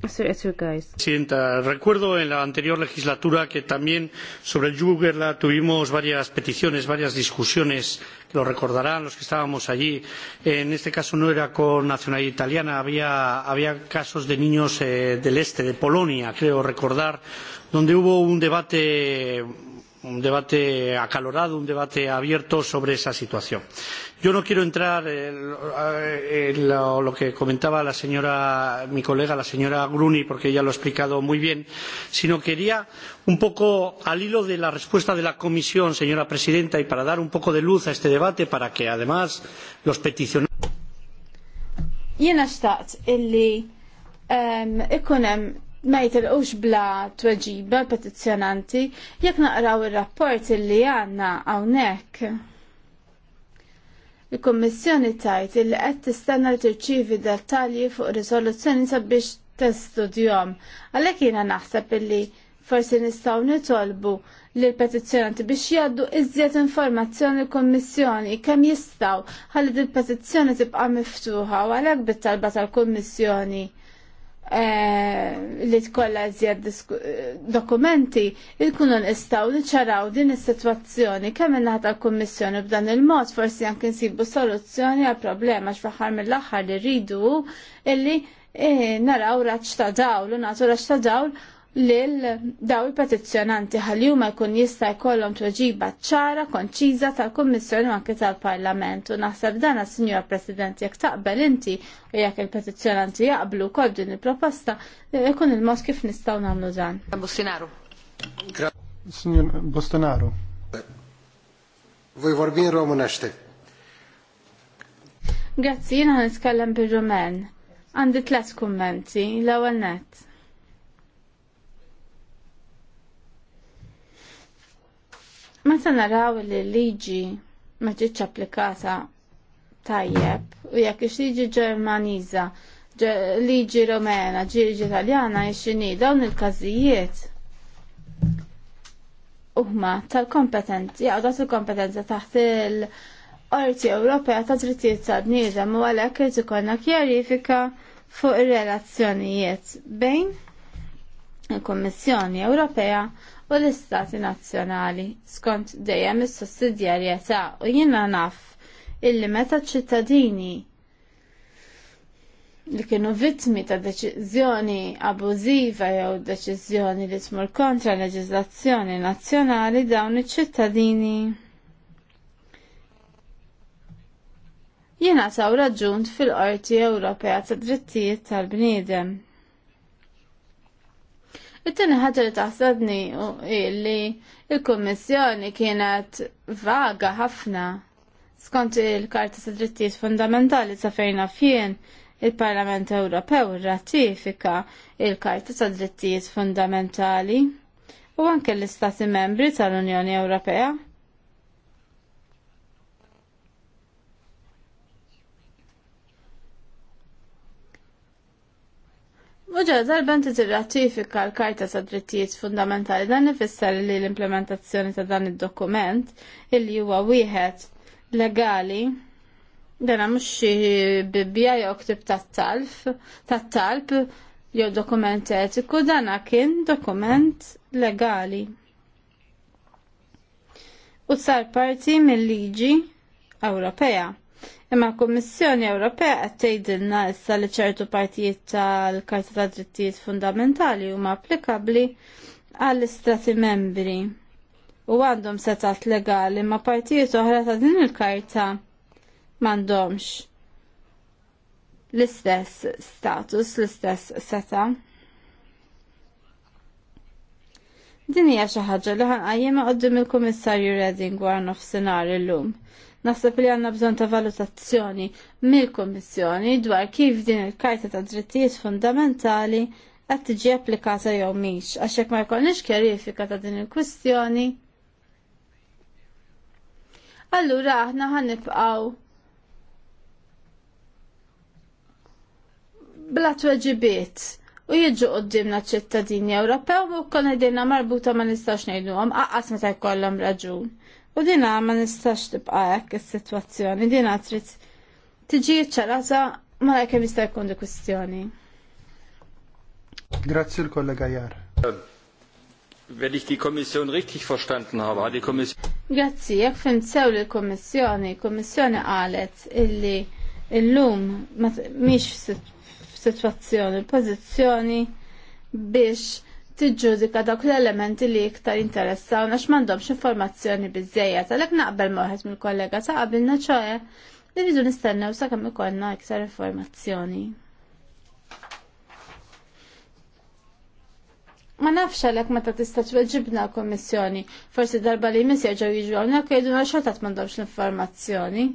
Presidenta, recuerdo en la anterior legislatura que también sobre el Jugerla tuvimos varias peticiones, varias discusiones, que lo recordarán los que estábamos allí. En este caso no era con nacionalidad italiana, había, había casos de niños eh, del este, de Polonia, creo recordar, donde hubo un debate un debate acalorado, un debate abierto sobre esa situación. Yo no quiero entrar en, lo, que comentaba la señora, mi colega, la señora Gruni, porque ella lo ha explicado muy bien, sino quería un poco al hilo de la respuesta de la Comisión, señora presidenta, y para dar un poco de luz a este debate, para que además los peticionarios. um, ma jitilqux bla tweġiba petizzjonanti jekk naqraw ir-rapport il illi għandna hawnhekk. Il-Kummissjoni tajt li qed tistenna li tirċievi dettalji fuq risoluzzjoni sabiex testudjom. Għalhekk jiena naħseb illi forsi nistgħu nitolbu lill petizzjonanti biex jgħaddu iżjed informazzjoni l-Kommissjoni kemm jistgħu ħalli din petizzjoni tibqa' miftuħa u għalhekk bit-talba tal-Kummissjoni Eh, li tkolla zjed eh, dokumenti il-kunu nistaw niċċaraw din is-sitwazzjoni kemm naħat tal-Kummissjoni b'dan il-mod forsi anke nsibu soluzzjoni għal problema x'faħar mill-aħħar li rridu illi eh, naraw raċ ta' dawl u nagħtu raċ ta' dawl lil daw il-petizzjonanti ħalli huma jkun jista' jkollhom tweġiba ċara konċiża tal-Kummissjoni anke tal-Parlament u naħseb dana Sinjor President jekk taqbel inti u jekk il-petizzjonanti jaqblu wkoll din il-proposta jkun il-mod kif nistgħu nagħmlu dan. Bostinaru. Signor Bostinaru. Voi vorbin Romunește. Grazzi, jiena nitkellem bil-Rumen. Għandi tlet kummenti, l-ewwel nett Meta naraw li liġi ma ġietx applikata tajjeb u jekk ix-liġi Ġermaniża, liġi Romena, ġiġi Italjana jixini dawn il-każijiet huma tal-kompetenzi, jaqgħu il-kompetenza taħt il- Orti Ewropea ta' drittijiet ta' bniedem u għalhekk irid ikollna kjarifika fuq ir-relazzjonijiet bejn il-Kummissjoni Ewropea u l-istati nazzjonali skont dejjem is-sussidjarjetà u jiena naf illi meta ċittadini li kienu vittmi ta' deċiżjoni abużiva jew deċiżjoni li tmur kontra leġiżlazzjoni nazzjonali dawn iċ-ċittadini jiena taw raġunt fil-Qorti Ewropea ta' Drittijiet tal-Bniedem. It-tieni ħaġa li taħsebni li il-Kummissjoni kienet vaga ħafna skont il-Karta ta' Drittijiet Fundamentali sa fejna fien il-Parlament Ewropew ratifika il-Karta ta' Drittijiet Fundamentali u anke l-Istati Membri tal-Unjoni Ewropea Uġa, darban tirratifika l-Karta ta' Drittijiet Fundamentali dan ifisser li l-implementazzjoni ta' dan id-dokument illi huwa wieħed legali dan mhux xi bibja jew ktib tat-talf tat-talb jew dokument etiku dana kien dokument legali. U sar parti mill-liġi Ewropea. Imma Kummissjoni Ewropea qed tgħidilna issa li ċertu partijiet tal-Karta ta' Drittijiet Fundamentali huma applikabbli għall-Istati Membri u għandhom setat legali ma partijiet oħra ta' din il-karta m'għandhomx l-istess status, l-istess seta. Din hija xi ħaġa li ħanqajjimha qudiem il-Kummissarju Reding wara nofsinhar illum. lum Naħseb li għandna bżonn ta' valutazzjoni mill-Kummissjoni dwar kif din il-Karta ta' Drittijiet Fundamentali qed tiġi applikata jew miex għax hekk ma jkollniex kjerifika ta' din il-kwistjoni. Allura aħna ħanibqgħu bla tweġibiet u jiġu qoddimna ċittadini Ewropew u kon id marbuta ma nistax ngħidulhom aqqas meta jkollhom raġun. U dina ma nistax tibqa hekk is-sitwazzjoni, dina trid tiġi ċarata ma kemm jista' jkun kwistjoni. Grazzi l-kollega Jar. Wenn ich die Kommission richtig verstanden habe, hat die Kommission. Grazzi, jekk fim sew li l-Kommissjoni, l-Kommissjoni qalet illi illum miex f'sitwazzjoni, pożizzjoni biex tiġġudika dawk l-elementi li iktar interessaw għax m'għandhomx informazzjoni biżejjed għalhekk naqbel moħet mill-kollega ta' qabilna ċoħe li rridu nistennew sakemm ikollna iktar informazzjoni. Ma nafx għalhekk meta tista' tweġibna l-Kommissjoni, forsi darba li jmiss ġew jiġu hawnhekk jgħidu xortat m'għandhomx l-informazzjoni.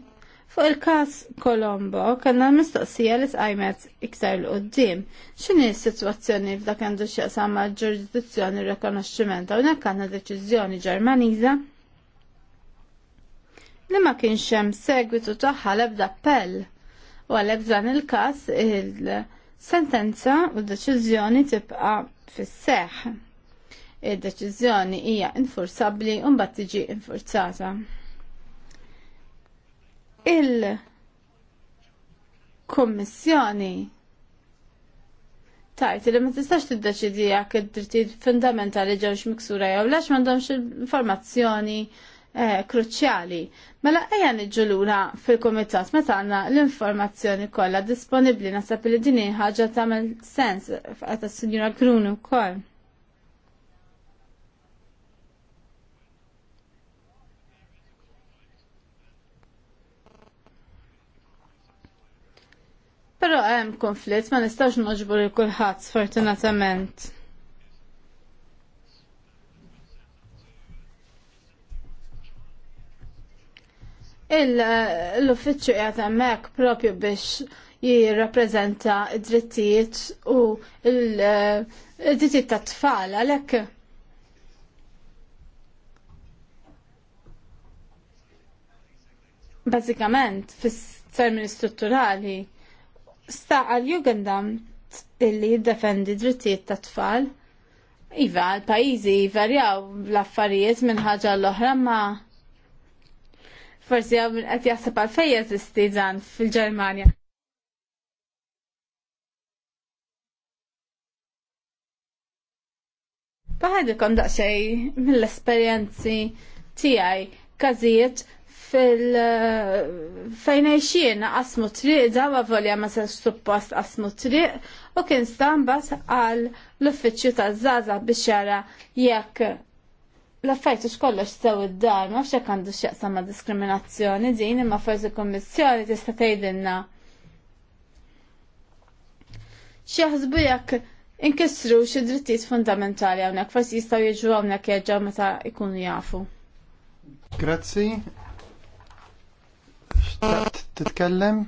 Fuq il-kas Kolombo, kanna mistoqsija li s-għajmet iktar l-qoddim. ċini s-situazzjoni f'dak għandu xieqsam ma' ġurisdizzjoni r rekonoċċiment għu nekkanna deċizjoni ġermaniza li ma kienx hemm segwitu taħħa l-ebda appell. U għalhekk dan il-każ il-sentenza u d-deċiżjoni tibqa' fis-seħħ. Id-deċiżjoni hija infurzabbli u mbagħad tiġi infurzata il-Kommissjoni tajt li ma tistax tiddeċidi jekk id-drittijiet fundamentali ġewx miksura jew lex m'għandhomx informazzjoni eh, kruċjali. Mela ejja niġġulura fil-kumitat meta għandna l-informazzjoni kollha disponibbli naħseb li din ħaġa tagħmel sens f'qata s-Sinjura Grunu wkoll. Però hemm konflitt ma nistax noġbru il kulħadd sfortunatament. Eh, l-uffiċċju qiegħed hemmhekk propju biex jirrappreżenta d-drittijiet u l-drittijiet eh, tat-tfal għalhekk Bażikament fis termini strutturali, sta għal Jugendamt illi jiddefendi drittijiet ta' tfal. Iva, l-pajizi varjaw l-affarijiet minn ħagġa l-oħra ma forsi għaw minn għet jasab għal fejjet t-istizan fil-ġermania. Baħadikom daqxej mill-esperienzi tijaj kazijiet fil eh, fejn xien asmu triq dawa volja ma se suppost asmu triq u kien stambat għal l-uffiċċju ta' Zaza biex jara jekk l-affajtu xkollox sew id-dar ma fxek għandu x'jaqsa ma' diskriminazzjoni din imma forsi kummissjoni tista' tgħidilna. Xi jekk inkissru xi drittijiet fundamentali hawnhekk forsi jistgħu jiġu hawnhekk jerġgħu meta jkunu jafu. Grazzi, Taqt titkellem?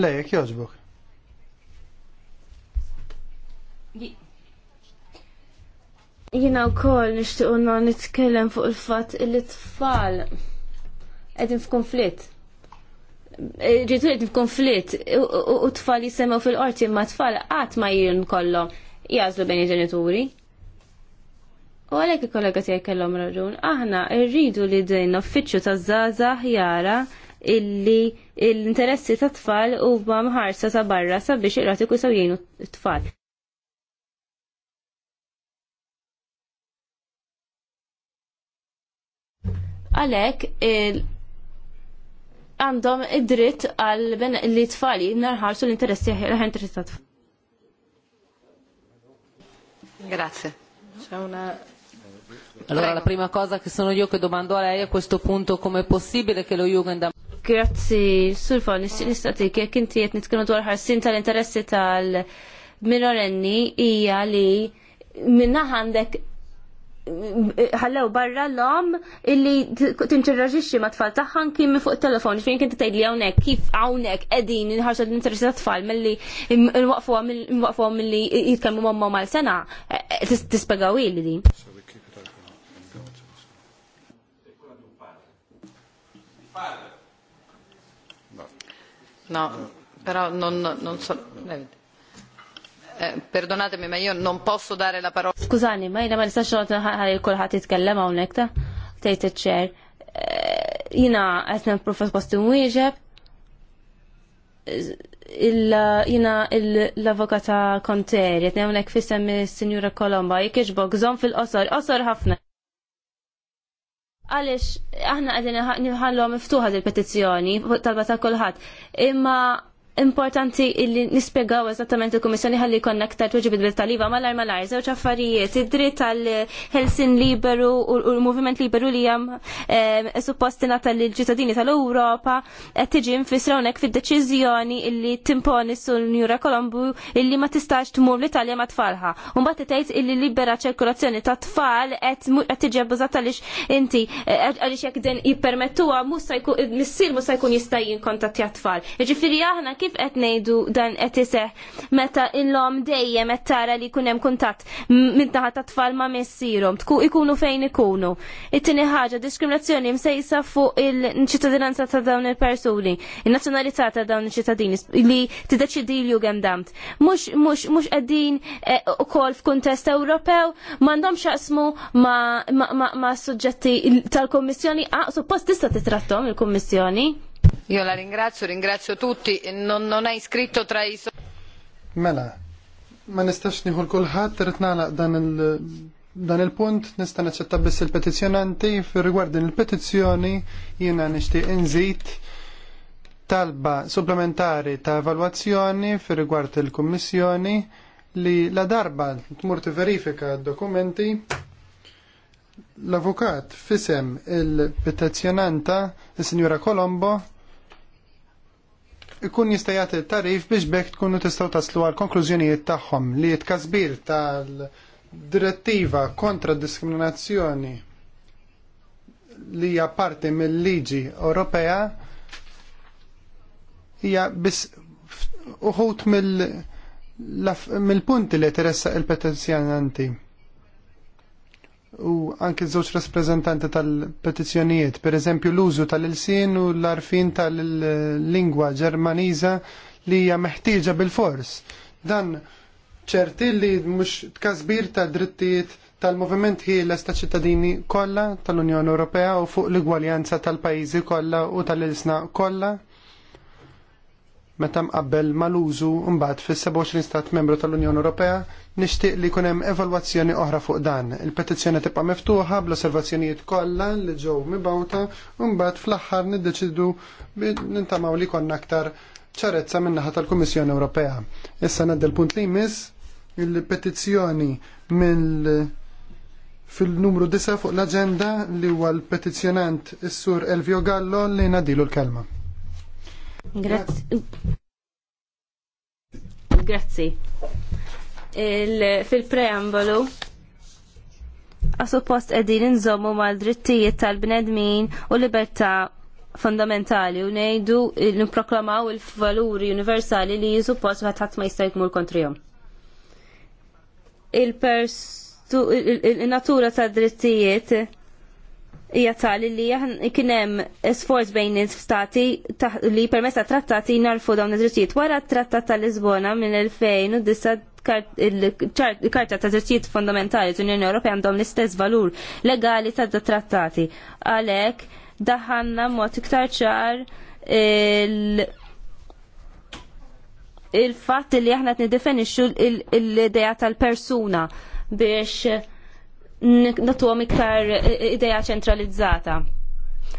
Lejek jogħġbok. Jina u koll nishtiq unna nitkellem fuq il-fat li tfal edin f'konflitt. Ġitu edin f'konflitt u tfal jisemaw fil-qorti ma tfal għat ma jirin kollom jazlu bejn ġenituri. U għalek il-kollega tijaj kellom raġun, aħna rridu li din uffiċċju ta' zaza jara illi l-interessi ta' tfal huma mħarsa sa' barra sabiex ir-ratiku u jgħinu t-tfal. Għalek, għandhom id-dritt għal li tfali narħarsu l-interessi l interessi ta' tfal. Grazie. Allora la prima cosa che sono io che domando a lei a questo punto come è possibile che lo Jugendamt Grazzi, Surfa, nistatik, jek inti jett nitkunu dwar ħarsin tal-interessi tal-minorenni ija li minna għandek ħallew barra l-om illi tinċerraġiċi ma tfal taħħan kim fuq telefon, fejn kinti li għawnek, kif għawnek edin nħarġu l-interessi ta' tfal mill-li għam mill-li jitkallmu mamma mal-sena, tispegawi li din. No, però non, non so... Eh, eh, perdonatemi, ma io non posso dare la parola. Scusami, ma jina ma nistax ħalli kulħadd jitkellem hawnhekk ta' tgħid te c'è. Eh, jina qed nipprofess kosti wieġeb. Jina l-avokata Konteri, qed nagħmlek fissem is-Sinjura Kolomba, jekk iġbok fil osor osor ħafna għalix aħna għadin nħallu miftuħa dil petizzjoni talba ta' kulħadd, imma importanti illi nispiegaw eżattament il-Kummissjoni ħalli jkollna aktar tweġibit bil-taliba mal malajr żewġ affarijiet, id-dritt tal Helsin liberu u l-moviment liberu li jam eh, supposti nata l-ċittadini tal-Ewropa qed tiġi nfisra unek fid-deċiżjoni illi timponi sul Njura Kolombu illi ma tistax tmur l-Italja ma tfalħa. Mbagħad tgħid illi libera ċirkolazzjoni ta' tfal qed tiġi għabbużat għaliex inti eh, għaliex jekk din jippermettuha mhux se jkun missier mhux se jkun jista' jinkontattja tfal. Jiġifieri aħna kif qed ngħidu dan qed iseħ meta illhom dejjem qed tara li jkun hemm kuntatt minn taħa ta' tfal ma' missierhom tkun ikunu fejn ikunu. It-tieni ħaġa diskriminazzjoni msejsa fuq il-ċittadinanza ta' dawn il-persuni, in-nazzjonalità ta' dawn il-ċittadini li tiddeċidi li hemm damt. Mhux mhux mhux qegħdin eh, ukoll f'kuntest Ewropew m'għandhomx jaqsmu ma' suġġetti tal-Kummissjoni, ah, suppost tista' titrattom il-Kummissjoni. Io la ringrazio, ringrazio tutti. Non, non è iscritto tra i... Mela, ma nistax nieħu l-kulħadd nagħlaq dan il dan il-punt nista' naċċetta biss il-petizzjonanti fir-rigward il-petizzjoni jiena nixtieq inżid talba supplementari ta' evalwazzjoni fir-rigward il-Kummissjoni li la darba tmur verifika d-dokumenti l-avukat fisem il-petizjonanta, il-Sinjura Colombo, ikun jista' jagħti tarif biex bekk tkunu tistgħu taslu għal konklużjonijiet tagħhom li t-kasbir tal-direttiva kontra d diskriminazzjoni li hija parti mill-liġi Ewropea hija biss uħut mill-punti li teressa il petizzjonanti u anke żewġ rappreżentanti tal-petizzjonijiet, per eżempju l-użu tal-ilsien u l-arfin tal-lingwa ġermaniża li hija meħtieġa bil-fors. Dan ċerti li mhux tkasbir ta' drittijiet tal-moviment ħieles ta' ċittadini kollha tal-Unjoni Ewropea u fuq l-igwaljanza tal-pajjiżi kollha u tal-ilsna kollha meta mqabbel mal-użu mbagħad fis-27 stat membru tal-Unjoni Ewropea nixtieq li jkun hemm evalwazzjoni oħra fuq dan. Il-petizzjoni tibqa' miftuħa bl-osservazzjonijiet kollha li ġew mibawta u mbagħad fl-aħħar niddeċidu nintamaw li jkollna aktar ċarezza min-naħa tal-Kummissjoni Ewropea. Issa nadda l-punt li jmiss il-petizzjoni mill fil-numru 9 fuq l-agenda li huwa l-petizzjonant is-sur Elvio Gallo li nadilu l-kelma. Grazzi. Il, Fil-preambolu, għasupost edin nżommu mal-drittijiet tal-bnedmin u libertà fondamentali u nejdu n-proklamaw il-valuri universali li jisupost għatħat ma jista' jkmur kontrijom. Il-natura il il il drittijiet hija tali li kien hemm esforz bejn stati li permessa trattati narfu dawn id-drittijiet. Wara t-trattat tal Lisbona minn 2009 il-Karta ta' Drittijiet Fundamentali tal-Unjoni Ewropea għandhom l-istess valur legali ta' trattati. Għalhekk daħanna mod iktar ċar il- il-fatt li aħna t nidefenixu l-ideja tal-persuna biex natu għom iktar eh, eh, ideja ċentralizzata.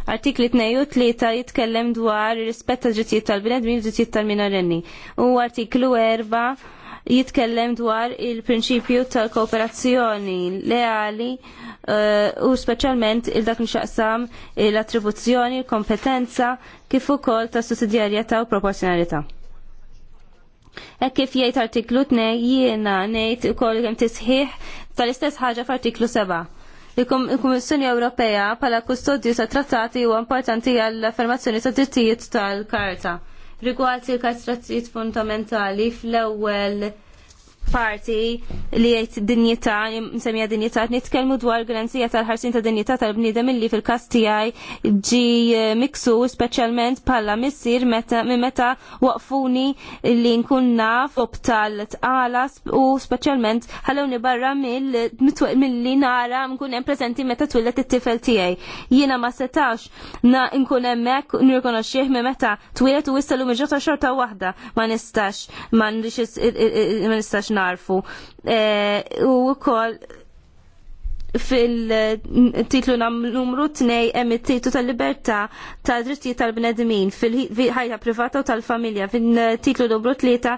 Artikli 2 u 3 jitkellem dwar ta' ġittijiet tal-bnedmin u ġittijiet tal-minorenni. U artiklu 4 jitkellem dwar il-prinċipju tal-kooperazzjoni leali eh, u speċjalment il-dak nxaqsam l-attribuzzjoni, il-kompetenza kif ukoll tas sussidjarjetà u proporzjonalità. Hekk kif jgħid artiklu 2 jiena ngħid ukoll hemm tisħiħ tal-istess ħaġa f'artiklu 7. Il-Kummissjoni Ewropea bħala kustodju sa' trattati huwa importanti għall affermazzjoni ta' drittijiet tal-Karta. Rigward il-kastrazzijiet fundamentali fl-ewwel parti li jgħid dinjità, msemmija dinjità, nitkellmu dwar garanzija tal-ħarsin ta' dinjità tal-bniedem illi fil-każ tiegħi ġi eh, miksu speċjalment bħala missier meta minn meta waqfuni li nkun naf u tal-tqala u speċjalment ħallewni barra mill-li nara nkun hemm preżenti meta twillet it-tifel tiegħi. Jiena ma setax nkun hemmhekk nirkonoxxih minn meta twilet u wissalu minn xorta waħda ma nistax ma nistax narfu. E, u kol fil-titlu numru 2 hemm it-titlu tal-libertà tad drittijiet tal-bnedmin fil-ħajja privata u tal-familja. Fil-titlu numru 3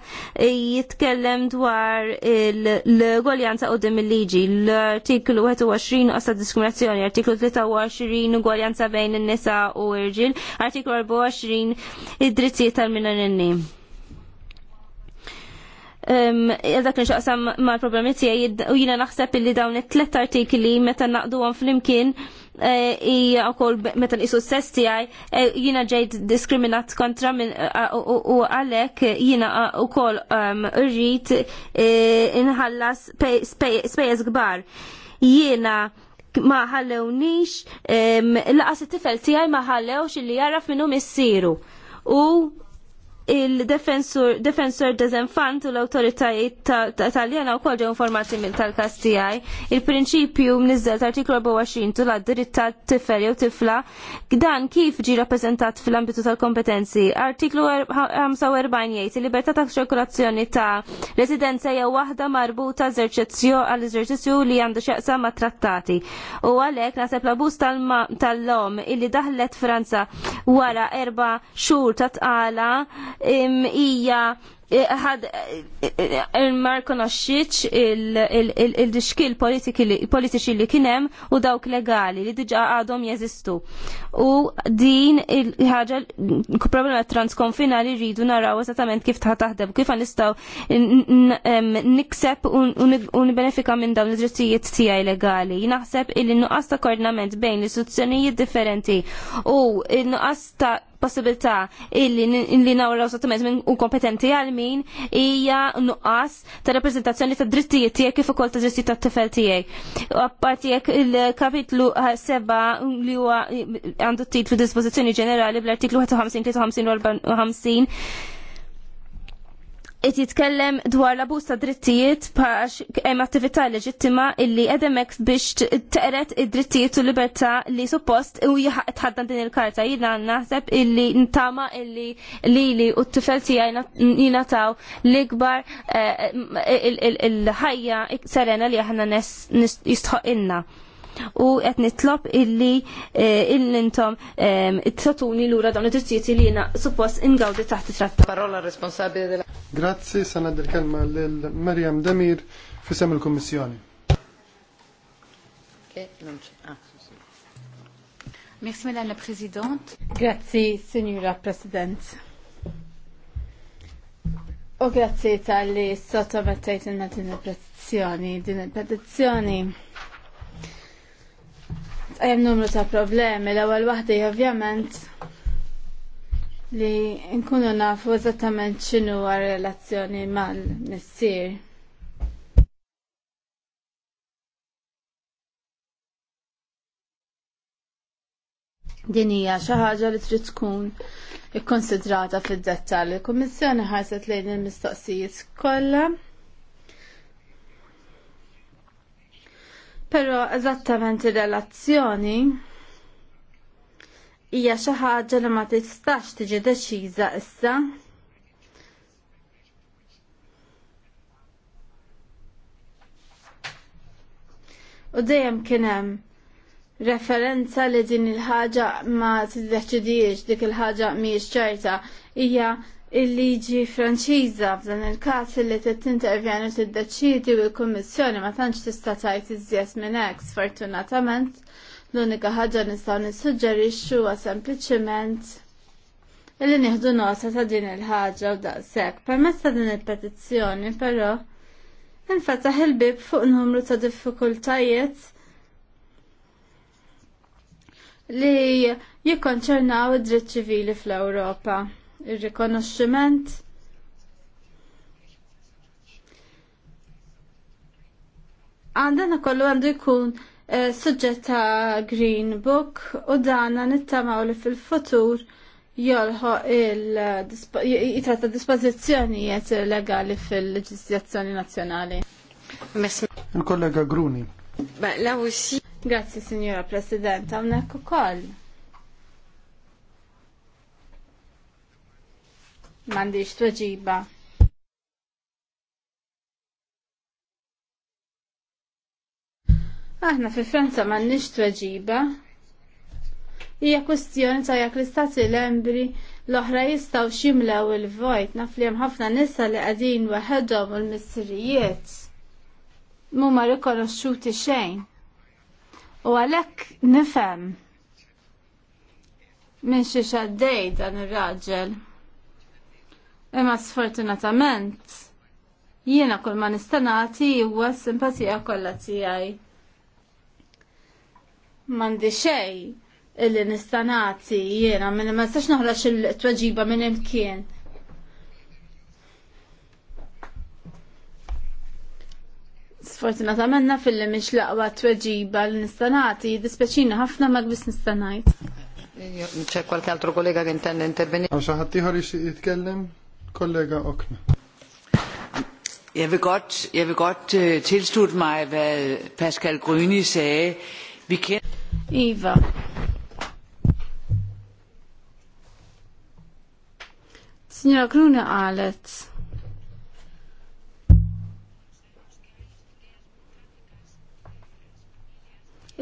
jitkellem dwar l-gwaljanza u dim il-liġi. L-artiklu 21 għasta diskriminazzjoni, artiklu 23 gwaljanza bejn in-nisa u irġil, artiklu 24 id-drittijiet tal-minorenni dak nixaqsam mal problemi tiegħi u jiena naħseb illi dawn it-tlet artikli meta naqduhom flimkien hija e, wkoll meta nqisu s-sess tiegħi jiena ġejt diskriminat kontra u għalhekk jiena wkoll irrid e, inħallas spejjeż kbar. Jiena ma ħallewniex laqas it-tifel tiegħi ma ħallewx illi jaraf minnhom missieru. U il-defensor dezenfant u l-autoritajiet taljana u kolġa informati minn tal kastijaj Il-prinċipju mnizzel tal-artiklu 24 tula dritt tal tifel jew tifla dan kif ġi rappresentat fil-ambitu tal-kompetenzi. Artiklu 45 er-, jgħid il-libertà ta' ċirkolazzjoni ta' residenza jew waħda marbuta eżerċizzju għall eżerċizzju li għandu xeqsa ma' trattati. U għalhekk naħseb l tal-lom illi daħlet Franza wara erba' xhur ta' tqala ija ħad ma rkonoxxiċ il-dixkil politiċi li kienem u dawk legali li diġa għadhom jeżistu. U din il-ħaġa problema transkonfina li rridu naraw eżattament kif taħdem, kif nistaw nikseb u nibenefika minn dawn id-drittijiet tiegħi legali. Naħseb il-nuqqas ta' koordinament bejn l-istituzzjonijiet differenti u il-nuqqas ta' possibilità illi nawraw sottament minn u kompetenti għalmi ewlenin hija nuqqas ta' rappresentazzjoni ta' drittijiet tiegħek kif ukoll ta' drittijiet tat-tifel tiegħek. Apparti jekk il-kapitlu 7 li huwa għandu titlu dispożizzjoni ġenerali bl-artiklu 51, 53 54 qed jitkellem dwar l-abuż ta' drittijiet bħax hemm attività leġittima illi edemek biex teqret id-drittijiet u libertà li suppost u tħaddan din il-karta jiena naħseb illi ntama illi lili u t-tifel tiegħi jingħataw l-ikbar eh, il-ħajja serena li aħna jistħoq u qed nitlob illi eh, illintom it-tatuni ehm, lura dawn it-tizzijiet li jiena suppost ingawdi taħt it-tratta. Parola responsabile della. Grazzi, sanad il-kelma lil Maryam Damir fisem il-Kummissjoni. Ah, Merci Madame la Présidente. Grazie Signora President. U grazie tal-li sottomettajt il-na din il-petizzjoni. Din il-petizzjoni hemm numru ta' problemi, l-ewel wahdi ovvjament li nkunu nafu eżattament x'inhu relazzjoni mal-missier. Din hija xi ħaġa li trid tkun ikkonsidrata fid-dettall. Il-Kummissjoni ħarset lejn il-mistoqsijiet kollha Però eżattament ir-relazzjoni hija xi ħaġa li ma tistax tiġi deċiża issa. U dejjem kien hemm referenza li din il-ħaġa ma tiddeċidiex dik il-ħaġa mhijiex ċerta hija il-liġi Franċiża f'dan il-każ li trid tintervjeni tiddeċiedi u l-Kummissjoni ma tantx tista' tgħid iżjed minn hekk sfortunatament l-unika ħaġa nistgħu nissuġġerixxu huwa sempliċement illi nieħdu nota ta' din il-ħaġa u daqshekk. Permezz ta' din il-petizzjoni però infetaħ il-bib fuq numru ta' diffikultajiet li jikkonċernaw id-dritt ċivili fl-Ewropa ir-rikonoxximent għandana kollu għandu jkun eh, suġġetta Green Book u dana nittamaw li fil-futur jolħo il-jitratta eh, jiet legali fil-leġizjazzjoni nazjonali. Il-kollega Gruni. Grazie, signora Presidenta, unek u koll M'għandix tweġiba. Aħna fi Franza m'għandniex tweġiba. Hija kustjoni ta' jekk l-istati l-embri l-oħra jistgħu u il-vojt naf li ħafna nisa li qegħdin waħedhom u l-missirijiet mumma rikonoxxuti xejn. U għalhekk nifhem minn xi xaddej dan ir-raġel. Imma sfortunatament jiena kull ma nistanati huwa simpatija kollha tiegħi. M'għandi xej illi nistanati jiena minn ma nistax naħlax il-tweġiba minn imkien. Sfortunatament naf illi mhix laqwa tweġiba li nistanati dispeċina ħafna ma biss nistanajt. C'è qualche altro collega che intende intervenire? Għaxa jitkellem? Kollega Okna. Jeg vil godt, jeg vil godt uh, tilslutte mig, hvad Pascal Gryni sagde. Vi kender... Eva. Signora Grune Arlet.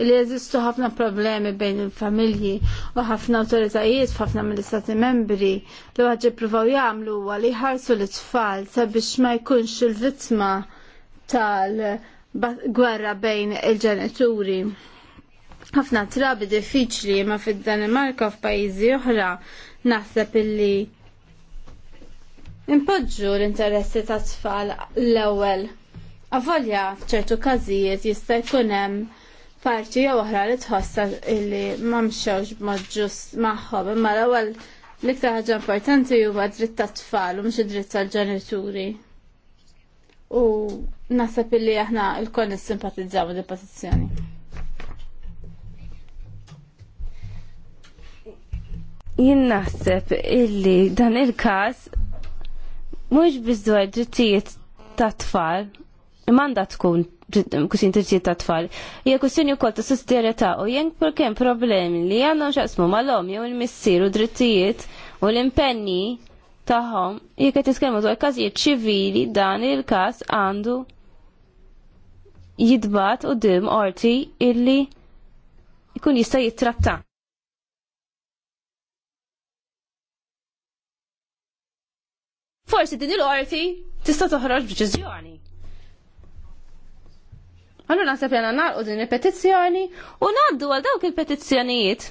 li jeżistu ħafna problemi bejn il-familji u ħafna autoritajiet f'ħafna mill-istati membri li għagġi provaw jagħmlu huwa li ħarsu l-tfal sabiex ma jkunx il-vittma tal-gwerra bejn il-ġenituri. ħafna trabi diffiċli ma fid-Danimarka u f'pajjiżi oħra naħseb illi impoġġu l-interessi tat-tfal l-ewwel. Avolja f'ċertu każijiet jista' jkun hemm parti jew oħra li tħossa li ma mxewx b'mod magħhom, imma l-ewwel l-iktar ħaġa importanti huwa dritt tat-tfal u mhux id-dritt tal-ġenituri. U naħseb illi aħna l-koll nissimpatizzaw il-pożizzjoni. jien naħseb illi dan il-każ mhux biżżur drittijiet tat tfal għandha tkun kusin tirċiet ta' tfal. Hija kwestjoni wkoll ta' sussidjarjetà u jien kem problemi li għandhom x'aqsmu mal-hom jew il-missier u drittijiet u l-impenni tagħhom jekk qed tiskellmu dwar każijiet ċivili dan il-każ għandu jidbat u dim qorti illi jkun jista' jittratta. Forsi din il-qorti tista' toħroġ b'deċiżjoni. Allura naħseb jena narqu din il-petizzjoni u naddu għal dawk il-petizzjonijiet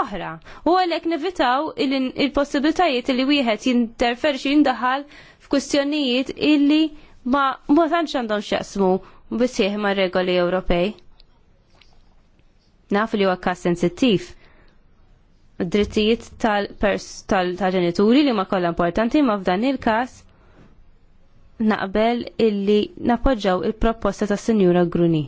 oħra. U għalek nevitaw il-possibilitajiet li wieħed jinterferx jindaħal f'kustjonijiet illi ma ma tantx għandhom x'jaqsmu bisieħ ma' regoli Ewropej. Naf li huwa kas sensittiv drittijiet tal-ġenituri li ma kollha importanti ma f'dan il-każ naqbel illi napoġġaw il-proposta ta' Sinjura Gruni.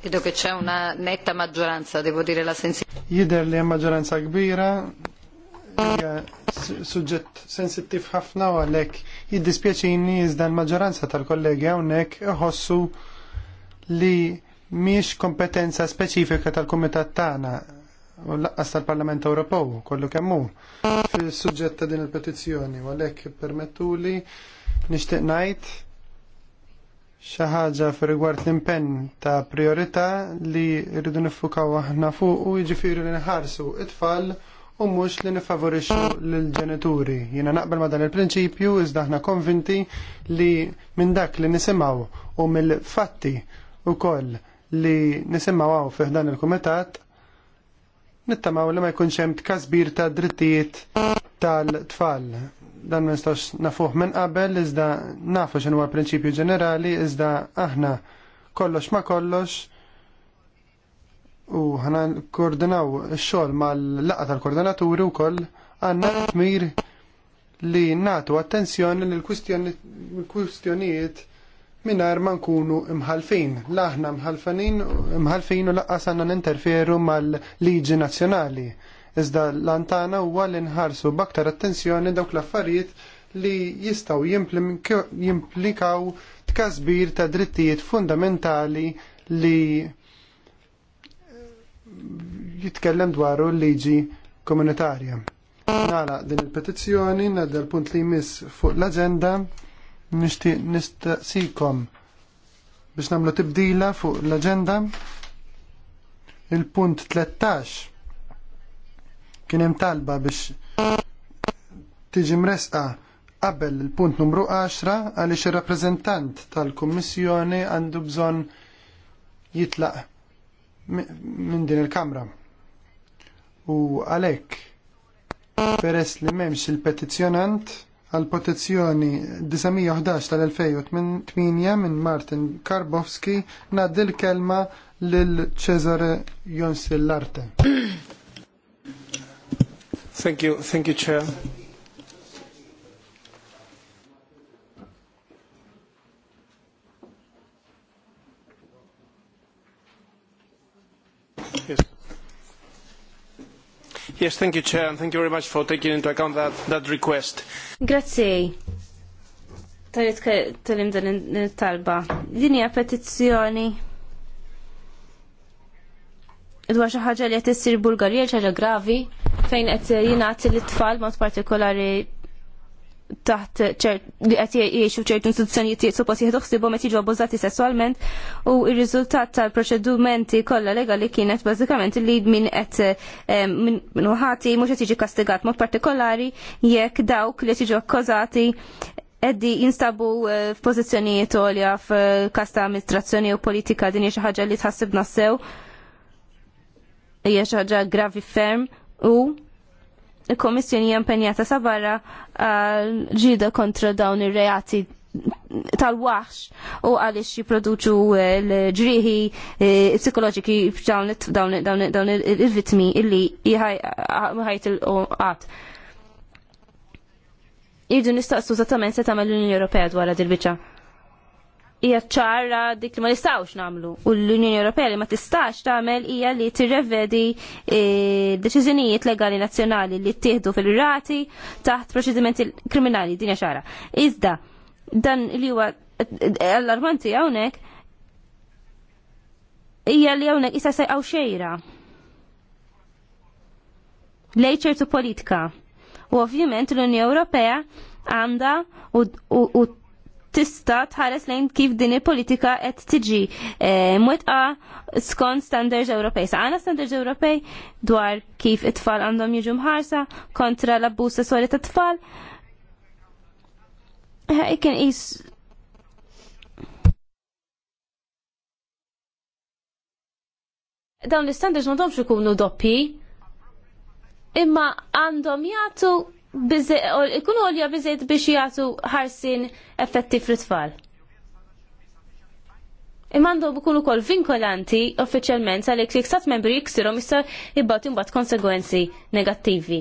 Credo che c'è una netta maggioranza, devo dire la sensibilità. Jider li maġġoranza kbira, suġġett sensittiv ħafna u għalek jiddispjaċini iżda l-maġġoranza tal-kollegi hawnhekk iħossu li miex kompetenza speċifika tal-kumitat tagħna u laqqas tal-Parlament Ewropew kollu kemm hu fis-suġġett ta' din il-petizzjoni u għalhekk permettuli nixtieq ngħid xi ħaġa rigward l-impenn ta' priorità li rridu nifukaw aħna fuq u jiġifieri li nħarsu it-tfal u mhux li nifavorixxu lill-ġenituri. Jiena naqbel ma' dan il-prinċipju iżda aħna konvinti li minn dak li nisimgħu u mill-fatti wkoll li nisimgħu fih dan il-kumitat nittamaw li ma jkunx hemm tkasbir ta' drittijiet tal-tfal. Dan ma nistax nafuh minn qabel, iżda nafu x'inhu huwa prinċipju ġenerali, iżda aħna kollox ma kollox u ħana koordinaw xogħol mal-laqa tal-koordinaturi wkoll għandna tmir li natu attenzjoni l-kwistjonijiet minar ma nkunu imħalfin. Laħna imħalfin u laqqas sanna ninterferu mal-liġi nazjonali. Iżda l-antana huwa li nħarsu baktar attenzjoni dawk l-affarijiet li jistaw jimplikaw tkasbir ta' drittijiet fundamentali li jitkellem dwaru l-liġi komunitarja. Nala din il-petizzjoni, nadda l-punt li jmiss fuq l-agenda nixtieq nistaqsikom biex nagħmlu tibdila fuq l-aġenda il-punt 13 kien hemm talba biex tiġi mresqa qabel il-punt numru 10 għaliex ir-rappreżentant tal-Kummissjoni għandu bżonn jitlaq minn din il-kamra. U għalhekk peress li m'hemmx il-petizzjonant għal protezzjoni 911 tal-2008 minn Martin Karbowski naddi l-kelma lil Cesare l-Arte. Thank you, thank you, Chair. Yes. Yes, thank you, Chair, and thank you very much for taking into account that, that request. Grazie. Tal-im dan il-talba. Dini hija petizzjoni dwar xi ħaġa li qed issir Bulgarija xi ħaġa gravi fejn jina jingħati l-tfal mod partikolari taħt li qed jgħixu ċertu istituzzjonijiet suppost jieħdu ħsibhom qed jiġu abbużati sesswalment u r-riżultat tal-proċedumenti kollha legali kienet bażikament li min qed eh, minn ħati mhux qed jiġi kastigat mod partikolari jekk dawk li jiġu akkużati eddi jinstabu eh, f'pożizzjonijiet għolja f'każ ta' amministrazzjoni u politika din hija xi ħaġa li tħassibna sew hija xi ħaġa gravi ferm u il-Komissjoni jempenjata sabarra eh, ġida kontra dawn ir-reati tal wax u għalix jiproduċu eh, l-ġriħi eh, psikoloġiki dawn il-vitmi illi jħajt il-qat. Idu nistaqsu zattament se tagħmel l-Unjoni Ewropea dwar dil-biċċa hija ċara dik li ma nistgħux nagħmlu u l-Unjoni Ewropea li ma tistax tagħmel hija li tirrevedi e, deċiżjonijiet legali nazzjonali li ttieħdu fil-rati taħt proċedimenti kriminali din ċara. Iżda dan li huwa e, allarmanti hawnhekk hija li hawnhekk issa sejqgħu xejra lej ċertu politika. U ovvjament l-Unjoni Ewropea għandha u tista tħares lejn kif din il-politika qed tiġi eh, mwetqa skont standards Ewropej. Sa għandna standards Ewropej dwar kif it-tfal għandhom jiġu mħarsa kontra l-abbuż sesswali ta' tfal. Eh, Ikken is dawn l-standards ma domx ikunu doppi imma għandhom jagħtu ikun għolja bizzejt biex jgħatu ħarsin effetti l-tfal. Imandu bu u kol vinkolanti uffiċjalment għal li stat membri jiksirom issa jibbat imbat konsegwenzi negattivi.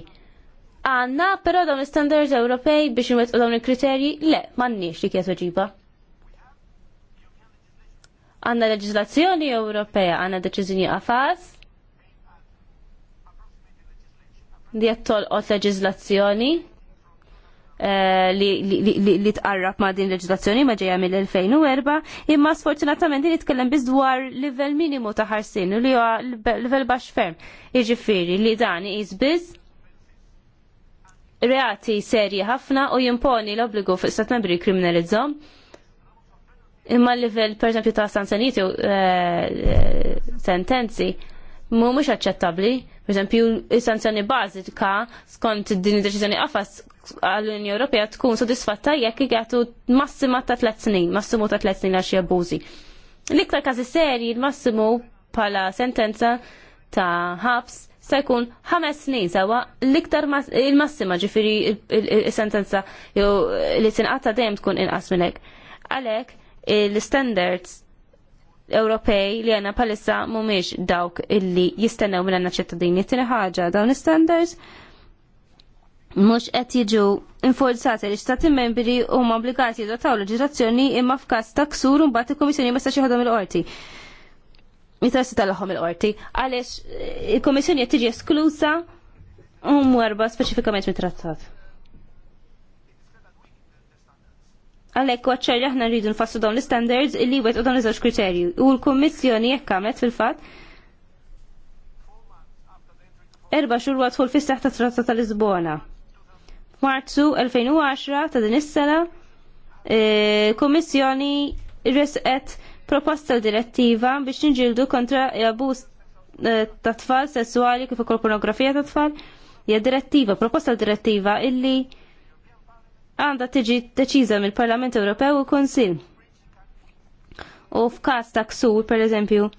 Għanna, pero dawn standards Ewropej biex nwet dawn il-kriterji, le, mannix li kietu ġiba. Għanna leġislazzjoni Ewropea, għanna deċizjoni għafas, Eh, li jattol tolqot leġizlazzjoni li tqarrab ma' din leġizlazzjoni ma' ġejja mill-2004, imma sfortunatament din jitkellem biss dwar livell minimu ta' ħarsin li huwa livell baxx ferm. Jiġifieri li dan iqis biss reati serji ħafna u jimponi l-obbligu fuq stat membri kriminalizzom. Imma l-livell esempio, ta' sanzjonijiet u eh, eh, sentenzi mhumiex aċċettabbli Per-exempju, is-sanzjoni bażika skont din id-deċiżjoni għafas għall-Unjoni Ewropea tkun sodisfatta jekk jgħatu massima ta' tliet snin, massimu ta' tliet snin għaxi abbużi. L-iktar kazi seri, l-massimu bħala sentenza ta' ħabs se jkun ħames snin sawa l-iktar il-massima ġifiri il-sentenza jew li tinqata dejjem tkun inqas minnek. Għalhekk l-standards Ewropej li għanna palissa mumiex dawk illi jistennew minn għanna ċittadini. Tini ħaġa dawn standards mux qed jiġu infurzati li stati membri huma obbligati l leġislazzjoni imma f'każ ta' ksur mbagħad il-Kummissjoni ma jistax il-qorti. tal-ħom il-qorti għaliex il-Kummissjoni qed tiġi esklusa u mwerba speċifikament mit-trattat. għalhekk għaċċar aħna rridu nfassu dawn l-standards illi wet u dawn iż-żewġ kriterju. U l-Kummissjoni jekk għamet fil-fatt erba xhur waqt tħol fis-seħħ ta' Trattat ta' Lisbona. Marzu 2010 ta' din is-sena e, Kummissjoni resqet proposta direttiva biex tinġildu kontra abbuż e, ta' tfal sessuali kif ukoll pornografija ta' tfal. Hija direttiva, proposta direttiva illi għandha tiġi deċiża mill-Parlament Ewropew u Kunsill. U f'każ ta' ksur, pereżempju,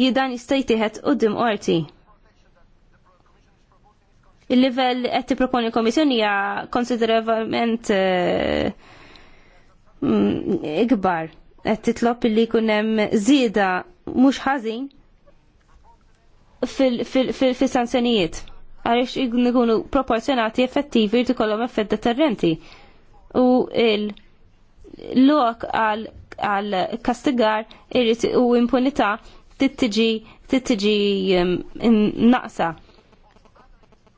jidan jista' jtieħed quddiem qorti. Il-livell qed tipproponi l-Komissjoni hija konsiderevolment eh, mm, ikbar qed titlob li jkun hemm żieda mhux ħażin fil-sanzjonijiet għaliex ikunu proporzjonati effettivi li ikollhom effett deterrenti u il-lok għal kastigar irrit u impunità tittiġi tittiġi um, naqsa.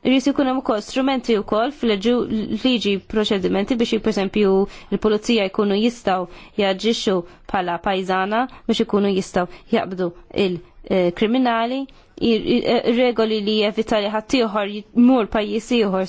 Irrit ikun hemm ukoll strumenti wkoll fil-liġi proċedimenti biex esempio l-pulizija jkunu jistgħu jaġixxu bħala pajzana biex ikunu jistgħu jaqbdu il-kriminali. il eh, kriminali Eh, regoli li jevita li ħattijħor jmur pajis ieħor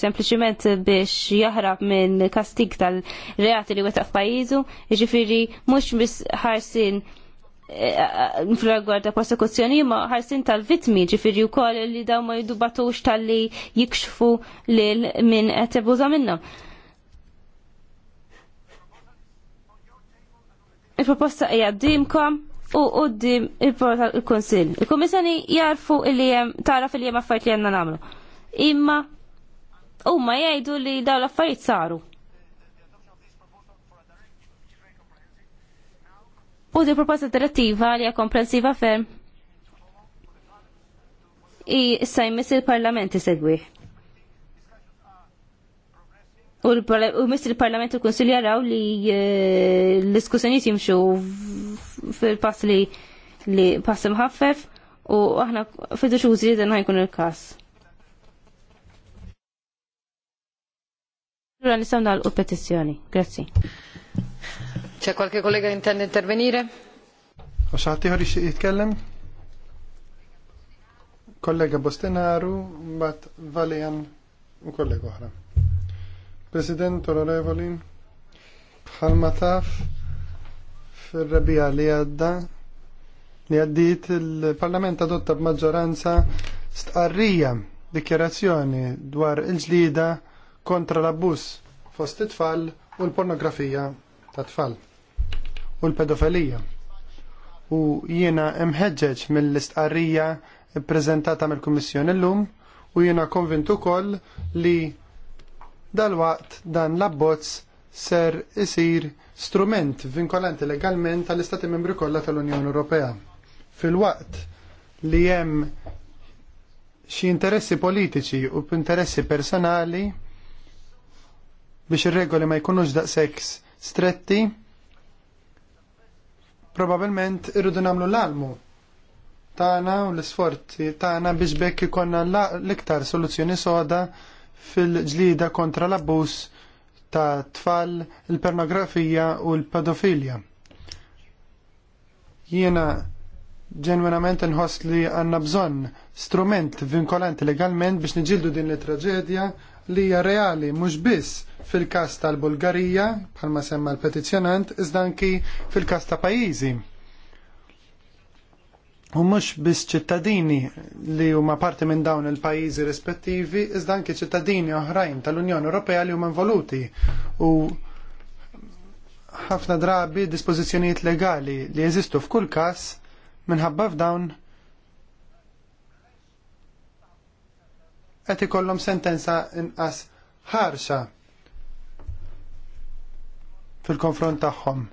biex jahrab minn kastik tal-reati li wetaq pajizu, ġifiri mux mis ħarsin eh, eh, fl-ragward prosekuzzjoni jiġifieri ma ħarsin tal-vitmi ġifiri u koll li daw ma jidubatux tal-li jikxfu lil minn għetebuza minna. Il-proposta d-dimkom u għoddim il-konsil. il komissani jarfu illi jem, taraf illi jem affajt li jenna namlu. Imma, u ma jgħidu li daw l-affarijiet saru. U di proposta direttiva li hija komprensiva ferm. I issa il parlamenti segwi. U mist il-Parlament u l-Konsil jaraw li eh, l-diskussjoniet jimxu fil-pass li li pass imħaffef u aħna fiduċu użri dan ħajkun il-kas. Allora nistaw nagħlqu petizjoni. Grazzi. C'è qualche collega che intende intervenire? Għaxħati ħor jitkellem? Kollega Bostenaru, bat Valian u kollega oħra. President onorevoli, bħalma taf fil-rebija li għadda li għaddit il-Parlament adotta b'maġġoranza stqarrija dikjerazzjoni dwar il-ġlida kontra l-abbus fost it-tfal u l-pornografija ta' tfal u l-pedofilija. U jiena imħeġġeġ mill-istqarrija prezentata mill-Kummissjoni l-lum u jiena konvintu ukoll li Dalwaqt dan l-abbozz ser isir strument vinkolanti legalment tal-Istati membri kollha tal-Unjoni Ewropea. Fil-waqt li hemm xi interessi politiċi u interessi personali biex ir-regoli ma jkunux daqshekk stretti, probabilment irridu nagħmlu l-almu tagħna u l-isforzi tagħna biex bekk ikonna l-iktar soluzzjoni soda fil-ġlida kontra l-abbuż ta' tfal il-pornografija u l-pedofilja. Jiena ġenwinament nħoss li għanna bżonn strument vinkolanti legalment biex niġildu din l-traġedja li hija reali mhux biss fil-każ tal-Bulgarija bħalma semma l-petizzjonant iżda anki fil-każ ta' pajjiżi U mhux biss ċittadini li huma parti minn dawn il-pajjiżi rispettivi, iżda anke ċittadini oħrajn tal-Unjoni Ewropea li huma involuti u ħafna drabi dispożizzjonijiet legali li jeżistu f'kull każ minħabba f'dawn qed ikollhom sentenza inqas ħarxa fil-konfront tagħhom.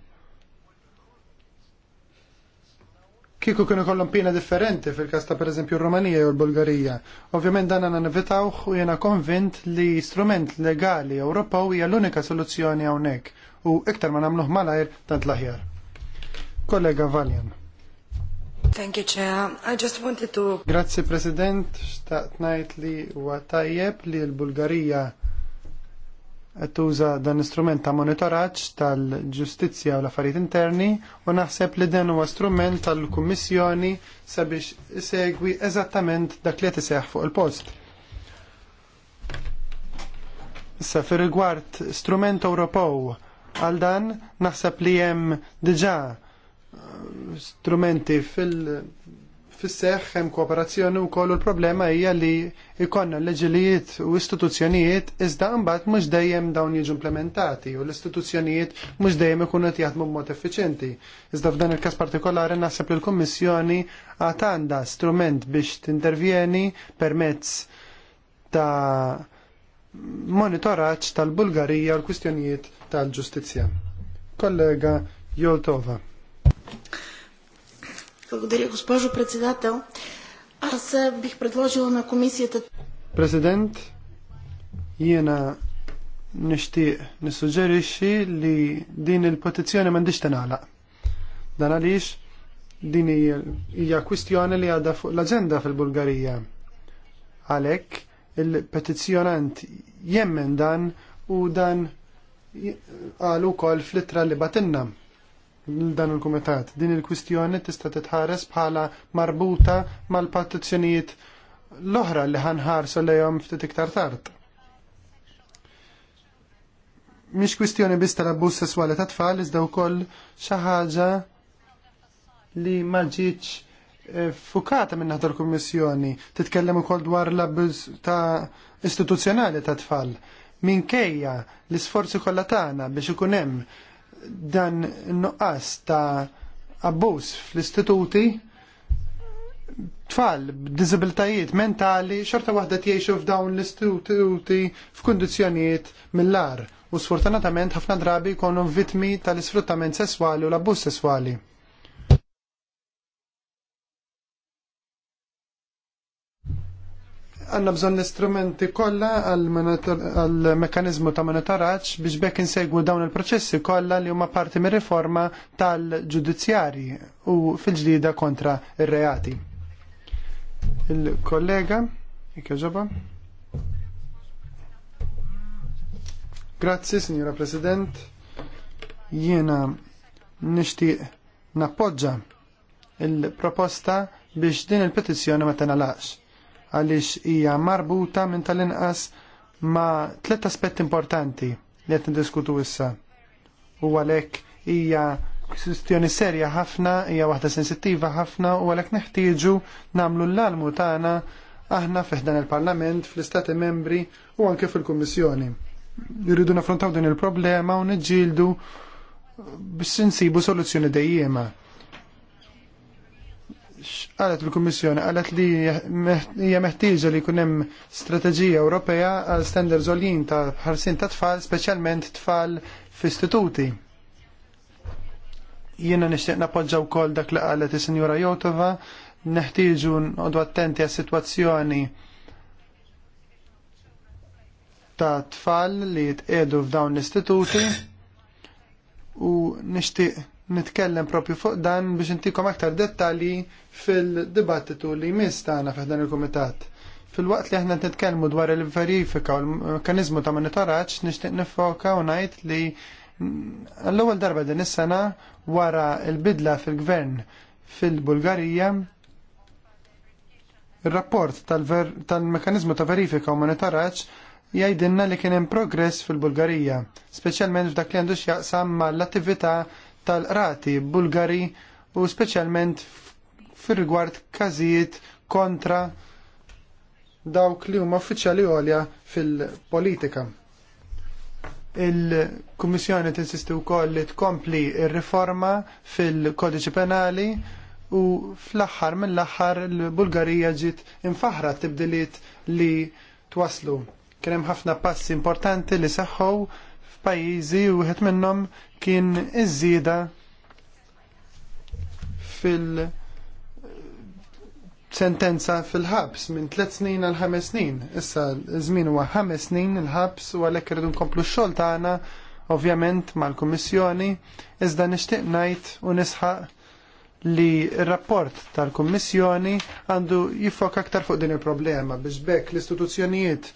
kieku kienu kollom pina differenti fil-każ ta' pereżempju r-Rumanija u l-Bulgarija. Ovvjament dan għandna nivitawh u jiena konvint li strument legali Ewropew hija l-unika soluzzjoni hawnhekk u iktar ma namluħ malajr tant l-aħjar. Kollega Valjan. Thank you, Chair. I just wanted to... Grazie, President. Xtaqt najt li u li l-Bulgarija qed tuża dan instrument istrument ta' monitoraġġ tal-ġustizzja u l-affarijiet interni u naħseb li dan huwa strument tal-Kummissjoni sabiex isegwi eżattament dak li qed fuq il-post. Issa fir rigward strument Ewropew għal dan naħseb li hemm diġà eh, strumenti fil- fis-seħħ hemm kooperazzjoni wkoll u l-problema hija li jkollna leġilijiet u istituzzjonijiet iżda mbagħad mhux dejjem dawn jiġu implementati u l-istituzzjonijiet mhux dejjem ikunu qed jaħdmu b'mod effiċjenti. Iżda f'dan il-każ partikolari naħseb li l-Kummissjoni għad għandha strument biex tintervjeni permezz ta' monitoraġġ tal-Bulgarija u l-kwistjonijiet tal-ġustizzja. Kollega Joltova. Благодаря, госпожо председател. Аз бих предложила на комисията... Президент, jiena nishtiq nissuġġerixxi li din il-petizzjoni m'għandix tingħalaq. Dan għaliex din hija kwistjoni li għadha fuq l-aġenda fil-Bulgarija. Għalhekk il-petizzjonant jemmen dan u dan għalu ukoll fl itra li batinna dan il-kumitat. Din il-kwistjoni tista' titħares bħala marbuta mal patizzjonijiet l-oħra li ħanħarsu lejhom ftit iktar tard. Mhix kwistjoni biss tal-abbuż sesswali ta' tfal iżda wkoll xi ħaġa li ma ġietx eh, fukata minn naħdar kummissjoni titkellem ukoll dwar l-abbuż ta' istituzzjonali ta' tfal minkejja l-isforzi kollha tagħna biex ikun hemm dan nuqqas ta' abbuż fl-istituti tfal b'diżibiltajiet mentali xorta waħda tiexu f'dawn l-istituti f'kundizzjonijiet mill-ar u sfortunatament ħafna drabi jkunu vittmi tal-isfruttament sesswali u l-abbuż sesswali. għanna bżon l-istrumenti kolla għal-mekanizmu ta' monitoraċ biex bekk insegwu dawn il-proċessi kolla li huma parti mir riforma tal-ġudizzjari u fil-ġdida kontra ir-reati. Il kollega kollega ikkeġoba. Grazzi, signora President. Jiena nishti nappoġġa il-proposta biex din il-petizzjoni ma tenalax għaliex hija marbuta minn tal-inqas ma' tliet aspett importanti li qed niddiskutu issa. U għalhekk hija kustjoni serja ħafna, hija waħda sensittiva ħafna u għalhekk neħtieġu nagħmlu l-almu tagħna aħna fiħdan il-Parlament, fl-Istati membri u anke fil-Kummissjoni. Irridu naffrontaw din il-problema u niġġieldu biex insibu soluzzjoni dejjema. Għalet il-Kummissjoni għalet li hija meħtieġa li jkun hemm strateġija Ewropea għal standards għoljin ta' ħarsin ta' tfal, speċjalment tfal fl-istituti. Jiena nixtieq napoġġa kol dak li qalet is sinjora Jotova, neħtieġu nqogħdu attenti għas-sitwazzjoni ta' tfal li jitqedu f'dawn l-istituti u nishtiq nitkellem propju fuq dan biex intikom aktar dettalji fil-dibattitu li jmiss tagħna f'dan il-kumitat. Fil-waqt li aħna nitkellmu dwar il-verifika u l-mekanizmu ta' monitoraġġ nixtieq nifoka u ngħid li l-ewwel darba din is-sena wara l-bidla fil-gvern fil-Bulgarija ir-rapport tal-mekanizmu ta' verifika u monitoraġġ jgħidilna li kien hemm progress fil-Bulgarija, speċjalment f'dak li għandux jaqsam mal-attività tal-qrati Bulgari u speċjalment fir-rigward każijiet kontra dawk li huma uffiċjali għolja fil-politika. Il-Kummissjoni tinsisti wkoll li tkompli r-riforma fil-Kodiċi Penali u fl-aħħar mill-aħħar l-Bulgarija ġiet infaħra tibdiliet li twaslu. Kien hemm ħafna passi importanti li seħħu pajjiżi u wieħed minnhom kien iż-żieda fil- sentenza fil-ħabs minn tliet snin għal ħames snin. Issa żmien huwa ħames snin il-ħabs u għalhekk irridu nkomplu x-xogħol tagħna ovvjament mal-Kummissjoni, iżda nixtieq ngħid u nisħaq li r-rapport tal-Kummissjoni għandu jifok aktar fuq din il-problema biex bekk l-istituzzjonijiet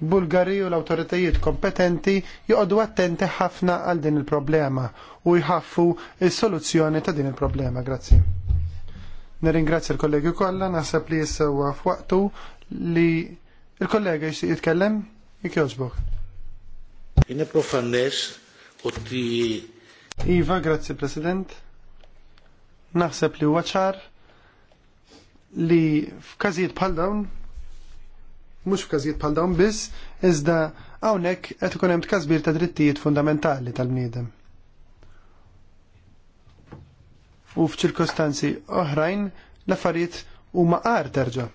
Bulgari u l-autoritajiet kompetenti joqogħdu attenti ħafna għal din il-problema u jħaffu il-soluzzjoni ta' din il-problema. Grazzi. Nirringrazzja l-kollegi kollha, naħseb li jissewwa f'waqtu li il-kollega jsi jitkellem jikjoġbok. Jina profannes u ti. Iva, grazzi President. Naħseb li waċar li f'każijiet bħal dawn mhux f'każijiet bħal dawn biss, iżda hawnhekk qed ikun hemm tkażbir ta' drittijiet fundamentali tal-bniedem. U f'ċirkostanzi oħrajn l-affarijiet huma qar terġa'.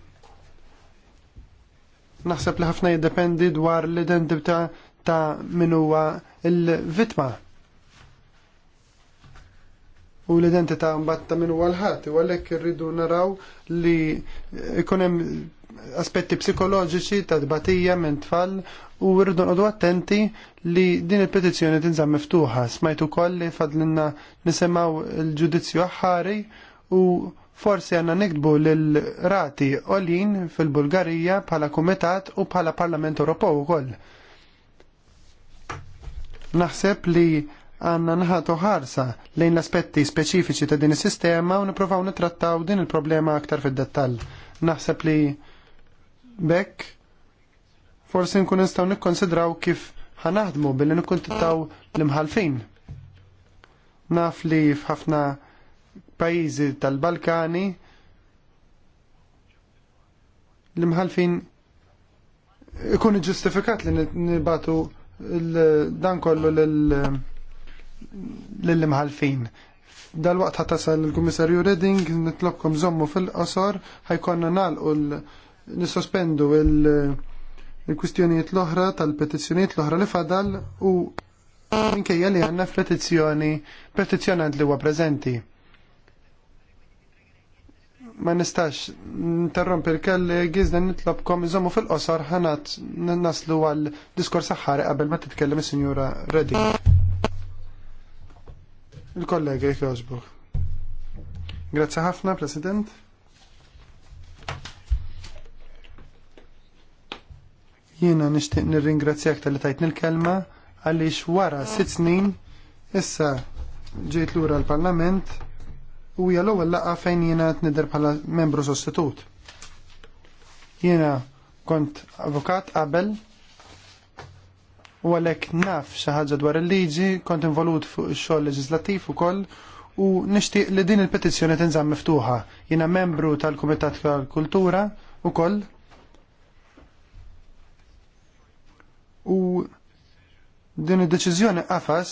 Naħseb li ħafna jiddependi dwar l-identità ta' min huwa l-vittma u l-identità ta' min huwa l ħadd u għalhekk irridu naraw li ikun hemm aspetti psikoloġiċi ta' dbatija minn tfal u rridu attenti li din il-petizzjoni tinżamm miftuħa. Smajtu koll li fadlinna nisemaw il ġudizzju ħari u forsi għanna nikdbu l-rati olin fil-Bulgarija bħala Kumitat u bħala Parlament Ewropew ukoll. Naħseb li għanna nħatu ħarsa lejn l-aspetti speċifiċi ta' din is-sistema u niprofaw nitrattaw din il-problema aktar fid-dettall. Naħseb li bekk forsi nkun nistgħu nikkonsidraw kif ħanaħdmu billi nikkuntittaw l-imħalfin. Naf li f'ħafna pajjiżi tal-Balkani l-imħalfin ikun ġustifikat li nibatu dan kollu l-imħalfin. Dal-waqt ħatasal il-Kummissarju Redding nitlokkom zommu fil-qosor ħajkonna nalqu l- nisospendu il-kwistjonijiet il l-oħra tal-petizzjonijiet l-oħra li fadal u minkejja li għanna f-petizzjoni petizzjonant li huwa preżenti. Ma nistax interrompi l-kelli għizna nitlobkom iżommu fil-qosor ħanat naslu għal diskors aħħari qabel ma titkellem is-sinjura Reddy. Il-kollega jek Grazzi ħafna, President. Jiena nixtieq nirringrazzjak tal-li tajt nil kelma għaliex wara sitt snin issa ġejt lura l-Parlament u hija l-ewwel fejn jiena tnider bħala membru sostitut. Jiena kont avukat qabel u għalhekk naf xi ħaġa dwar il-liġi, kont involut fuq ix-xogħol leġislattiv ukoll u nixtieq li din il-petizzjoni tinżamm miftuħa. Jiena membru tal-Kumitat tal-Kultura koll u din id-deċiżjoni qafas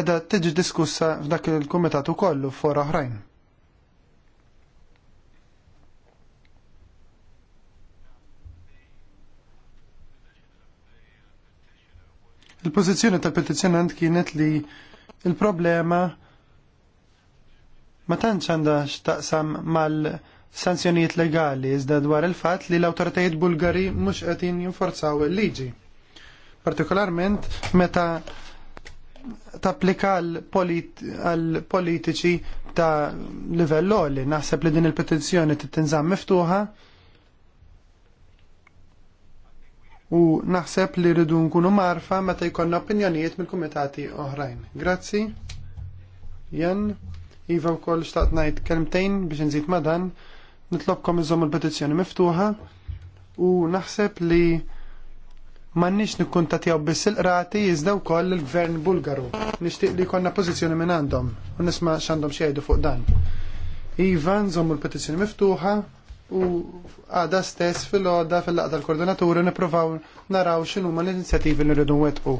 edha tiġi diskussa f'dak il-kumitat kollu fora oħrajn. Il-pozizjoni tal-petizjonant kienet li il-problema ma tantx għandha x'taqsam mal-sanzjonijiet legali iżda dwar il-fatt li l-awtoritajiet Bulgari mhux qed jinforzaw il-liġi partikolarment meta tapplika għal politiċi ta' livell li naħseb li din il-petizzjoni titinżam miftuħa u naħseb li rridu nkunu marfa meta jkollna opinjonijiet mill-kumitati oħrajn. Grazzi. Jan, Iva wkoll xtaqt ngħid kelmtejn biex nżid ma' dan, nitlobkom iżomm il-petizzjoni miftuħa u naħseb li Mannix nikkuntatjaw biss il-qrati iżda wkoll il-Gvern Bulgaru. Nixtieq li jkollna pożizzjoni minn għandhom u nisma' x'għandhom jgħidu fuq dan. Iva, nżommu l-petizzjoni miftuħa u għada stess fil-għoda fil-laqda l-koordinaturi niprofaw naraw x'inhuma l-inizjativi li rridu wetqu.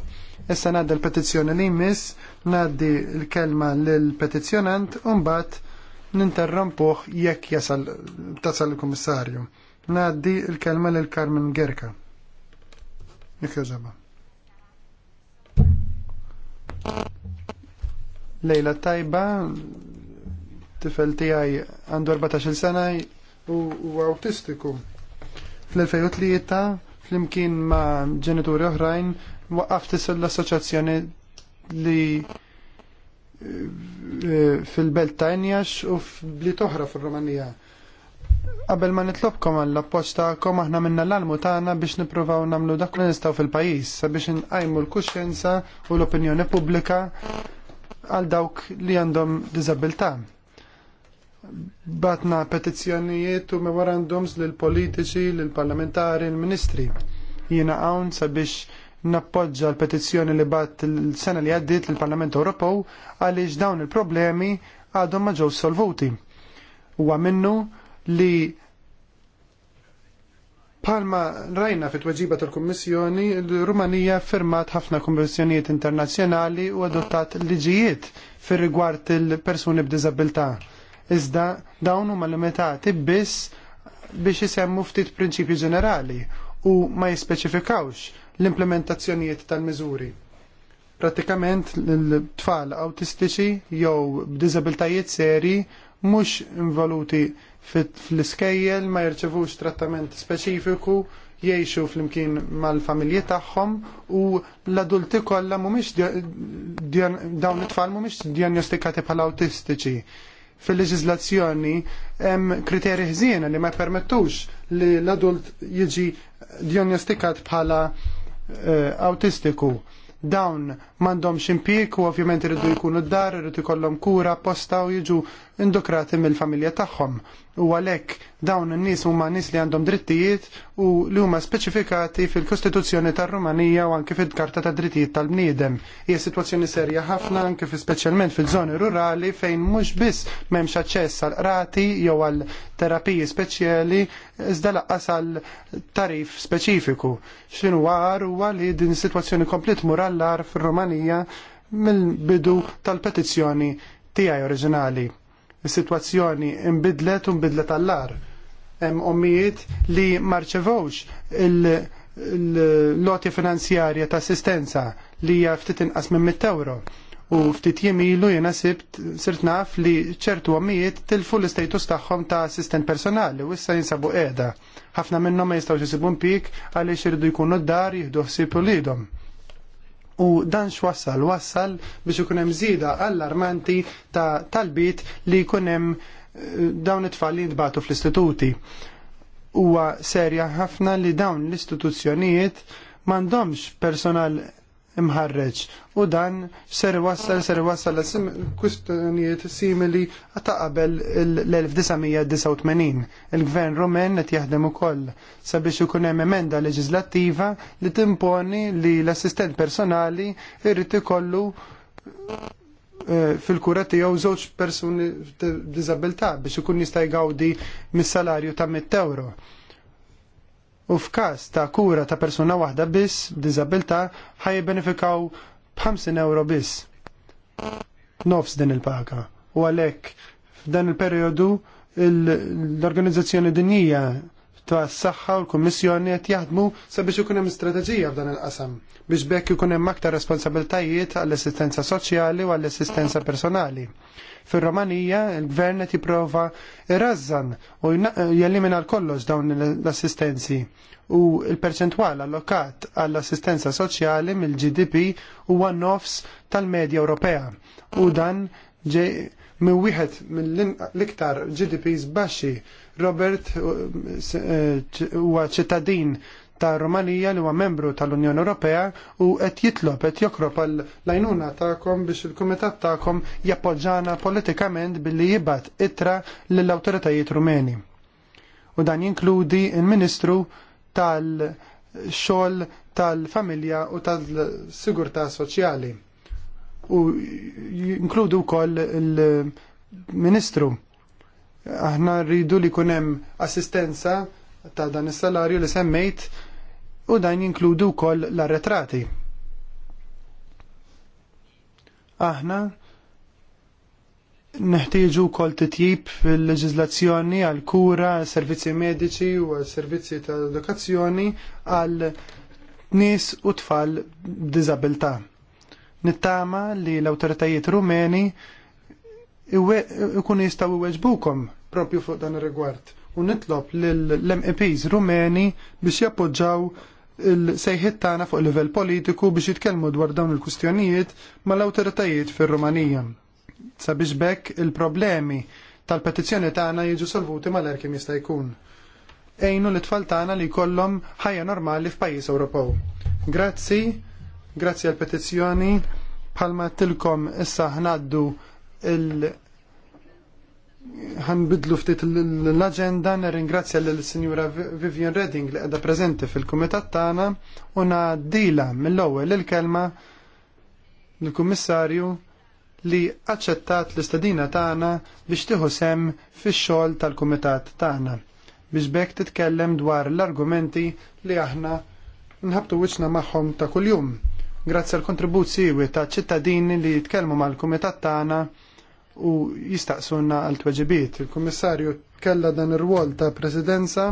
Issa nadda l-petizzjoni li jmiss, ngħaddi l-kelma lill-petizzjonant u mbagħad ninterrompuh jekk jasal tasal il-kummissarju. Ngħaddi l-kelma l karmen Gerka. Jekk Lejla tajba, tifel tiegħi għandu 14 sena u autistiku. Fl-2003 flimkien ma' ġenituri oħrajn waqqaft l-assoċjazzjoni li eh, fil-belt Tajnjax u f'bli toħra fil-Romanija. Qabel ma nitlobkom għall appoġġ tagħkom aħna minna l-almu tagħna biex nippruvaw nagħmlu dak li nistgħu fil-pajjiż sabiex nqajmu l-kuxjenza u l-opinjoni pubblika għal dawk li għandhom diżabilità. Batna petizzjonijiet u memorandums lil politiċi, lil parlamentari, lil ministri. Jiena hawn sabiex nappoġġa l-petizzjoni li bat l-sena li għaddit l-Parlament Ewropew għaliex dawn il-problemi għadhom ma ġew solvuti. Huwa minnu li palma rajna fit tweġiba tal-Kummissjoni, l-Rumanija firmat ħafna konvenzjonijiet internazzjonali u adottat liġijiet fir rigward il-persuni b'diżabilità. Iżda dawn huma limitati biss biex isemmu ftit prinċipji ġenerali u ma jispeċifikawx l-implementazzjonijiet tal-miżuri pratikament l-tfal autistiċi jew b'diżabiltajiet seri mhux involuti fl-iskejjel ma jirċevux trattament speċifiku jiexu fl-imkien mal-familji tagħhom u l-adulti kollha mhumiex dawn it-tfal mhumiex djanjostikati bħala awtistiċi. Fil-leġiżlazzjoni hemm kriterji ħżiena li ma jpermettux li l-adult jiġi djanjostikat bħala uh, autistiku. Dawn m'għandhomx ximpik u ovvjament irridu jkunu d-dar, irridu jkollhom kura apposta u jiġu indukrati mill-familja tagħhom. U għalhekk dawn in-nies huma nies li għandhom drittijiet u li huma speċifikati fil-Kostituzzjoni tar-Rumanija u anke fil-Karta ta' Drittijiet tal-Bniedem. Hija sitwazzjoni serja ħafna anke fi speċjalment fil-żoni rurali fejn mhux biss m'hemmx aċċess għal qrati jew għal terapiji speċjali iżda laqqas għal tarif speċifiku. X'inhu għar huwa li din is-sitwazzjoni komplet mural fir-Rumanija kumpanija mill-bidu tal-petizzjoni tiegħi oriġinali. Is-sitwazzjoni imbidlet u mbidlet għall-ar. Hemm ommijiet li marċevewx il-loti finanzjarja ta' assistenza li hija ftit inqas minn 100 euro. U ftit ilu jena sibt sirt naf li ċertu għamijiet tilfu l-istatus tagħhom ta' assistent personali u issa jinsabu qiegħda. Ħafna minnhom ma jistgħux isibun pik għaliex iridu jkunu d-dar jieħdu ħsieb u lidhom u dan x'wassal wassal biex ikun hemm żieda allarmanti ta' talbit li jkun hemm eh, dawn it-tfal li jintbagħtu fl-istituti. Huwa serja ħafna li dawn l-istituzzjonijiet m'għandhomx personal imħarreġ. U dan ser wassal ser wassal kustonijiet simili ta' qabel l-1989. Il-gvern rumen qed jaħdem ukoll sabiex ikun hemm emenda leġislattiva li timponi li l-assistent personali irrid ikollu eh, fil-kura tiegħu żewġ persuni b'diżabilità biex ikun jista' jgawdi mis-salarju ta' 100 euro u f'każ ta' kura ta' persuna waħda biss b'diżabilità ħaj jibbenefikaw b'50 euro biss. Nofs din il-paga. U għalhekk f'dan il-perjodu l-Organizzazzjoni Dinjija ta' s-saxħa u l-Kommissjoni qed jaħdmu sabiex ikun hemm strateġija f'dan il-qasam biex bekk ikun hemm aktar responsabiltajiet għall-assistenza soċjali u għall-assistenza personali. Fir-Romanija il-gvern qed jipprova irrażżan u jellimina l-kollox dawn l-assistenzi u l-perċentwal allokat għall-assistenza soċjali mill-GDP huwa nofs tal-medja Ewropea u dan ġej minn wieħed mill-iktar GDPs baxxi Robert eh, huwa ċittadin ta' Rumanija li huwa membru tal-Unjoni Ewropea u qed jitlob qed jokrob l-għajnuna tagħkom biex il-kumitat tagħkom jappoġġana politikament billi jibgħat ittra lill-awtoritajiet Rumeni. U dan jinkludi il-Ministru tal-xogħol tal-familja u tal-sigurtà soċjali. U jinkludu wkoll il-Ministru aħna rridu li kunem assistenza ta' dan is-salarju li semmejt u dan jinkludu wkoll l-arretrati. Aħna neħtieġu wkoll titjib fil-leġiżlazzjoni għal kura, għal servizzi mediċi u għal servizzi ta' edukazzjoni għal nies u tfal b'diżabilità. Nittama li l-awtoritajiet rumeni ikun jistaw iweġbukom propju fuq dan ir-rigward u nitlob lill meps rumeni biex jappoġġaw il-sejħiet tagħna fuq livell politiku biex jitkellmu dwar dawn il-kustjonijiet mal-awtoritajiet fir-Rumanija. Sabiex bekk il-problemi tal-petizzjoni tagħna jiġu solvuti mal-er jista' jkun. Ejnu l itfal tagħna li jkollhom ħajja normali f'pajjiż Ewropew. Grazzi, grazzi għall petizzjoni bħalma tilkom issa ħnaddu il- ħanbidlu ftit l-agenda nirringrazzja l-Sinjura Vivian Redding li qiegħda preżenti fil-kumitat tagħna u dila mill-ewwel il-kelma l-Kummissarju li aċċettat l-istadina tagħna biex tieħu sem fix-xogħol tal-kumitat tagħna biex bekk titkellem dwar l-argumenti li aħna nħabtu wiċċna magħhom ta' kuljum. Grazzi għal kontribuzzi ta' ċittadini li jitkellmu mal-kumitat tagħna u jistaqsunna għal tweġibiet. Il-Kummissarju kella dan ir-rwol ta' presidenza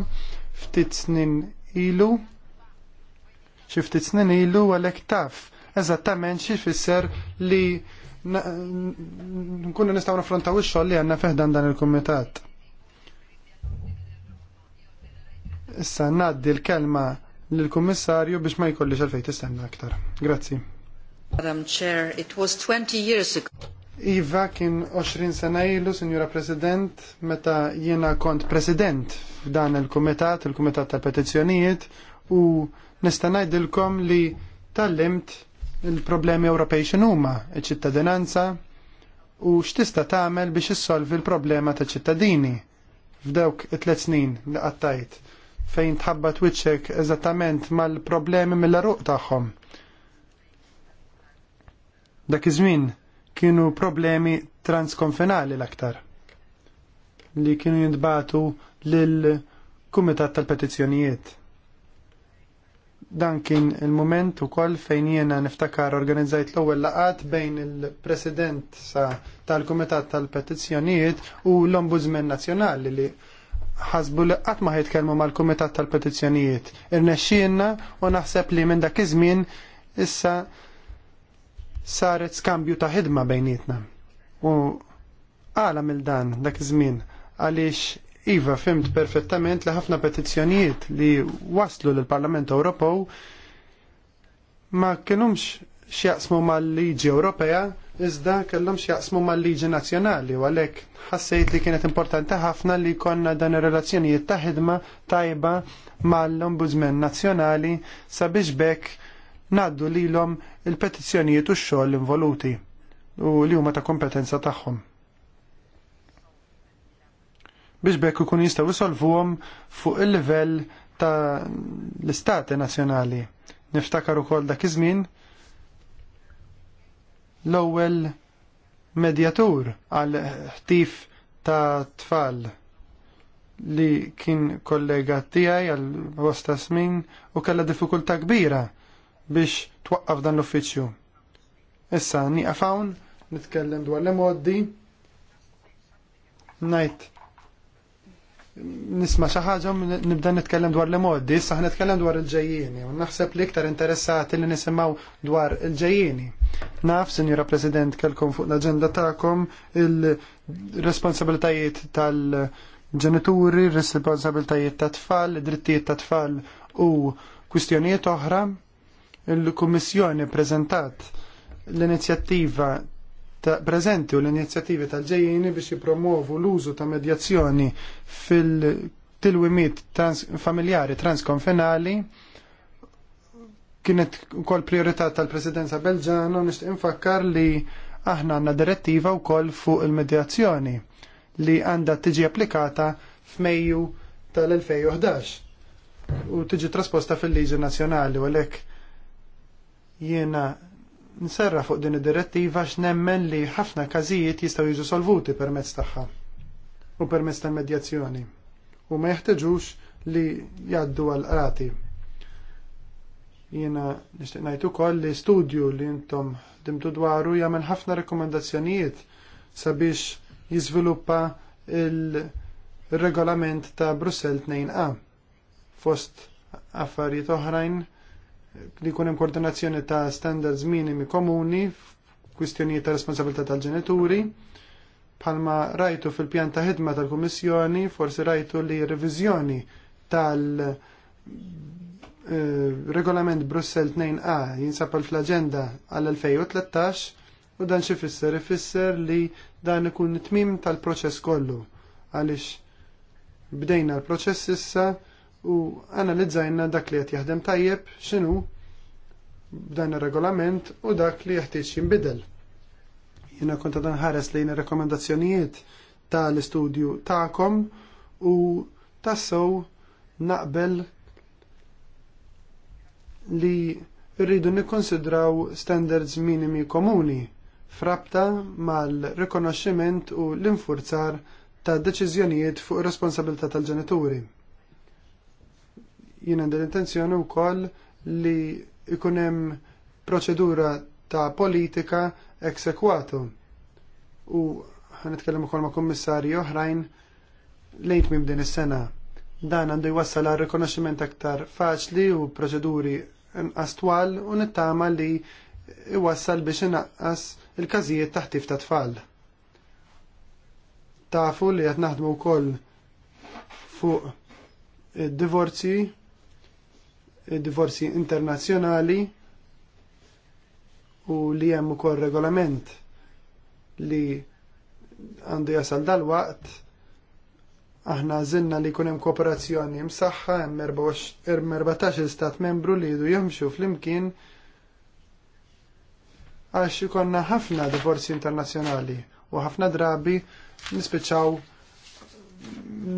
ftit snin ilu, xi ftit snin ilu għalhekk taf eżattament xi fisser li nkunu nistgħu naffrontaw ix-xogħol li għandna feħdan dan il-kumitat. Issa ngħaddi l-kelma lill-Kummissarju biex ma jkollix għalfejn tistenna aktar. Grazzi. Madam Chair, it was 20 years ago. Iva kien 20 sena ilu, Sinjura President, meta jiena kont President f'dan il-Kumitat, il-Kumitat tal-Petizzjonijiet, u nista' ngħidilkom li tallimt il-problemi Ewropej x'inhuma, iċ-ċittadinanza u x'tista' tagħmel biex issolvi l-problema ta' ċittadini f'dawk it-tliet snin li qattajt fejn tħabbat wiċċek eżattament mal-problemi mill-aruq tagħhom. Dak iż-żmien kienu problemi transkonfinali l-aktar li kienu jindbatu lill-Kumitat tal-Petizzjonijiet. Dan kien il-moment ukoll fejn jiena niftakar organizzajt l-ewwel laqat bejn il-President tal-Kumitat tal-Petizzjonijiet u l-Ombudsman Nazzjonali li ħasbu li qatt ma ħitkellmu mal-Kumitat tal-Petizzjonijiet. Irnexxielna u naħseb li minn dak iż-żmien issa saret skambju ta' ħidma bejnietna. U għala mill dan dak iż-żmien għaliex Iva fimt perfettament li ħafna petizzjonijiet li waslu l-Parlament Ewropew ma kellhomx x'jaqsmu mal-liġi Ewropea iżda kellhom x'jaqsmu mal-liġi nazzjonali u għalhekk ħassejt li kienet importanti ħafna li konna dan ir-relazzjonijiet ta' ħidma tajba mal-Ombudsman Nazzjonali sabiex bekk naddu lilhom il-petizzjonijiet u x-xogħol involuti u li huma ta' kompetenza tagħhom. Biex bekk ikun jistgħu isolvuhom fuq il-livell ta' l-istati nazzjonali. Niftakar ukoll dak iż-żmien l-ewwel medjatur għal ħtif ta' tfal li kien kollega tiegħi għal bosta smin u kellha diffikultà kbira biex twaqqaf dan l-uffiċju. Issa, niqaf hawn, nitkellem dwar l-emoddi, najt nisma xi ħaġa nibda nitkellem dwar l-modi, issa ħa nitkellem dwar il-ġejjieni u naħseb li iktar interessati li nisimgħu dwar il-ġejjieni. Naf, Sinjura President, kelkom fuq l-aġenda tagħkom il-responsabilitajiet tal-ġenituri, responsabiltajiet ta' tfal, id-drittijiet ta' tfal u kwistjonijiet oħra il-Kummissjoni prezentat l-inizjattiva preżenti u l-inizjattivi tal-ġejjini biex jipromovu l-użu ta' medjazzjoni fil-tilwimiet trans familjari transkonfinali. kienet kol priorità tal-Presidenza Belġana u infakkar li aħna għandna direttiva wkoll fuq il-medjazzjoni li għandha tiġi applikata f'Mejju tal-2011 u tiġi trasposta fil-liġi nazzjonali u għalhekk Jiena nserra fuq din id-direttiva x'nemmen li ħafna każijiet jistgħu jiġu solvuti permezz tagħha u permezz tal-medjazzjoni u ma jeħtieġux li jgħaddu għal qrati. Jiena nixtieq ngħid ukoll li studju li intom dimtu dwaru jagħmel ħafna rekomendazzjonijiet sabiex jiżviluppa il-regolament ta' Brussel 2A fost affarijiet oħrajn li jkun hemm koordinazzjoni ta' standards minimi komuni f'kwistjonijiet ta' responsabilità tal-ġenituri. Palma rajtu fil-pjan ta' ħidma tal-Kummissjoni, forsi rajtu li revizjoni tal-regolament eh, Brussel 2A jinsab fl-agenda għal-2013 u dan xi fisser ifisser li dan ikun tmim tal-proċess kollu għaliex bdejna l-proċess issa u analizzajna dak li qed jaħdem tajjeb x'inhu b'dan ir-regolament u dak li jeħtieġ jinbidel. Jiena kont dan ħares lejn ir-rakkomandazzjonijiet tal-istudju tagħkom u tassew naqbel li rridu nikkonsidraw standards minimi komuni frabta mal-rikonoxximent u l-infurzar ta' deċiżjonijiet fuq ir responsabilità tal-ġenituri jien għandi l-intenzjoni wkoll li ikun hemm proċedura ta' politika eksekwatu. U ħanitkellem ukoll ma' kummissarji oħrajn lejn mim din is-sena. Dan għandu jwassal għal rikonoxximent aktar faċli u proċeduri astwal u nittama li iwassal biex inaqqas il-każijiet taħtif ta' tfal. Tafu li qed naħdmu wkoll fuq id divorzji d-divorzi internazzjonali u li hemm ukoll regolament li għandu jasal dal-waqt aħna zinna li kunem kooperazzjoni msaħħa hemm 14 stat membru li jdu jimxu fl-imkien għax ikonna ħafna divorzi internazzjonali u ħafna drabi nispiċċaw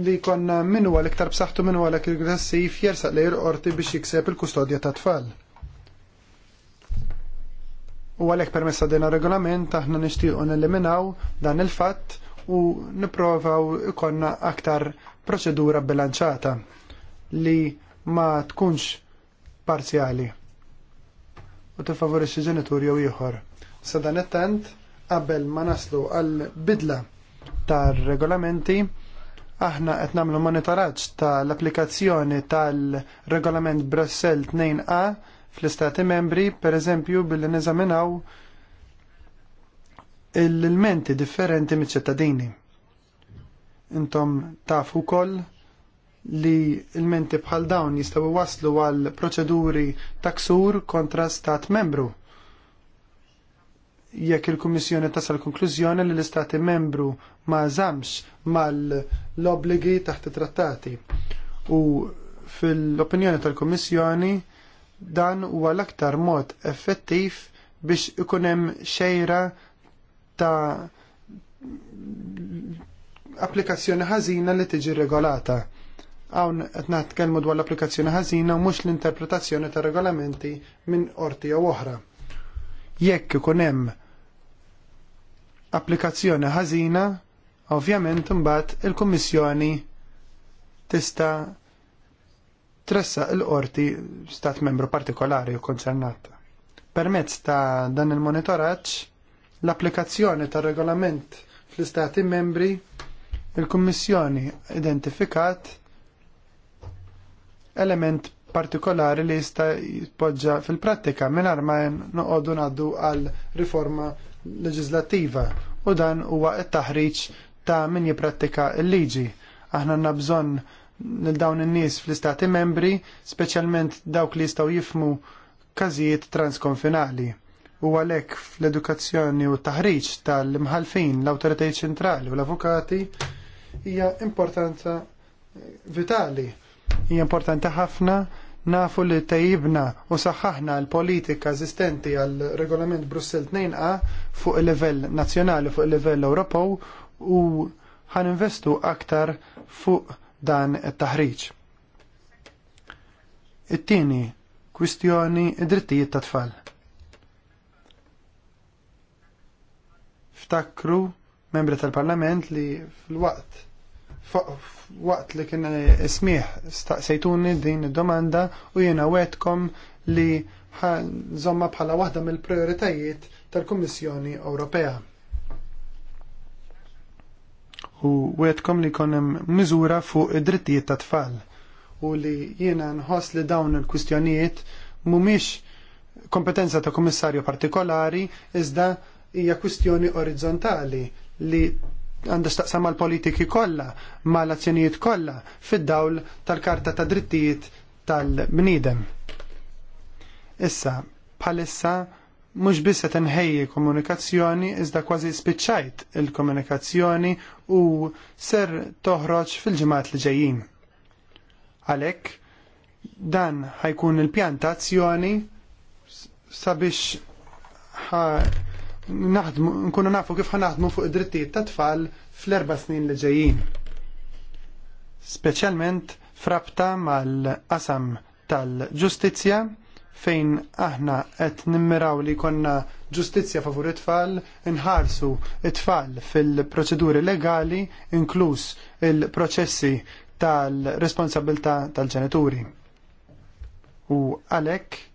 li konna minnu għal iktar b'saħħtu minnu għal aggressiv jersaq li jirqorti biex jikseb il-kustodja ta' tfal. U għalek permessa dina regolament aħna nishtiqu neliminaw dan il-fatt u niprofaw ikonna aktar proċedura bilanċata li ma tkunx parzjali u tifavorixxi ġenitur jew ieħor. Sa dan it-tent qabel ma naslu għal bidla tar-regolamenti aħna qed nagħmlu monitoraġġ tal-applikazzjoni tal-regolament Brussell 2A fl-istati membri, pereżempju billi neżaminaw l-elementi differenti miċ-ċittadini. Intom tafu ukoll li l-menti bħal dawn jistgħu waslu għal proċeduri taksur kontra stat membru jekk il-Kummissjoni tasal konklużjoni li l-Istati membru ma żamx mal-obligi taħt it-trattati. U fil-opinjoni tal-Kummissjoni dan huwa l-aktar mod effettiv biex ikun hemm xejra ta' applikazzjoni ħażina li tiġi regolata. Hawn qed natkellmu dwar l-applikazzjoni ħażina u mhux l-interpretazzjoni ta' regolamenti minn qorti jew oħra. Jekk ikun hemm applikazzjoni ħażina, ovvjament imbagħad il-Kummissjoni tista' tressa l-qorti stat membru partikolari u konċernata. Permezz ta' dan il-monitoraġġ l-applikazzjoni tar regolament fl-istati membri il-Kummissjoni identifikat element partikolari li jista' jitpoġġa fil-prattika mingħajr ma noqogħdu ngħaddu għal riforma leġislattiva u dan huwa t-taħriġ ta' min jipprattika l-liġi. Aħna għandna bżonn lil dawn in-nies fl-istati membri, speċjalment dawk li jistgħu jifmu każijiet transkonfinali. U għalhekk fl-edukazzjoni u t-taħriġ tal-imħalfin, l-awtoritajiet ċentrali u l-avukati hija importanza vitali hija importanti ħafna nafu li tejibna u saħħaħna l-politika eżistenti għal regolament Brussel 2A fuq il-livell nazzjonali fuq il-livell Ewropew u ħan investu aktar fuq dan it-taħriġ. It-tieni kwistjoni id-drittijiet ta' tfal. Ftakru membri tal-Parlament li fil-waqt waqt li kien ismiħ staqsejtuni din id-domanda u jiena wetkom li zomma bħala waħda mill-prioritajiet tal-Kummissjoni Ewropea. U wetkom li konem miżura fuq id-drittijiet ta' tfal u li jiena nħoss li dawn il-kwistjonijiet mumiex kompetenza ta' kummissarju partikolari iżda hija kwistjoni orizzontali li għandha x'taqsam mal-politiki kollha, mal-azzjonijiet kollha fid-dawl tal-Karta ta' Drittijiet tal-Bniedem. Issa, bħalissa mhux biss qed komunikazzjoni iżda kważi spiċċajt il-komunikazzjoni u ser toħroġ fil-ġimgħat li ġejjin. Għalhekk dan ħajkun il-pjan ta' azzjoni sabiex naħdmu, nkunu nafu kif ħanaħdmu fuq id-drittijiet ta' tfal fl-erba snin li ġejjin. Speċjalment frabta mal-qasam tal-ġustizzja fejn aħna qed nimmiraw li konna ġustizzja favur it-tfal, inħarsu it-tfal fil-proċeduri legali, inkluż il-proċessi tal-responsabilità tal-ġenituri. U għalhekk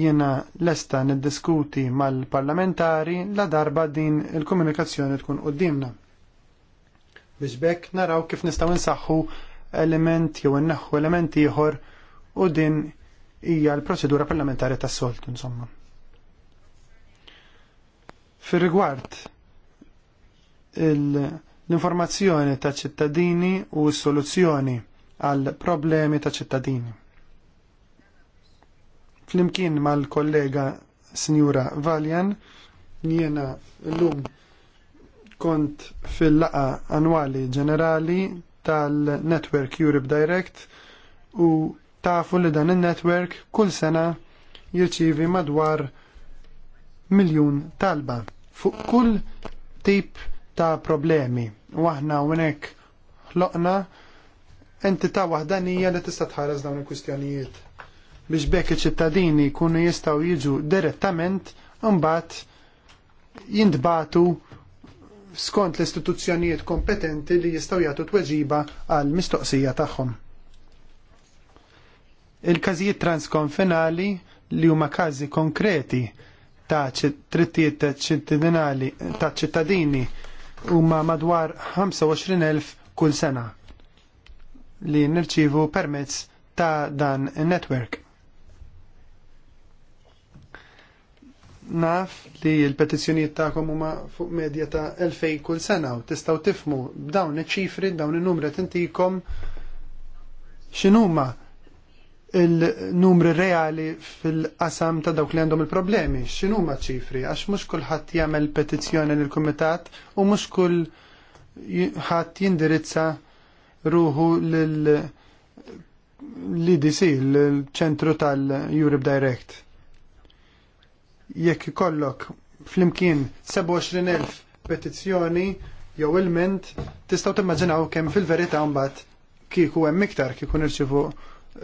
jiena lesta niddiskuti mal-parlamentari la darba din il-komunikazzjoni tkun qoddimna. Biex bekk naraw kif nistgħu nsaħħu element jew nneħħu element ieħor u din hija l-prosedura parlamentari tas-solt insomma. Fir-rigward l-informazzjoni ta' ċittadini u s-soluzzjoni għal problemi ta' ċittadini. Flimkien mal-kollega Sinjura Valjan, jiena l-lum kont fil-laqa annwali ġenerali tal-Network Europe Direct u tafu li dan il-network kull sena jirċivi madwar miljun talba fuq kull tip ta' problemi. U aħna unek ħloqna entità waħdanija li tista' tħares dawn il-kwistjonijiet biex bekk iċ-ċittadini jkunu jistgħu jiġu direttament mbagħad jintbatu skont l-istituzzjonijiet kompetenti li jistgħu jagħtu tweġiba għal mistoqsija tagħhom. Il-każijiet transkonfinali li huma każi konkreti ta' trittijiet ta' ċittadini huma madwar 25,000 kull sena li nirċivu permezz ta' dan network. naf li l-petizzjonijiet tagħkom huma fuq medja ta' 2000 kull sena u tistgħu tifmu b'dawn iċ-ċifri, dawn in-numri tintikom x'inhuma il-numri reali fil-qasam ta' dawk li għandhom il-problemi, x'inhuma ċifri, għax mhux kulħadd jagħmel petizzjoni lil kumitat u mhux kull ħadd jindirizza ruħu lil l-IDC, l-ċentru tal-Europe Direct jekk ikollok flimkien 27.000 petizzjoni jew ilment tistgħu timmaġinaw kemm fil-verità mbagħad kieku hemm iktar kieku nirċivu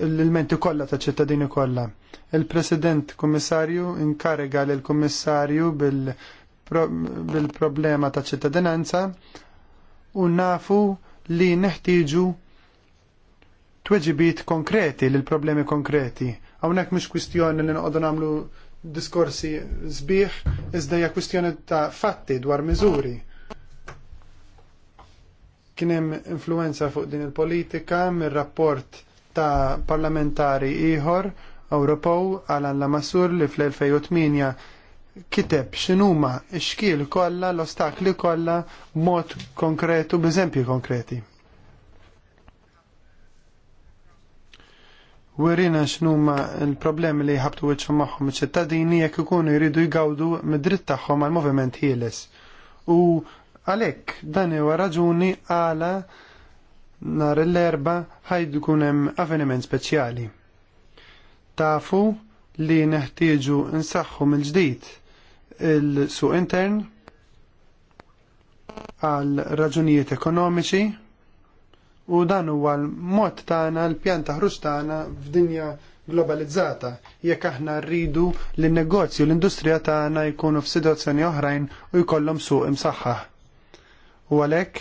l-ilmenti kollha ta' ċittadini kollha. Il-President Kummissarju inkarega lill kummissarju bil-problema ta' ċittadinanza u nafu li neħtieġu tweġibiet konkreti lil problemi konkreti. Hawnhekk mhux kwistjoni li noqogħdu nagħmlu diskorsi zbieħ, iżda hija kwistjoni ta' fatti dwar miżuri. Kien hemm influenza fuq din il-politika mir-rapport ta' parlamentari ieħor Ewropew għal Lamassur li fl-2008 kiteb x'inhuma x-xkiel kollha l-ostakli kollha b'mod konkretu b'eżempji konkreti. Werina x'numa l-problemi li jħabtu wiċċhom magħhom iċ-ċittadini jekk ikunu jridu jgawdu mid-dritt tagħhom għal moviment ħieles. U għalhekk dan huwa raġuni għala nar l-erba ħajdu kun hemm avveniment speċjali. Tafu li neħtieġu nsaħħu mill-ġdid il-suq intern għal raġunijiet ekonomiċi u dan huwa l-mod tagħna l-pjan ta' ħruġ tagħna f'dinja globalizzata jekk aħna rridu l negozju l-industrija tagħna jkunu f'sitwazzjoni oħrajn u jkollhom suq imsaħħaħ. U għalhekk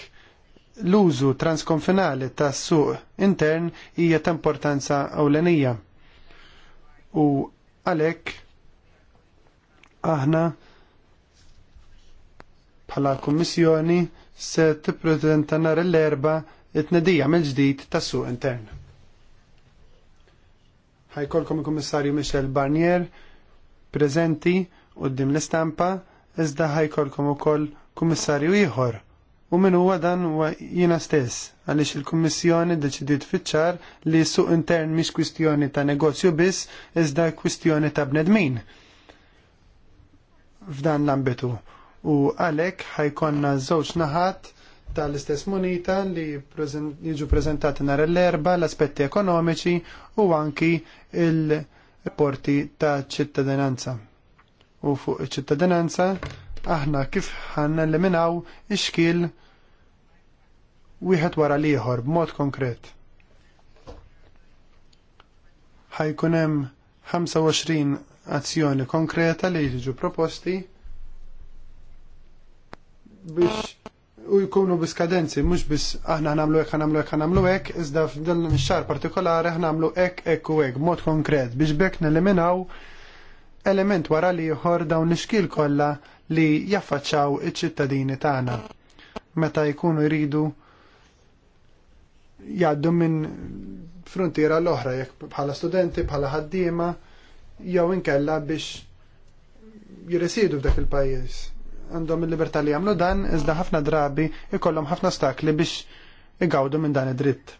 l-użu transkonfinali tas suq intern hija ta' importanza ewlenija. U għalhekk aħna bħala Kummissjoni se tippreżentana l-erba' it-nedija mill-ġdid tas-suq intern. Ħajkolkom il-Kummissarju Michel Barnier preżenti qudiem l-istampa iżda ħajkolkom ukoll kummissarju ieħor u min huwa dan huwa jiena stess għaliex il-Kummissjoni deċidiet fiċċar li li suq intern mhix kwistjoni ta' negozju biss iżda kwistjoni ta' bnedmin f'dan l-ambitu u għalhekk ħajkonna żewġ naħat tal-istess moneta li jiġu prezentati nhar l-erba l-aspetti ekonomiċi u anki il-rapporti ta' ċittadinanza. U fuq iċ-ċittadinanza aħna kif ħan eliminaw ix-xkil wieħed wara l-ieħor b'mod konkret. Ħajkun hemm 25 azzjoni konkreta li jiġu proposti biex u jkunu biskadenzi, mux bis aħna ħnamlu ek, nagħmlu ek, nagħmlu ek, iżda f'dan il-xar partikolari ħnamlu ek, ek u ek, mod konkret, biex bekk neliminaw element wara li jħor dawn l-xkil kolla li jaffaċċaw iċ-ċittadini tagħna. Meta jkunu jridu jgħaddu minn frontiera l-oħra, jekk bħala studenti, bħala ħaddiema, jew inkella biex jiresidu f'dak il-pajjiż għandhom il-libertà li jagħmlu dan, iżda ħafna drabi ikollhom ħafna stakli biex igawdu minn dan id-dritt.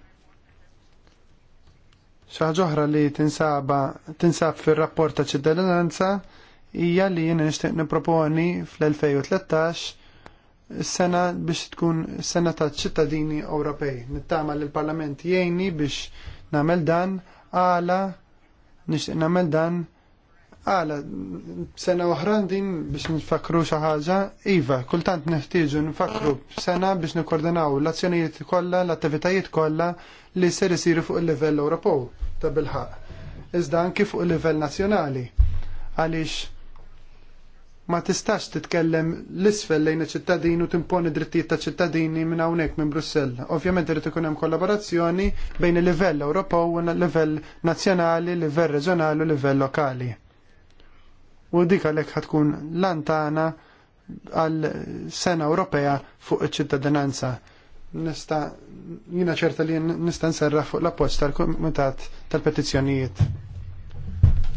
Xi ħaġa oħra li tinsaba tinsab fir-rapport ta' ċittadinanza hija li jien nixtieq nipproponi fl-2013 is-sena biex tkun sena ta' ċittadini Ewropej. Nittama li l-Parlament jgħinni biex nagħmel dan għala nixtieq nagħmel dan għala sena oħra din biex nifakru xi ħaġa, iva, kultant neħtieġu nfakru sena biex nikordinaw l-azzjonijiet kollha, l-attivitajiet kollha li ser isiru fuq il-livell Ewropew ta' bilħaq. Iżda anki fuq il-livell nazzjonali. Għaliex ma tistax titkellem l-isfel lejn iċ-ċittadin u timponi drittijiet ta' ċittadini minn hawnhekk minn Brussell. Ovvjament irid ikun hemm kollaborazzjoni bejn il-livell Ewropew u l-livell nazzjonali, livell reġjonali u livell lokali u dik għalek ħatkun lantana għal sena Ewropea fuq iċ-ċittadinanza. Nista jiena ċerta li nista nserra fuq l-appoġġ tal-Kumitat tal-Petizzjonijiet.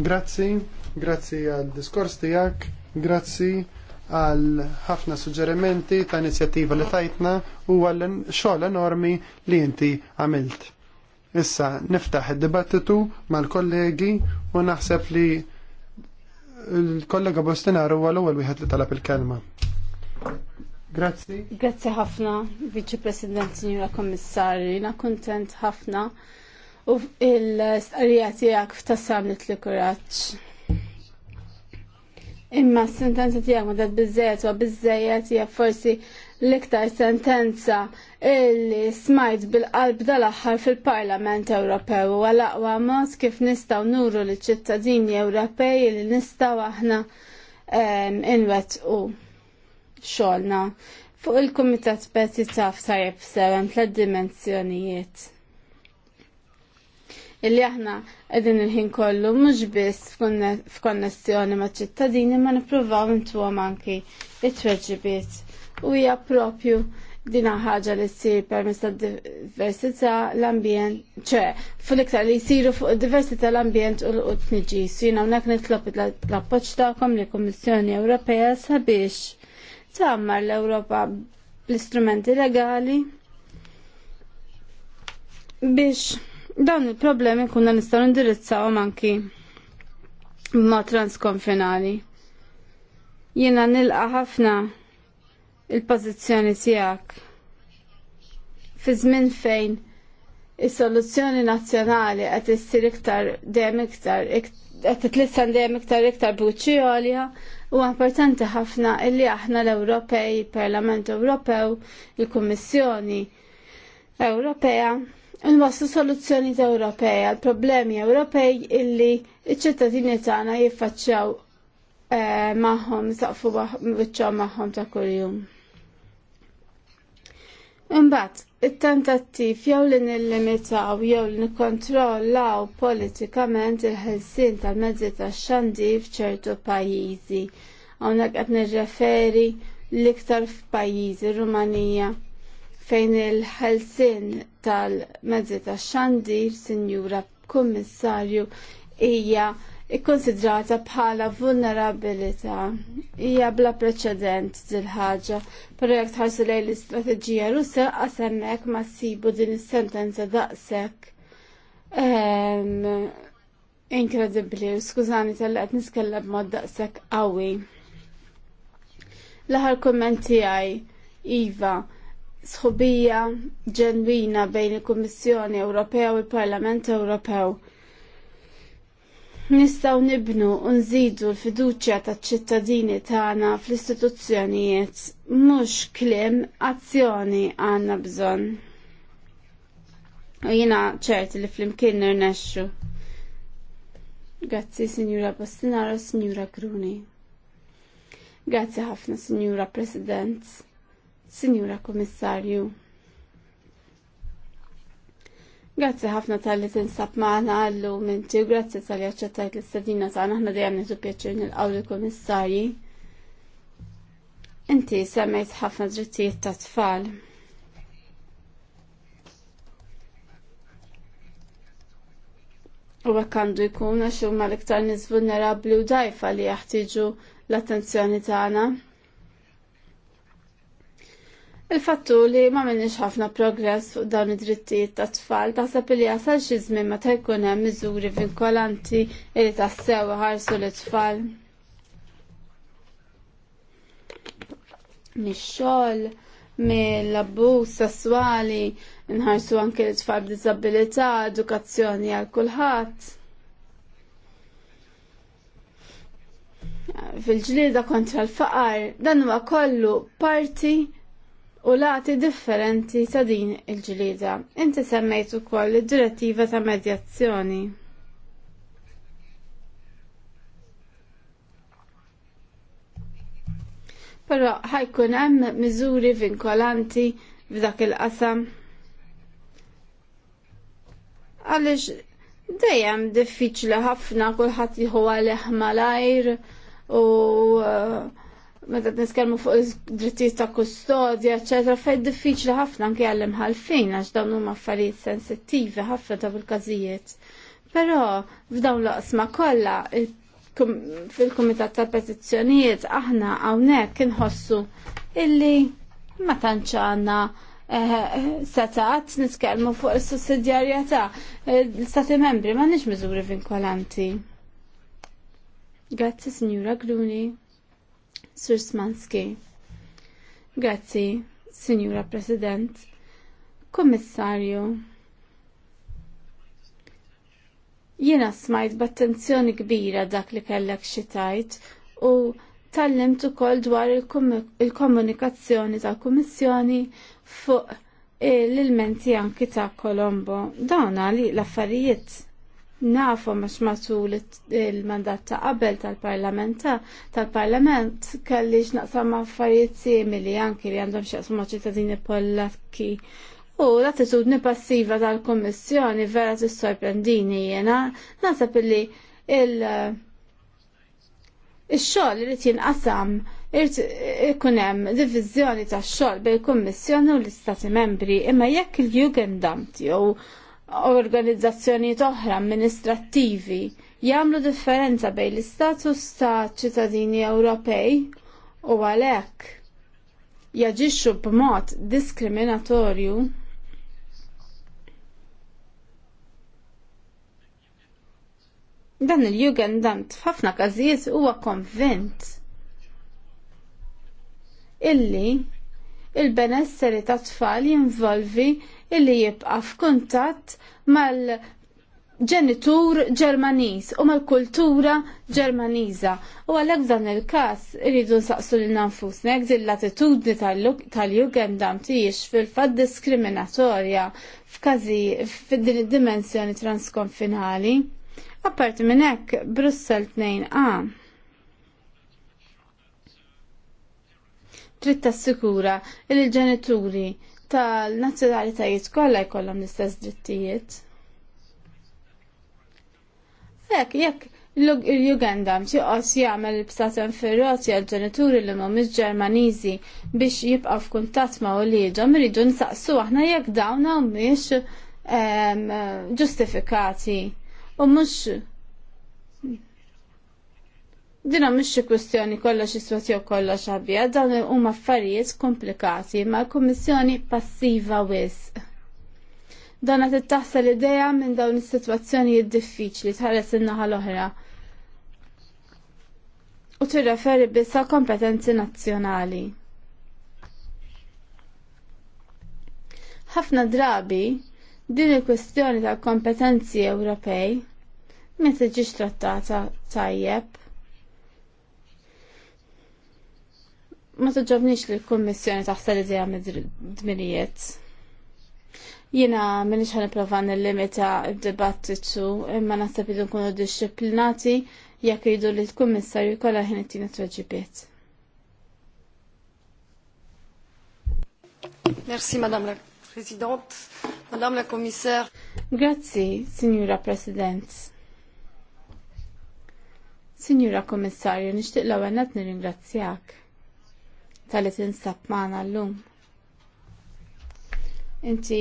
Grazzi, grazzi għal diskors tiegħek, grazzi għal ħafna suġġerimenti ta' inizjattiva li tajtna u għal xogħol enormi li inti għamilt. Issa niftaħ id-dibattitu mal-kollegi u naħseb li il-kollega Bostinaru huwa ewwel wieħed li talab il-kelma. Grazzi. Grazzi ħafna, Viċi President, Signora Kommissarju, na kontent ħafna u il-starija tiegħek f'tassamlet li kuraġġ. Imma s-sentenza tiegħek ma dat biżejjed u biżejjed hija forsi l-iktar sentenza illi smajt bil-qalb dal-aħħar fil-Parlament Ewropew u għal-aqwa mod kif nistaw nuru li ċittadini Ewropej li nistaw aħna inwet u xolna. Fuq il-Kumitat Peti taf tajib sewem tla dimensjonijiet illi aħna edin il-ħin kollu mhux biss f'konnessjoni ma' ċittadini ma' nippruvaw intuhom anki it-tweġibiet u hija propju din ħaġa li ssir permezz tad diversità l-ambjent, ċe, l iktar li jsiru fuq diversità l-ambjent u l-qutniġis. Jina hawnhekk nitlob l-appoġġ tagħkom li Kummissjoni Ewropea sabiex tagħmar l-Ewropa bl-istrumenti legali biex dawn il-problemi kunna nistgħu indirizzawhom anki ma' transkonfinali. Jiena nilqa' ħafna il-pożizzjoni tiegħek fi żmien fejn is-soluzzjoni nazzjonali qed issir iktar dejjem iktar qed titlissan dejjem iktar iktar buċċi għolja u importanti ħafna illi aħna l-Ewropej, il-Parlament Ewropew, il-Kummissjoni Ewropea Nwasslu soluzzjoni Ewropea għal problemi Ewropej illi iċ-ċittadini tagħna jiffaċċjaw Eh, maħħom, saqfu bħiċċa maħħom ta' kuljum. Imbat, il-tentattiv jew li nillimitaw jew li nikkontrollaw politikament il-ħelsin tal-mezzi tax-xandi f'ċertu pajjiżi. Hawnhekk qed nirreferi l-iktar f'pajjiżi Rumanija fejn il-ħelsin tal-mezzi tax-xandi, Sinjura Kummissarju, hija ikkonsidrata bħala vulnerabilità hija bla preċedent dil ħaġa però jekk tħarsu l-istrateġija russa qas hemmhekk ma ssibu din is-sentenza daqshekk ehm, inkredibbli u skużani tal qed niskella b'mod daqshekk qawwi. L-aħħar kumment tiegħi Iva sħubija ġenwina bejn il-Kummissjoni Ewropea u l-Parlament Ewropew nistaw nibnu nżidu l-fiduċja taċ ċittadini tagħna fl-istituzzjonijiet mhux kliem azzjoni għandna bżonn. U jiena ċerti li flimkien nirnexxu. Grazzi Sinjura Bastinaro, Sinjura Gruni. Grazzi ħafna Sinjura President, Sinjura Kummissarju. Grazzi ħafna tal-li tinsab maħna għallu minti u grazzi tal-li għacċettajt l-istadina ta' naħna dajem nitu su pieċin għaw għawli komissari. Inti semmejt ħafna drittijiet ta' tfal. U għakandu jkun għaxu huma l-iktar nis vulnerabli u dajfa li jaħtiġu l-attenzjoni tagħna. Il-fattu li ma minnix ħafna progress fuq dawn id-drittijiet ta' tfal taħseb li jasal xi żmien meta jkun hemm miżuri vinkolanti li sew ħarsu l-tfal. Mix-xogħol, mill-abbuż sessuali, nħarsu anke l-tfal b'diżabilità, edukazzjoni għal kulħadd. Fil-ġlieda kontra l-faqar, dan huwa kollu parti u lati differenti ta' din il-ġlida. Inti semmejt ukoll id-direttiva ta' medjazzjoni. Però ħajkun hemm miżuri vinkolanti f'dak il-qasam. Għaliex dejjem diffiċli ħafna kulħadd jieħu għalih malajr u uh, meta nitkellmu fuq drittijiet ta' kustodja, eċetera, fej diffiċli ħafna anke għallem ħalfin għax dawn huma affarijiet sensittivi ħafna ta' bil-każijiet. Però f'dawn l-qsma kollha fil-Kumitat ta' Petizzjonijiet aħna hawnhekk inħossu illi ma tantx għandna eh, setat niskelmu fuq is-sussidjarjetà l-Stati membri m'għandniex miżuri vinkolanti. Grazzi, Signora Gruni. Sur Smanski. Grazzi, Signora President, Kommissarju. Jiena smajt b'attenzjoni kbira dak li kellek xitajt u tallimt ukoll dwar il-komunikazzjoni tal kummissjoni fuq l-ilmenti anki ta' Kolombo. Dawna li l-affarijiet nafu għax matul il-mandat ta' qabel tal-parlament tal-parlament kellix naqsam affarijiet simili anki li għandhom xaqsu ma' ċittadini pollakki U l-attitudni passiva tal-Kommissjoni vera tissorprendini jena, nasab illi il- il-xol li jinqasam ikun hemm diviżjoni tax-xogħol bejn kummissjoni u l-Istati Membri imma jekk il-Jugendamt jew organizzazzjoni oħra amministrattivi jagħmlu differenza bejn l-istatus ta' ċittadini Ewropej u għalhekk jaġixxu b'mod diskriminatorju dan il-jugendant f'ħafna każijiet huwa konvint illi il-benesseri ta' tfal jinvolvi illi jibqa' f'kuntatt mal ġenitur Ġermaniż u mal-kultura Ġermaniża. U għalhekk dan il-każ iridu nsaqsu lil nfusna jekk din l-attitudni tal-jugendam tiex fil-fatt diskriminatorja f'każi f'din id-dimensjoni transkonfinali. Apparti minn hekk Brussel 2A trid tassikura li l-ġenituri tal-nazzjonalitajiet kollha jkollhom l-istess drittijiet. Hekk jekk l-Uganda mtiqos jagħmel b'satem ferrozja għal ġenituri li mhumiex Ġermaniżi biex jibqgħu f'kuntatt ma' wliedhom iridu nsaqsu aħna jekk dawn hawnx ġustifikati u mhux Dina mxie xi kwestjoni kollox iswed jew kollox abjad, dawn huma affarijiet komplikati ma komissjoni kummissjoni passiva wisq. Dan qed l-ideja minn dawn is-sitwazzjonijiet diffiċli tħares in-naħa l-oħra u tirreferi biss kompetenzi nazzjonali. Ħafna drabi din il-kwestjoni tal kompetenzi Ewropej ma tiġix trattata tajjeb ma toġobniex li l-Kommissjoni taħsel li dejja mid-dmirijiet. Jina minix ħan iprofa nil-limita id-dibattitu imma naħseb li nkunu disciplinati jekk jridu li l-Kummissarju kollha ħin ittina tweġibiet. Merci, Madame la Présidente, Madame la Commissaire. Grazzi, Signora President. Signora Kommissarju, nixtieq l-ewwel nirringrazzjak tal-li tinsab maħna l-lum. Inti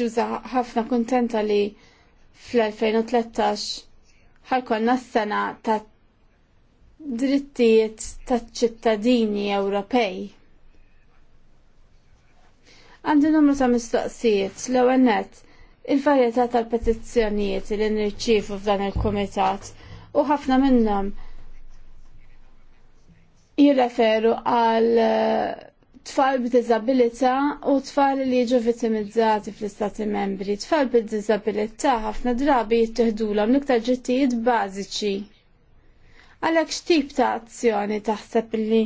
ġuza ħafna kontenta li fl-2013 ħalkonna s-sena ta' drittijiet ta' ċittadini Ewropej. Għandi numru ta' mistoqsijiet l ewwel nett il-varjetà tal-petizzjonijiet li nirċievu f'dan il-kumitat u ħafna minnhom jirreferu għal eh, tfal b'dizabilità u tfal li jiġu vittimizzati fl-istati membri. Tfal b'dizabilità ħafna drabi jittihdulhom l-iktar ġittijiet bażiċi. Għalhekk x'tip ta' azzjoni taħseb li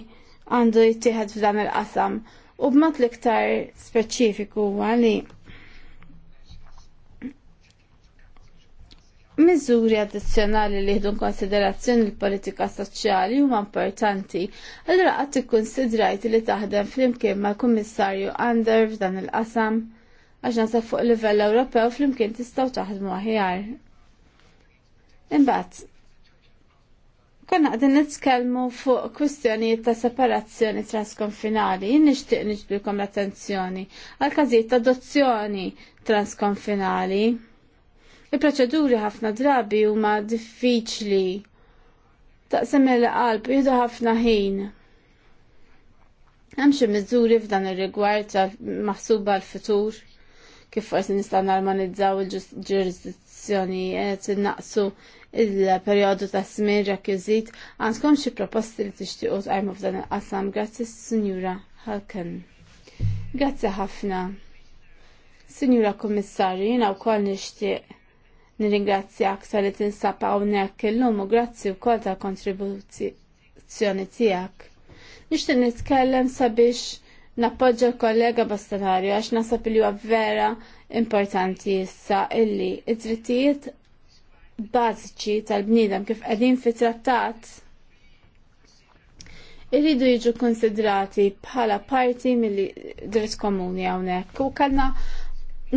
għandu jittieħed f'dan il-qasam u b'mod l-iktar speċifiku huwa li Miżuri addizzjonali li jieħdu konsiderazzjoni l-politika soċjali huma importanti. Allura qatt ikkunsidrajt li taħdem flimkien mal-Kummissarju Ander f'dan il-qasam għax nasab fuq livell Ewropew flimkien tistgħu taħdmu aħjar. Imbagħad, konna qegħdin nitkellmu fuq kwistjonijiet ta' separazzjoni transkonfinali, jien nixtieq niġbilkom l-attenzjoni għal każijiet ta' adozzjoni transkonfinali. Il-proċeduri ħafna drabi huma diffiċli. Taqsem il-qalb jidu ħafna ħin. Hemm xi miżuri f'dan ir-rigward maħsuba l-futur kif forsi nista' normalizzaw il-ġurisdizzjonijiet innaqsu il-perjodu ta' smir rekwiżit għandkom xi proposti li tixtiequ tqajmu f'dan il-qasam grazzi Sinjura Halken. Grazzi ħafna. Sinjura Kummissarju, jiena wkoll nixtieq Nirringrazzja aktar li tinsab hawnhekk illum u grazzi wkoll ta' kontribuzzjoni tiegħek. Nixtieq nitkellem sabiex nappoġġa l-kollega Bastararju għax nasab li huwa vera importanti issa illi id-drittijiet bażiċi tal-bniedem kif qegħdin fi trattat irridu jiġu konsidrati bħala parti mill-dritt komuni hawnhekk u kellna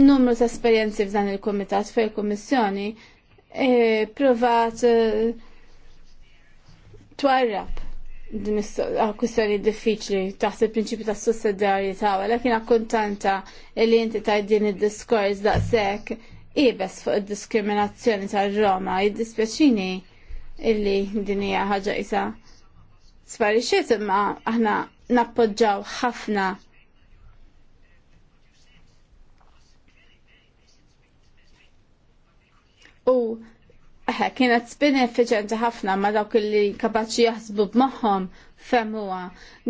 numru ta' esperjenzi f'dan il-komitat fej il kummissjoni e, provat e, twarrab din kwistjoni diffiċli taħt il-prinċipju ta' sussidjarjetà, għalhekk kien kuntanta li inti tajt din id-diskors daqshekk ibes fuq id-diskriminazzjoni tar-Roma, jiddispjaċini illi din hija ħaġa isa sparixxiet imma aħna nappoġġaw ħafna u Eħe, kienet spin effiċenti ħafna ma dawk li kapaċi jaħsbu b'moħħom femmuha.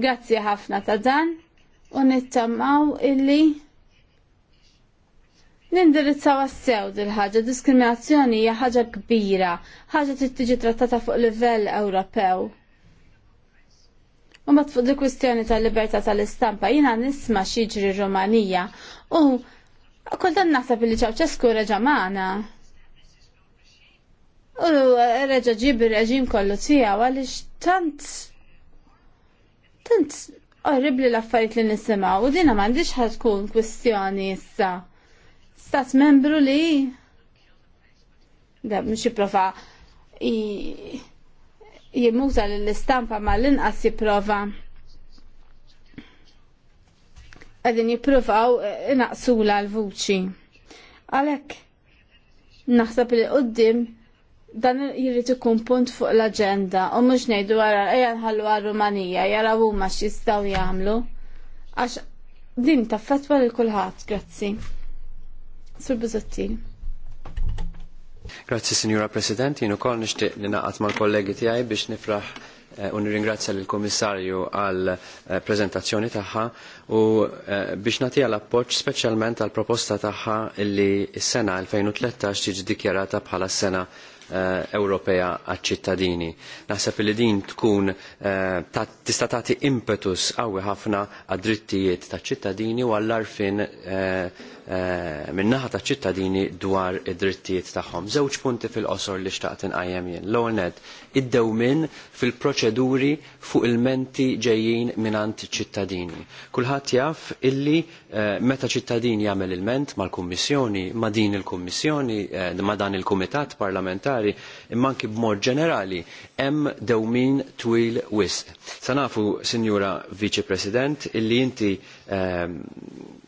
Grazzi ħafna ta' dan u nittamaw illi nindirizzaw sew dil-ħaġa. Diskriminazzjoni hija ħaġa kbira, ħaġa trid tiġi trattata fuq livell Ewropew. U mat fuq di kwistjoni tal-libertà tal-istampa jiena nisma' xiġri Rumanija u kull dan naħseb li ċawċesku reġa' magħna. U reġa il reġim kollu tija, għalix tant tant orribli l-affarijiet li nisema, u dina m'għandix ħatkun tkun kwistjoni issa. Stat membru li da mhux jipprova jimmuża l-istampa ma l-inqas jipprova għadin jipprovaw inaqsula l-vuċi. Għalek, naħseb li qoddim dan jirrit ikun punt fuq l-aġenda u mhux ngħidu wara ejja nħallu għar-Rumanija jara huma jistgħu jagħmlu għax din taffetwa lil kulħadd, grazzi. Sur Biżottil. Grazzi Signora President, jien ukoll nixtieq li mal-kollegi tiegħi biex nifraħ eh, u nirringrazzja lill kummissarju għal eh, prezentazzjoni tagħha u eh, biex nagħtiha l-appoġġ speċjalment għall proposta tagħha illi s-sena 2013 tiġi dikjarata bħala s-sena Eh, Ewropea għaċ-ċittadini. Naħseb li din tkun eh, tista' tagħti impetus qawwi ħafna għad-drittijiet taċ-ċittadini u għall-arfin eh, Eh, minnaħa ta' ċittadini dwar id-drittijiet tagħhom. Żewġ punti fil-qosor li xtaqt inqajjem jien. L-ewwel nett id-dewmin fil-proċeduri fuq il-menti ġejjin minant ċittadini. Kulħadd jaf illi eh, meta ċittadin jagħmel il-ment mal-Kummissjoni, ma' din il-Kummissjoni, eh, ma' dan il-Kumitat parlamentari, imma anki b'mod ġenerali hemm dewmin twil wisq. Sa nafu, Sinjura Viċi President, illi inti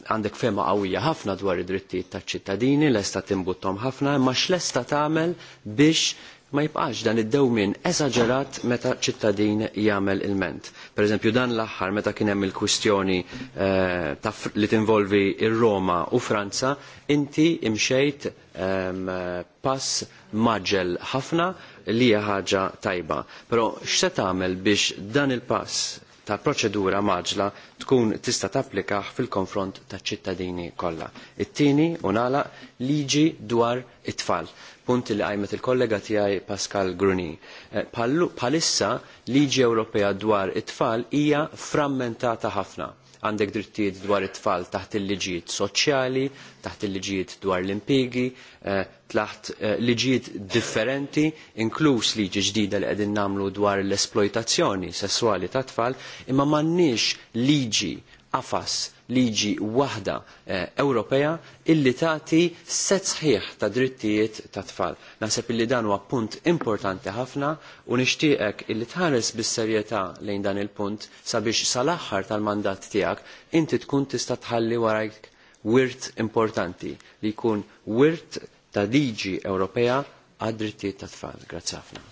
għandek fema qawwija ħafna dwar id-drittijiet taċ-ċittadini, lesta timbuttom ħafna, imma x'lesta tagħmel biex ma jibqax dan id-dewmin eżaġerat meta ċittadin jagħmel il-ment. Per eżempju dan l-aħħar meta kien hemm il-kwistjoni eh, li tinvolvi ir-Roma u Franza, inti imxejt eh, pass maġġel ħafna li hija ħaġa tajba. Però x'se tagħmel biex dan il-pass ta' proċedura maġla tkun tista' tapplikaħ fil-konfront ta' ċittadini kollha. It-tieni u nagħlaq liġi dwar it-tfal. Punt li qajmet il-kollega tiegħi Pascal Gruni. Eh, palissa liġi Ewropea dwar it-tfal hija frammentata ħafna għandek drittijiet dwar it-tfal taħt il-liġijiet soċjali, taħt il-liġijiet dwar l-impigi, eh, taħt eh, liġijiet differenti, inkluż liġi ġdida li qegħdin nagħmlu dwar l-esploitazzjoni sesswali taħt tfal, imma m'għandniex liġi qafas liġi waħda eh, Ewropea illi tagħti set sħiħ ta' drittijiet ta' tfal. Naħseb illi dan huwa punt importanti ħafna u nixtieqek illi tħares bis-serjetà lejn dan il-punt sabiex sal-aħħar tal-mandat tiegħek inti tkun tista' tħalli warajk wirt importanti li jkun wirt ta' liġi Ewropea għad drittijiet ta' tfal. Grazzi ħafna.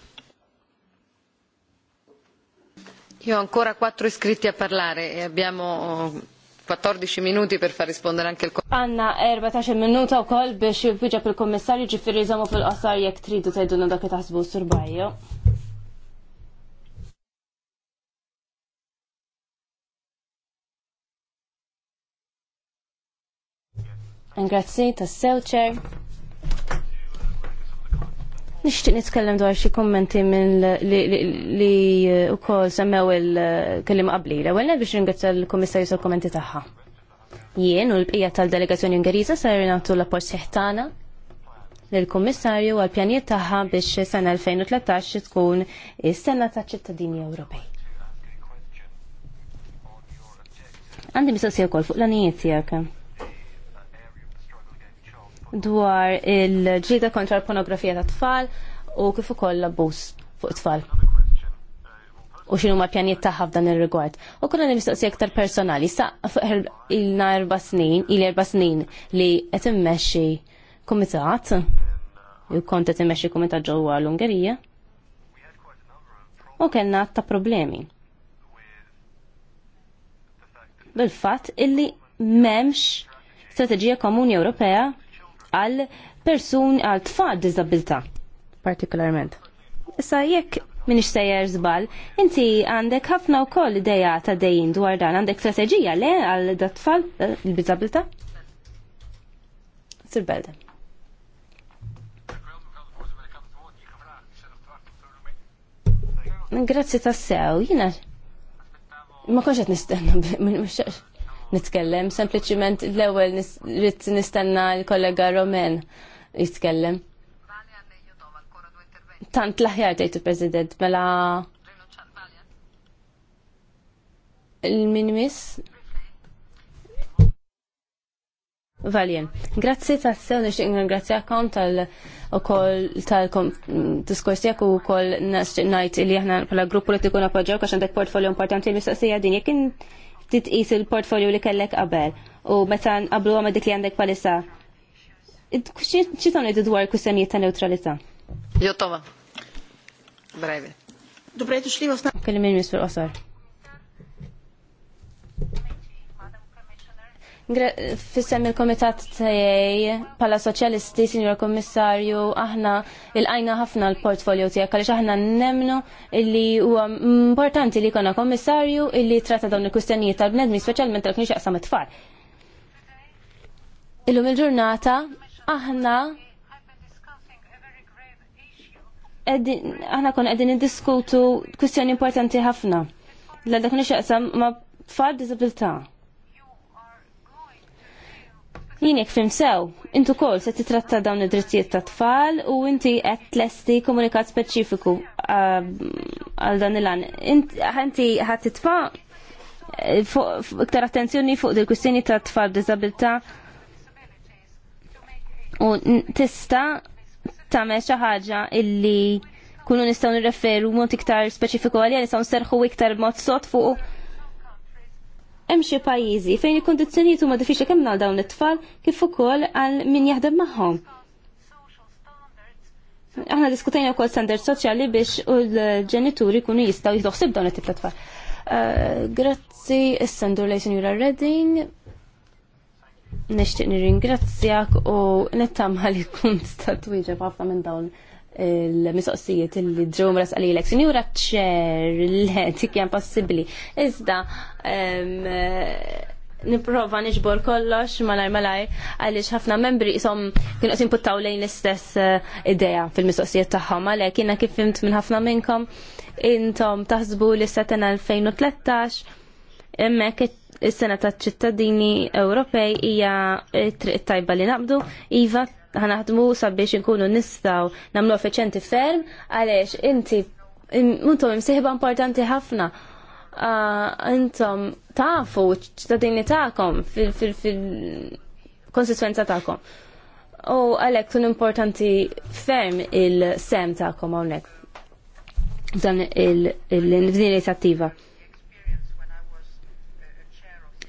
Io ho ancora quattro iscritti a parlare e abbiamo 14 eh, minuti per far rispondere anche il Anna, 14 minuta u koll biex jibbiġa pil-kommissarju ġifiri jizomu fil-qasar jek tridu tajduna dak taħsbu surbajju. Grazie, tassel, Chair. Nishtiq nitkellem dwar xi kummenti minn li wkoll eh, semmew il-kellim qabli. L-ewwel biex ringrazzja l-Kummissarju sal kummenti tagħha. Jien u l-bqija tal-delegazzjoni Ungeriża se nagħtu l-apport seħtana tagħna lill-Kummissarju għall pjanijiet tagħha biex sena 2013 tkun is-sena taċ-ċittadini Ewropej. Għandi mistoqsija wkoll fuq l-anijiet tiegħek dwar il-ġlida kontra l-pornografija ta' tfal u kif ukoll l-abbuż fuq tfal. U xinu ma pjaniet taħħa f'dan il-rigward. U kuna nimistoqsi aktar personali, sa' il-na erba snin, il-erba snin li qed immexxi kumitat, u kont qed immexxi kumitat ġewwa l-Ungerija. U kellna ta' problemi. Bil-fatt illi memx strategija komuni Ewropea għal persun għal tfal disabilta partikolarment. Issa jekk minn sejjer żball, inti għandek ħafna wkoll ideja ta' dejjin dwar dan, għandek strateġija le għal dat-tfal l-biżabilta? Eh, Sir Belden. Grazzi tassew, jina ma konċet nistenna, nitkellem, sempliciment l-ewel rrit nistenna l-kollega Romen jitkellem. Tant laħjar tgħid il-President, mela il-min miss? Valjen. Grazzi ta' sew nixtieq ningrazzjakom tal ukoll tal-diskors jekk u wkoll ngħid li aħna bħala grupp politiku napoġġew għax għandek portfolio importanti l-mistoqsija din jekk titqis il-portfolio li kellek qabel u meta qablu għamma dik li għandek palissa. Xi tagħmel dwar kussemijiet ta' neutralita? Jo Brevi. Dobrejtu x'li wasna. Kelli minn misfur qosor Fissem il-komitat tajaj, pala soċjalisti, sinjor kommissarju, aħna il ajna ħafna l-portfolio tijak, għalix aħna nemnu illi huwa importanti li kona kommissarju illi tratta dawn il-kustenijiet tal-bnedmi, specialment tal-knix jaqsam it-tfal. Illum il-ġurnata, aħna aħna kon għedin diskutu kustjoni importanti ħafna. L-għadak nixaqsam ma' tfal disabilta' Jien jekk fim sew, intu kol se titratta dawn id-drittijiet ta' tfal u inti qed tlesti komunikat speċifiku ah, għal dan il-għan. Inti ħat titfa' eh, iktar attenzjoni fuq dil kustjoni ta' tfal disabilità u tista ta' xi ħaġa illi kunu nistgħu nirreferu mod iktar speċifiku għalija nistaw nserħu iktar mod sot fuq hemm xi pajjiżi fejn il-kundizzjonijiet huma diffiċli kemm għal dawn it-tfal kif ukoll għal min jaħdem magħhom. Aħna diskutejna wkoll standard soċjali biex u l-ġenituri jkunu jistgħu jieħdu dawn it-tip tfal. Uh, grazzi, is sandur lej Sinjura Redding. Nixtieq nirringrazzjak u nittamma li kunt ta' ħafna minn dawn il-misoqsijiet li ġew mras għalilek. Sinjura ċer, l-ħetik jan possibli. Iżda, niprofa nixbor kollox malaj malaj għaliex ħafna membri jisom kienu qed puttaw lejn l-istess eh, idea fil-mistoqsijiet tagħhom għalhekk jiena kif fimt minn ħafna minnkom intom taħsbu li s-sena 2013 hemmhekk is-sena ta' ċittadini Ewropej hija triq tajba li naqbdu iva ħanaħdmu sabiex inkunu nistaw namlu effiċenti ferm għaliex inti intom imsieħba importanti ħafna ah, intom tafu ċittadini ta'kom fil-konsistenza ta'kom. U għalek tun importanti ferm il-sem ta'kom għonek. Dan il inizjattiva.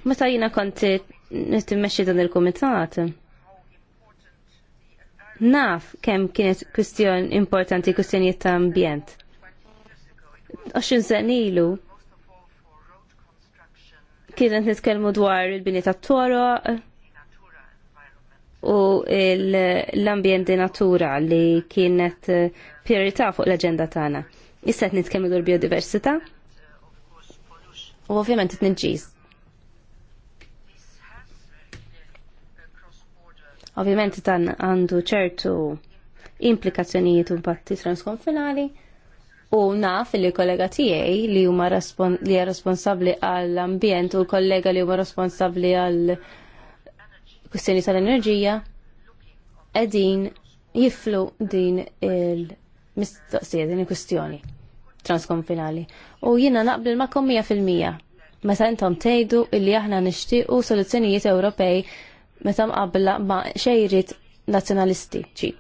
Meta jina konti nittimmexxi dan il-komitat naf kemm kienet kustjon importanti kwistjonijiet ta' ambjent. Oxin sen ilu kienet nitkellmu dwar il-bini ta' toro u l-ambjenti natura li kienet priorità fuq l-agenda tagħna. Issa qed nitkellmu dwar biodiversità u ovvjament it-tniġġis. Ovvjament dan għandu ċertu implikazzjonijiet u impatti transkonfinali u naf li kollega tiegħi li huma li hija responsabbli għall ambjent u l-kollega li huma responsabbli għall kwistjoni tal-enerġija qegħdin jiflu din il-mistoqsija din il-kwistjoni transkonfinali. U jiena naqbel kom 100%. Meta intom tgħidu illi aħna nixtiequ soluzzjonijiet Ewropej meta mqabbla ma' xejrit nazzjonalistiċi.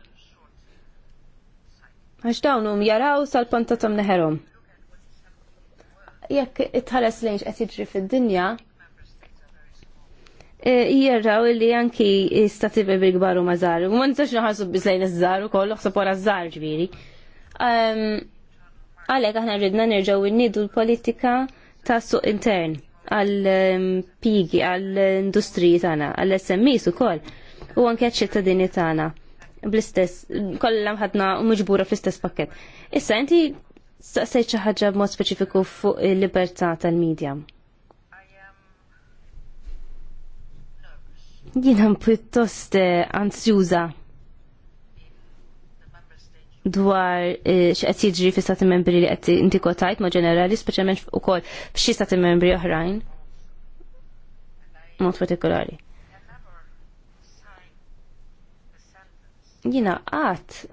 Għax dawn jaraw sal-panta tam neħerom. Jekk itħares lejn qed jiġri fid-dinja, e, jirraw li anki stati bil gbaru mażar. U ma nistax naħarsu bislejn iż-żar u kollu ħsab wara żar ġviri. Ehm, Għalek aħna rridna nerġgħu nidu l-politika ta' suq intern għal-pigi, ehm, għal-industriji tagħna, għal-SMEs ukoll u anke ċittadini tagħna bl-istess, kollam ħadna miġbura fl-istess pakket. Issa inti staqsejt xi ħaġa b'mod speċifiku fuq il-libertà tal-medja. Jiena pjuttost eh, anzjuża dwar eh, x'qed jiġri fi stati membri li qed kotajt ma' ġenerali, speċjalment ukoll f'xi stati membri oħrajn. Mod partikolari. Jina qatt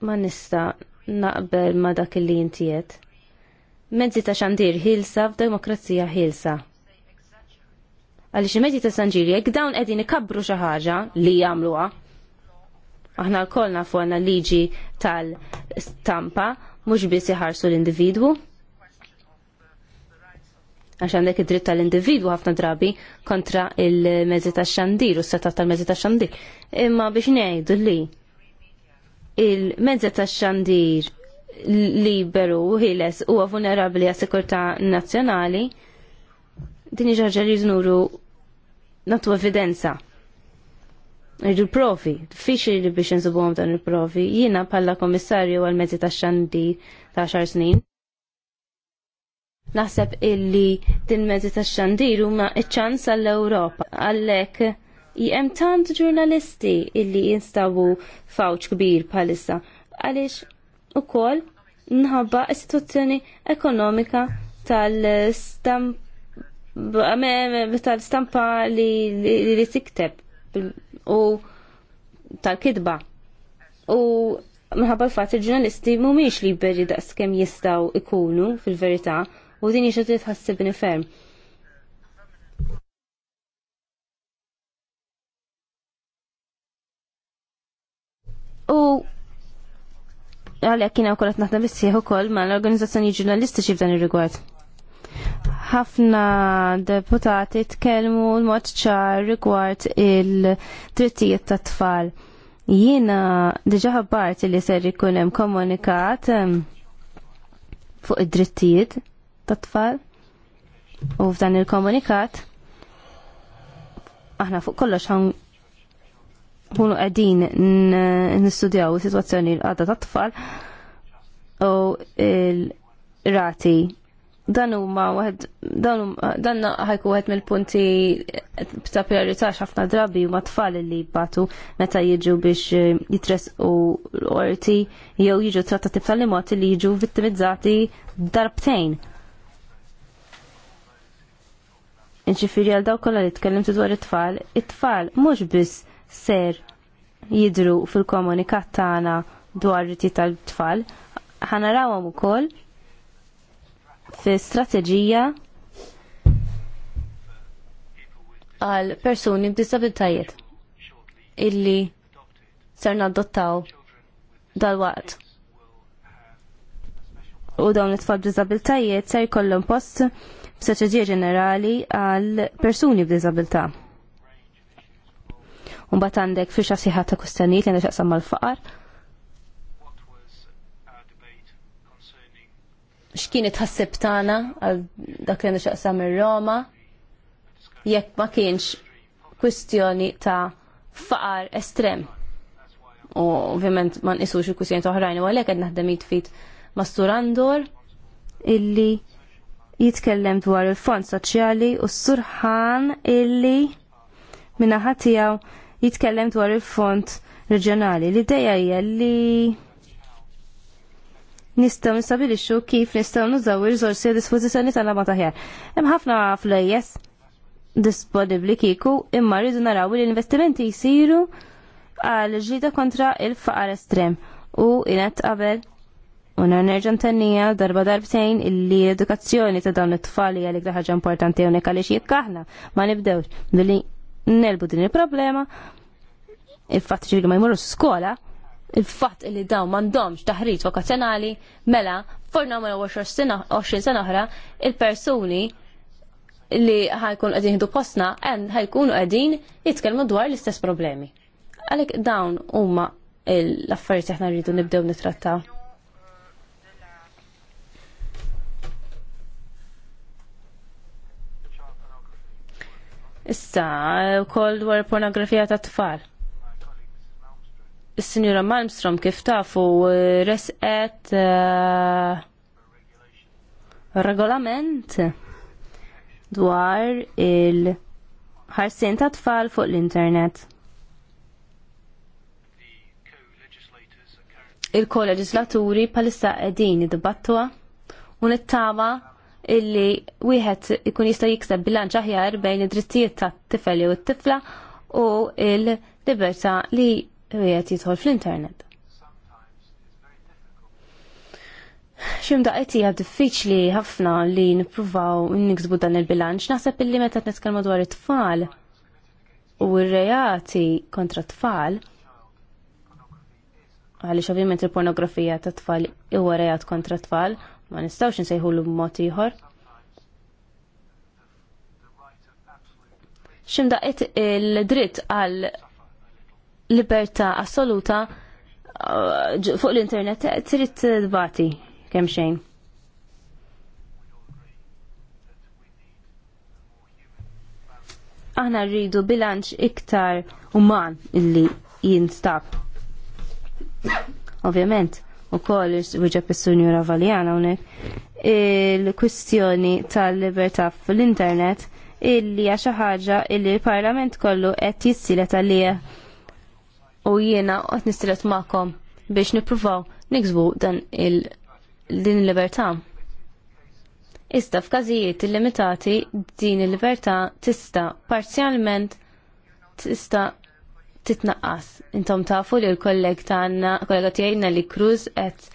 ma nista' naqbel ma' dak li jintiet. Mezzi ta' xandir ħilsa f'demokrazija ħilsa. Għaliex mezzi ta' xandir jekk dawn qegħdin ikabru xi ħaġa li jagħmluha, Aħna l-koll nafu għanna liġi tal-stampa, mux biss iħarsu l-individwu. Għax għandek id-dritt tal-individwu ħafna drabi kontra il-mezzi ta' xandir u s-setat tal-mezzi ta' xandir. Imma biex ngħidu li il-mezzi ta' xandir liberu u ħiles huwa vulnerabbli għas sikurtà nazzjonali, din iġarġa li znuru natu evidenza il-profi, diffiċli li biex nsibuhom dan il-profi, jiena bħala komissarju għal mezzi ta' xandi ta' xar snin. Naħseb illi din mezzi ta' xandir huma ċans għall-Ewropa, għalhekk jem tant ġurnalisti illi jinstabu fawċ kbir Għalix Għaliex ukoll nħabba istituzzjoni ekonomika tal-stampa tal-stampa li, li, li tikteb u tal-kidba. U minħabba l-fatt il-ġurnalisti mhumiex daqs daqskemm jistgħu ikunu fil-verità u din iġa xi tħassib ferm. U għalhekk kina u kolat naħdem kol ukoll mal-organizzazzjoni ġurnalistiċi f'dan ir-rigward ħafna deputati tkellmu l-mod ċar rigward il-drittijiet ta' tfal. Jiena diġa ħabbart li ser ikun hemm komunikat fuq id-drittijiet ta' tfal. U f'dan il-komunikat aħna fuq kollox ħan kunu qegħdin nistudjaw is-sitwazzjoni l-qadda tat-tfal u l-rati dan huma waħed dan ħajku waħed mill-punti ta' priorità ħafna drabi huma tfal li jibbatu meta jiġu biex eh, jitresqu l-qorti jew jiġu trattati li mod li jiġu vittimizzati darbtejn. Inġifieri għal dawk kollha li tkellimt dwar it-tfal, it-tfal mhux biss ser jidru fil-komunikat tagħna dwar riti tal-tfal, ħanarawhom ukoll fi strateġija għal persuni b'disabilitajiet illi ser nadottaw dal-waqt. U dawn it-tfal b'disabilitajiet ser jkollhom post b'strateġija ġenerali għal persuni b'disabilità. Umbat għandek fixa siħat ta' kustanijiet li għandek xaqsam mal-faqar x'kienet ħasseb tagħna għal dak li xaqsam ir-Roma jekk ma kienx kwistjoni ta' faqar estrem. U ovvjament ma nqisux il-kwistjoni oħrajn u għalhekk qed naħdem jitfit ma' Sturandur illi jitkellem dwar il-fond soċjali u s-surħan illi minna ħatijaw jitkellem dwar il-fond reġjonali. L-ideja hija li nistgħu nistabilixxu kif nistgħu nużaw ir-riżorsi a dispożizzjoni tagħna ma taħjar. Hemm ħafna flejjes disponibbli kieku imma rridu naraw li l-investimenti jsiru għal ġlida kontra il-faqar estrem u inet qabel U nerġan tennija darba darbtejn illi edukazzjoni ta' dawn it-tfal għalik li ħaġa importanti hawnhekk għaliex jekk ma nibdewx billi nelbu din il-problema il-fatt li ma jmorru skola il-fatt li daw mandomx taħriġ vokazzjonali mela forna mela 20 sena oħra il-persuni li ħajkun qegħdin jieħdu postna għen ħajkun qegħdin jitkellmu dwar l-istess problemi. Għalhekk dawn huma l-affarijiet aħna rridu nibdew nittrattaw. Issa, kol dwar pornografija ta' tfal. Is-Sinjura Malmstrom kif tafu resqet eh, regolament dwar il ħarsien ta' tfal fuq l-internet. Il-koleġislaturi palissa qegħdin id-dibattua u nittama illi wieħed ikun jista' jikseb bilanċ aħjar bejn id-drittijiet tat-tifel jew it-tifla u l libertà li u jgħet jidħol fl-internet. xim daqet hija diffiċli ħafna li nippruvaw niksbu dan il-bilanċ, naħseb illi meta nitkellmu dwar it-tfal u r-reati kontra t-tfal, għaliex ovvjament il-pornografija ta' tfal huwa reat kontra tfal, ma nsejħu l b'mod ieħor. Xim daqet il-dritt għal libertà assoluta uh, fuq l-internet eh, trid tbati kemm xejn. Aħna rridu bilanċ iktar uman illi jinstab. Ovvjament, u koll wieġeb is-Sunjura Valjana hawnhekk il-kwistjoni tal-libertà fl-internet illi hija ħaġa illi l-Parlament kollu qed jissilet għalija u jiena għat nistilet maqom biex nippruvaw niksbu dan il din il-libertà. Iżda f'każijiet illimitati din il-libertà tista' parzjalment tista' titnaqqas. Intom tafu li l-kolleg tagħna, kollega tiegħi li Cruz qed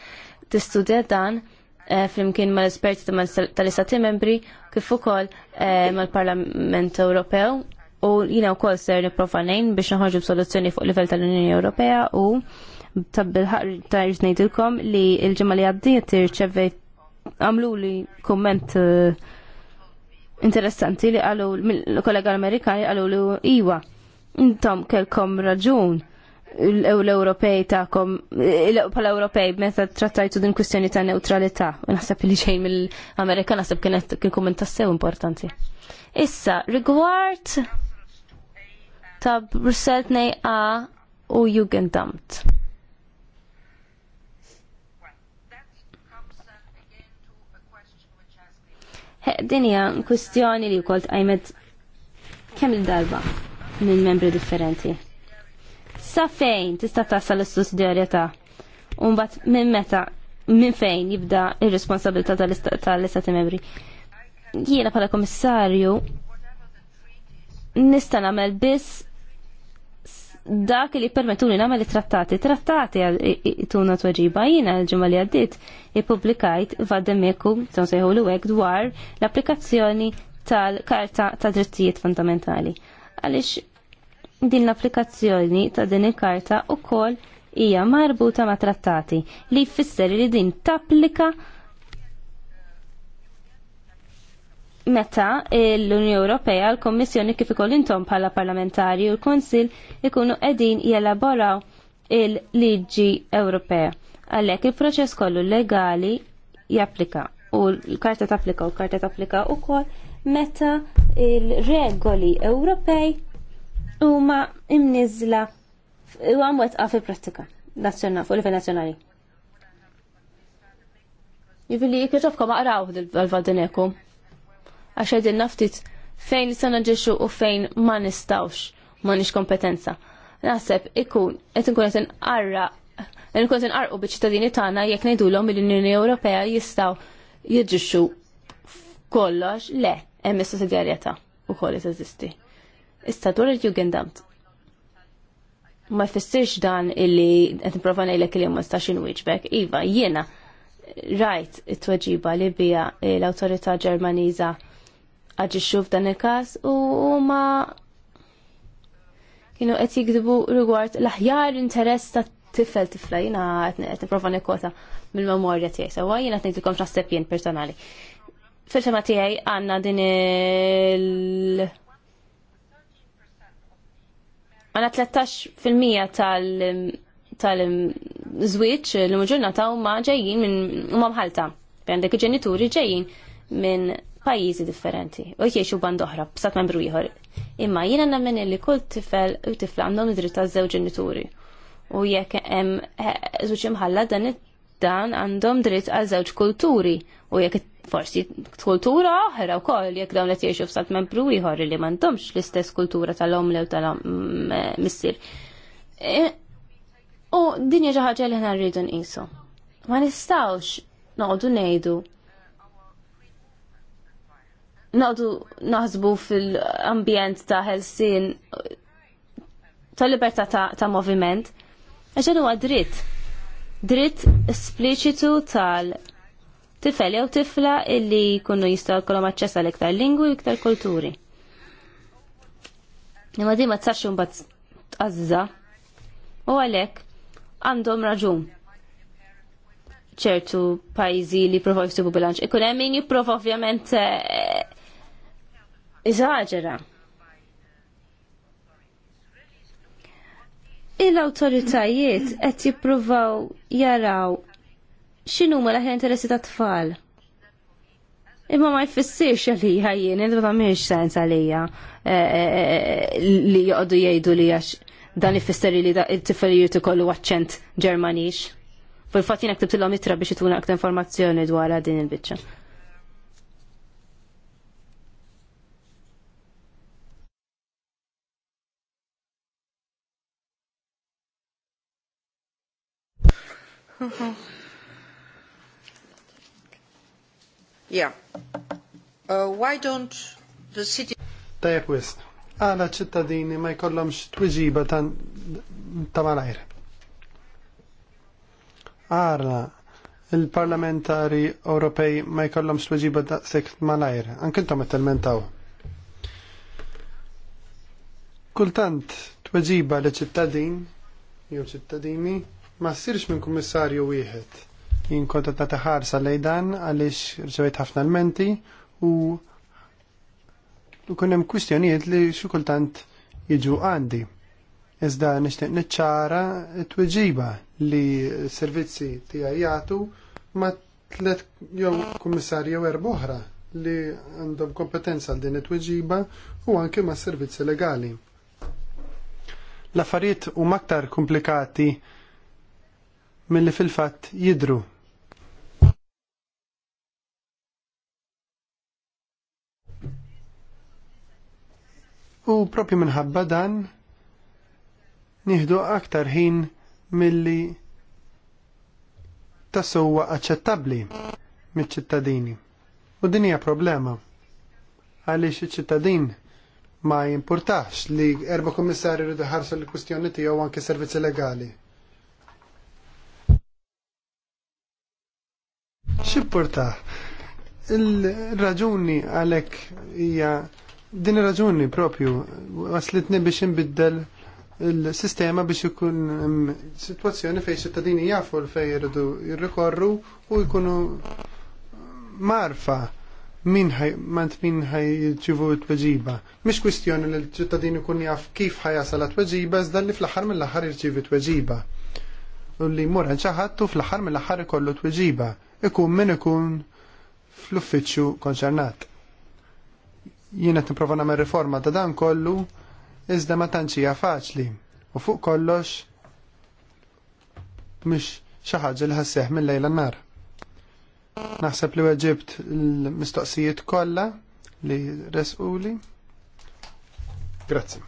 tistudja dan eh, flimkien mal-esperti tal-istati membri kif ukoll eh, mal-Parlament Ewropew u jina u kol ser niprofanejn biex naħarġu b'soluzzjoni fuq livell tal-Unjoni Ewropea u ta' ngħidilkom li l-ġimgħa li għaddiet irċevejt għamlu li kumment eh, interessanti li għalu l-kollega Amerikani għalu li iwa intom kelkom raġun l-Ewropej ta'kom, pal eh, Ewropej, meta trattajtu din kwistjoni ta' neutralità, naħseb li xejn mill-Amerika naħseb kien kumment tassew importanti. Issa, rigward ta' Brussel a u Jugendamt. Dinja, kustjoni li kolt għajmet kemm il-darba minn membri differenti. Sa fejn tista' tasal is-sussidjarjetà? U mbagħad minn meta minn fejn jibda ir-responsabilità tal-istati membri. Jiena bħala komissarju nista' nagħmel biss dak li permettuni namel trattati. Trattati tuna tuħġiba jina l-ġimma li għaddit i-publikajt vaddemeku, ton sejħu l dwar l-applikazzjoni tal-Karta ta' Drittijiet Fundamentali. Għalix din l-applikazzjoni ta' din il-karta u kol hija marbuta ma' trattati li jfisser li din tapplika meta l-Unjoni Ewropea, l-Kommissjoni kif ikoll intom bħala parlamentari u l konsil ikunu qegħdin jelaboraw il-liġi Ewropea. Għalhekk il-proċess kollu legali japplika u l-karta tapplika u l-karta tapplika wkoll meta il-regoli Ewropej huma imniżla u wetqa fil-prattika nazzjonali fuq livell nazzjonali. Jivili, jiġifieri kħiġobkom għaraw dil-valdinekum għax għedin naftit fejn li sana u fejn ma nistawx, ma nix kompetenza. Naħseb, ikun, qed nkun qed inqarra, nkun qed inqarqu biċ-ċittadini tagħna jekk ngħidulhom li unjoni Ewropea jistgħu jiġġixxu kollox, le, hemm is-sussidjarjetà ukoll teżisti. Issa dwar il-Jugendamt. Ma jfissirx dan illi qed nipprova ngħidlek li ma stax inwiġbek, iva jiena rajt it-tweġiba li bija l-awtorità Ġermaniża aġixxu f'dan il-każ u huma kienu qed jikdibu rigward l-aħjar interess ta' tifel tifla jiena qed nipprova nikkota mill-memorja tiegħi sewwa jiena qed ngħidilkom x'naħseb jien personali. Fil-tema tiegħi għandna din il- għanna 13% tal- tal zwiċ l-mġurnata huma ġejjin minn huma mħalta. Għandek ġenituri ġejjin minn pajjiżi differenti u jgħixu band oħra b'sat membru ieħor. Imma jiena nemmen li kull tifel u tifla għandhom id-dritt taż-żewġ ġenituri. U jekk hemm żewġ imħalla dan dan għandhom dritt għal żewġ kulturi u jekk forsi kultura oħra wkoll jekk dawn qed jgħixu f'sat membru ieħor li m'għandhomx l-istess kultura tal-om lew tal-om missier. E, u din hija xi ħaġa li ħna rridu nqisu. Ma nistgħux noqogħdu ngħidu naħdu naħsbu fil-ambjent ta' Helsin ta' libertà ta', ta moviment. Għaxen huwa dritt. Dritt spliċitu tal tifel jew tifla illi jkunu jistgħu jkollhom aċċessa l iktar lingwi u iktar kulturi. Imma di ma tsarx imbagħad tqazza. U għalhekk għandhom raġun ċertu pajzi li provaw jsibu bilanċ. Ikun hemm min jipprova ovvjament eh, iżaġera. Il-autoritajiet qed jippruvaw jaraw x'inhu ma l-aħjar interessi tat-tfal. Imma ma jfissirx li ħajjien, id ma miex sens għalija eh, eh, eh, li joqogħdu jgħidu li għax dan ifisser li t-tifelijiet ikollu għaccent Ġermanix. Fil-fatt jiena ktibtilhom itra biex ituna aktar informazzjoni dwar din il-biċċa. -hmm. Yeah. Uh, wist. Għala ċittadini ma jkollomx twiġiba ta' malajr. Għala il-parlamentari Ewropej ma jkollomx twiġiba ta' sekt malajr. Ankintom it-telmentaw. Kultant twiġiba li ċittadin, jew ċittadini, ma ssirx minn kummissarju wieħed. Jien konta ta' taħarsa lejdan għaliex rċevejt ħafna l-menti u u kunem kwistjonijiet li xukultant jiġu għandi. Iżda nishtiq niċċara t-tweġiba li servizzi tiegħi jagħtu ma tlet jew kummissarji jew erboħra li għandhom kompetenza għal din it-tweġiba u anke ma' servizzi legali. L-affarijiet huma aktar komplikati milli fil-fatt jidru. U propju minħabba dan nieħdu aktar ħin milli tasuwa aċċettabbli mill-ċittadini. U din hija problema. Għaliex iċ-ċittadin ma jimpurtax li erba' kummissarju rridu ħarsu l-kwistjoni tiegħu anke servizzi legali. xipporta il-raġuni għalek hija din raġuni propju waslitni biex nbiddel il-sistema biex ikun situazzjoni fej ċittadini jafu l-fej jirridu jirrikorru u jkunu marfa min mant min ħaj jirċivu t-tweġiba. Mish kwistjoni li l-ċittadini kun jaf kif ħajasal t-tweġiba, zdalli li fl-ħar mill-ħar jirġivu t-tweġiba. U li mura ħanċaħat fl-ħar mill-ħar ikollu t-tweġiba ikun min ikun fl-uffiċċju konċernat. Jiena qed nipprova nagħmel riforma ta' dan kollu iżda ma tantx hija faċli u fuq kollox mhix xi ħaġa li ħasseħ mill-lejla nar. Naħseb li weġibt l-mistoqsijiet kollha li resquli. Grazzi.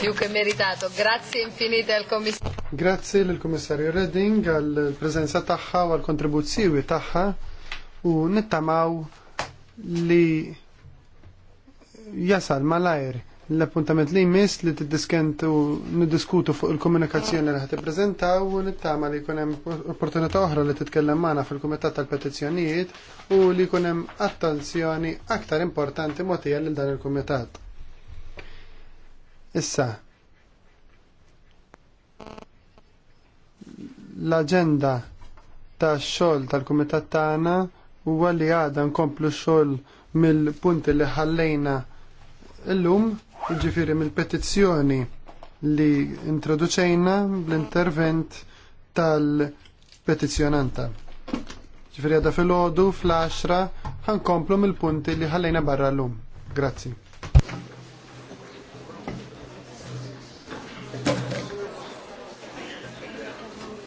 più che meritato. Grazie infinite al commissario. Grazie al commissario Redding għal prezenza tagħha u għal kontribuzzjoni tagħha u nittamaw li jasal malajr l-appuntament li jmiss li t-diskent u niddiskutu fuq il-komunikazzjoni li ħati prezentaw u nittama li kunem opportunità oħra li titkellem maħna fil-Kumitat tal-Petizzjonijiet u li kunem attenzjoni aktar importanti motija lil dan il-Kumitat. Issa, l-agenda ta' xol tal-Kumitat tagħna huwa li għadha nkomplu xol mill-punti li ħallejna l-lum, ġifiri mill-petizzjoni li introduċejna bl-intervent tal-petizzjonanta. Ġifiri għadha fil-ħodu fl-10 għankomplu mill-punti li ħallejna barra l-lum. Grazzi.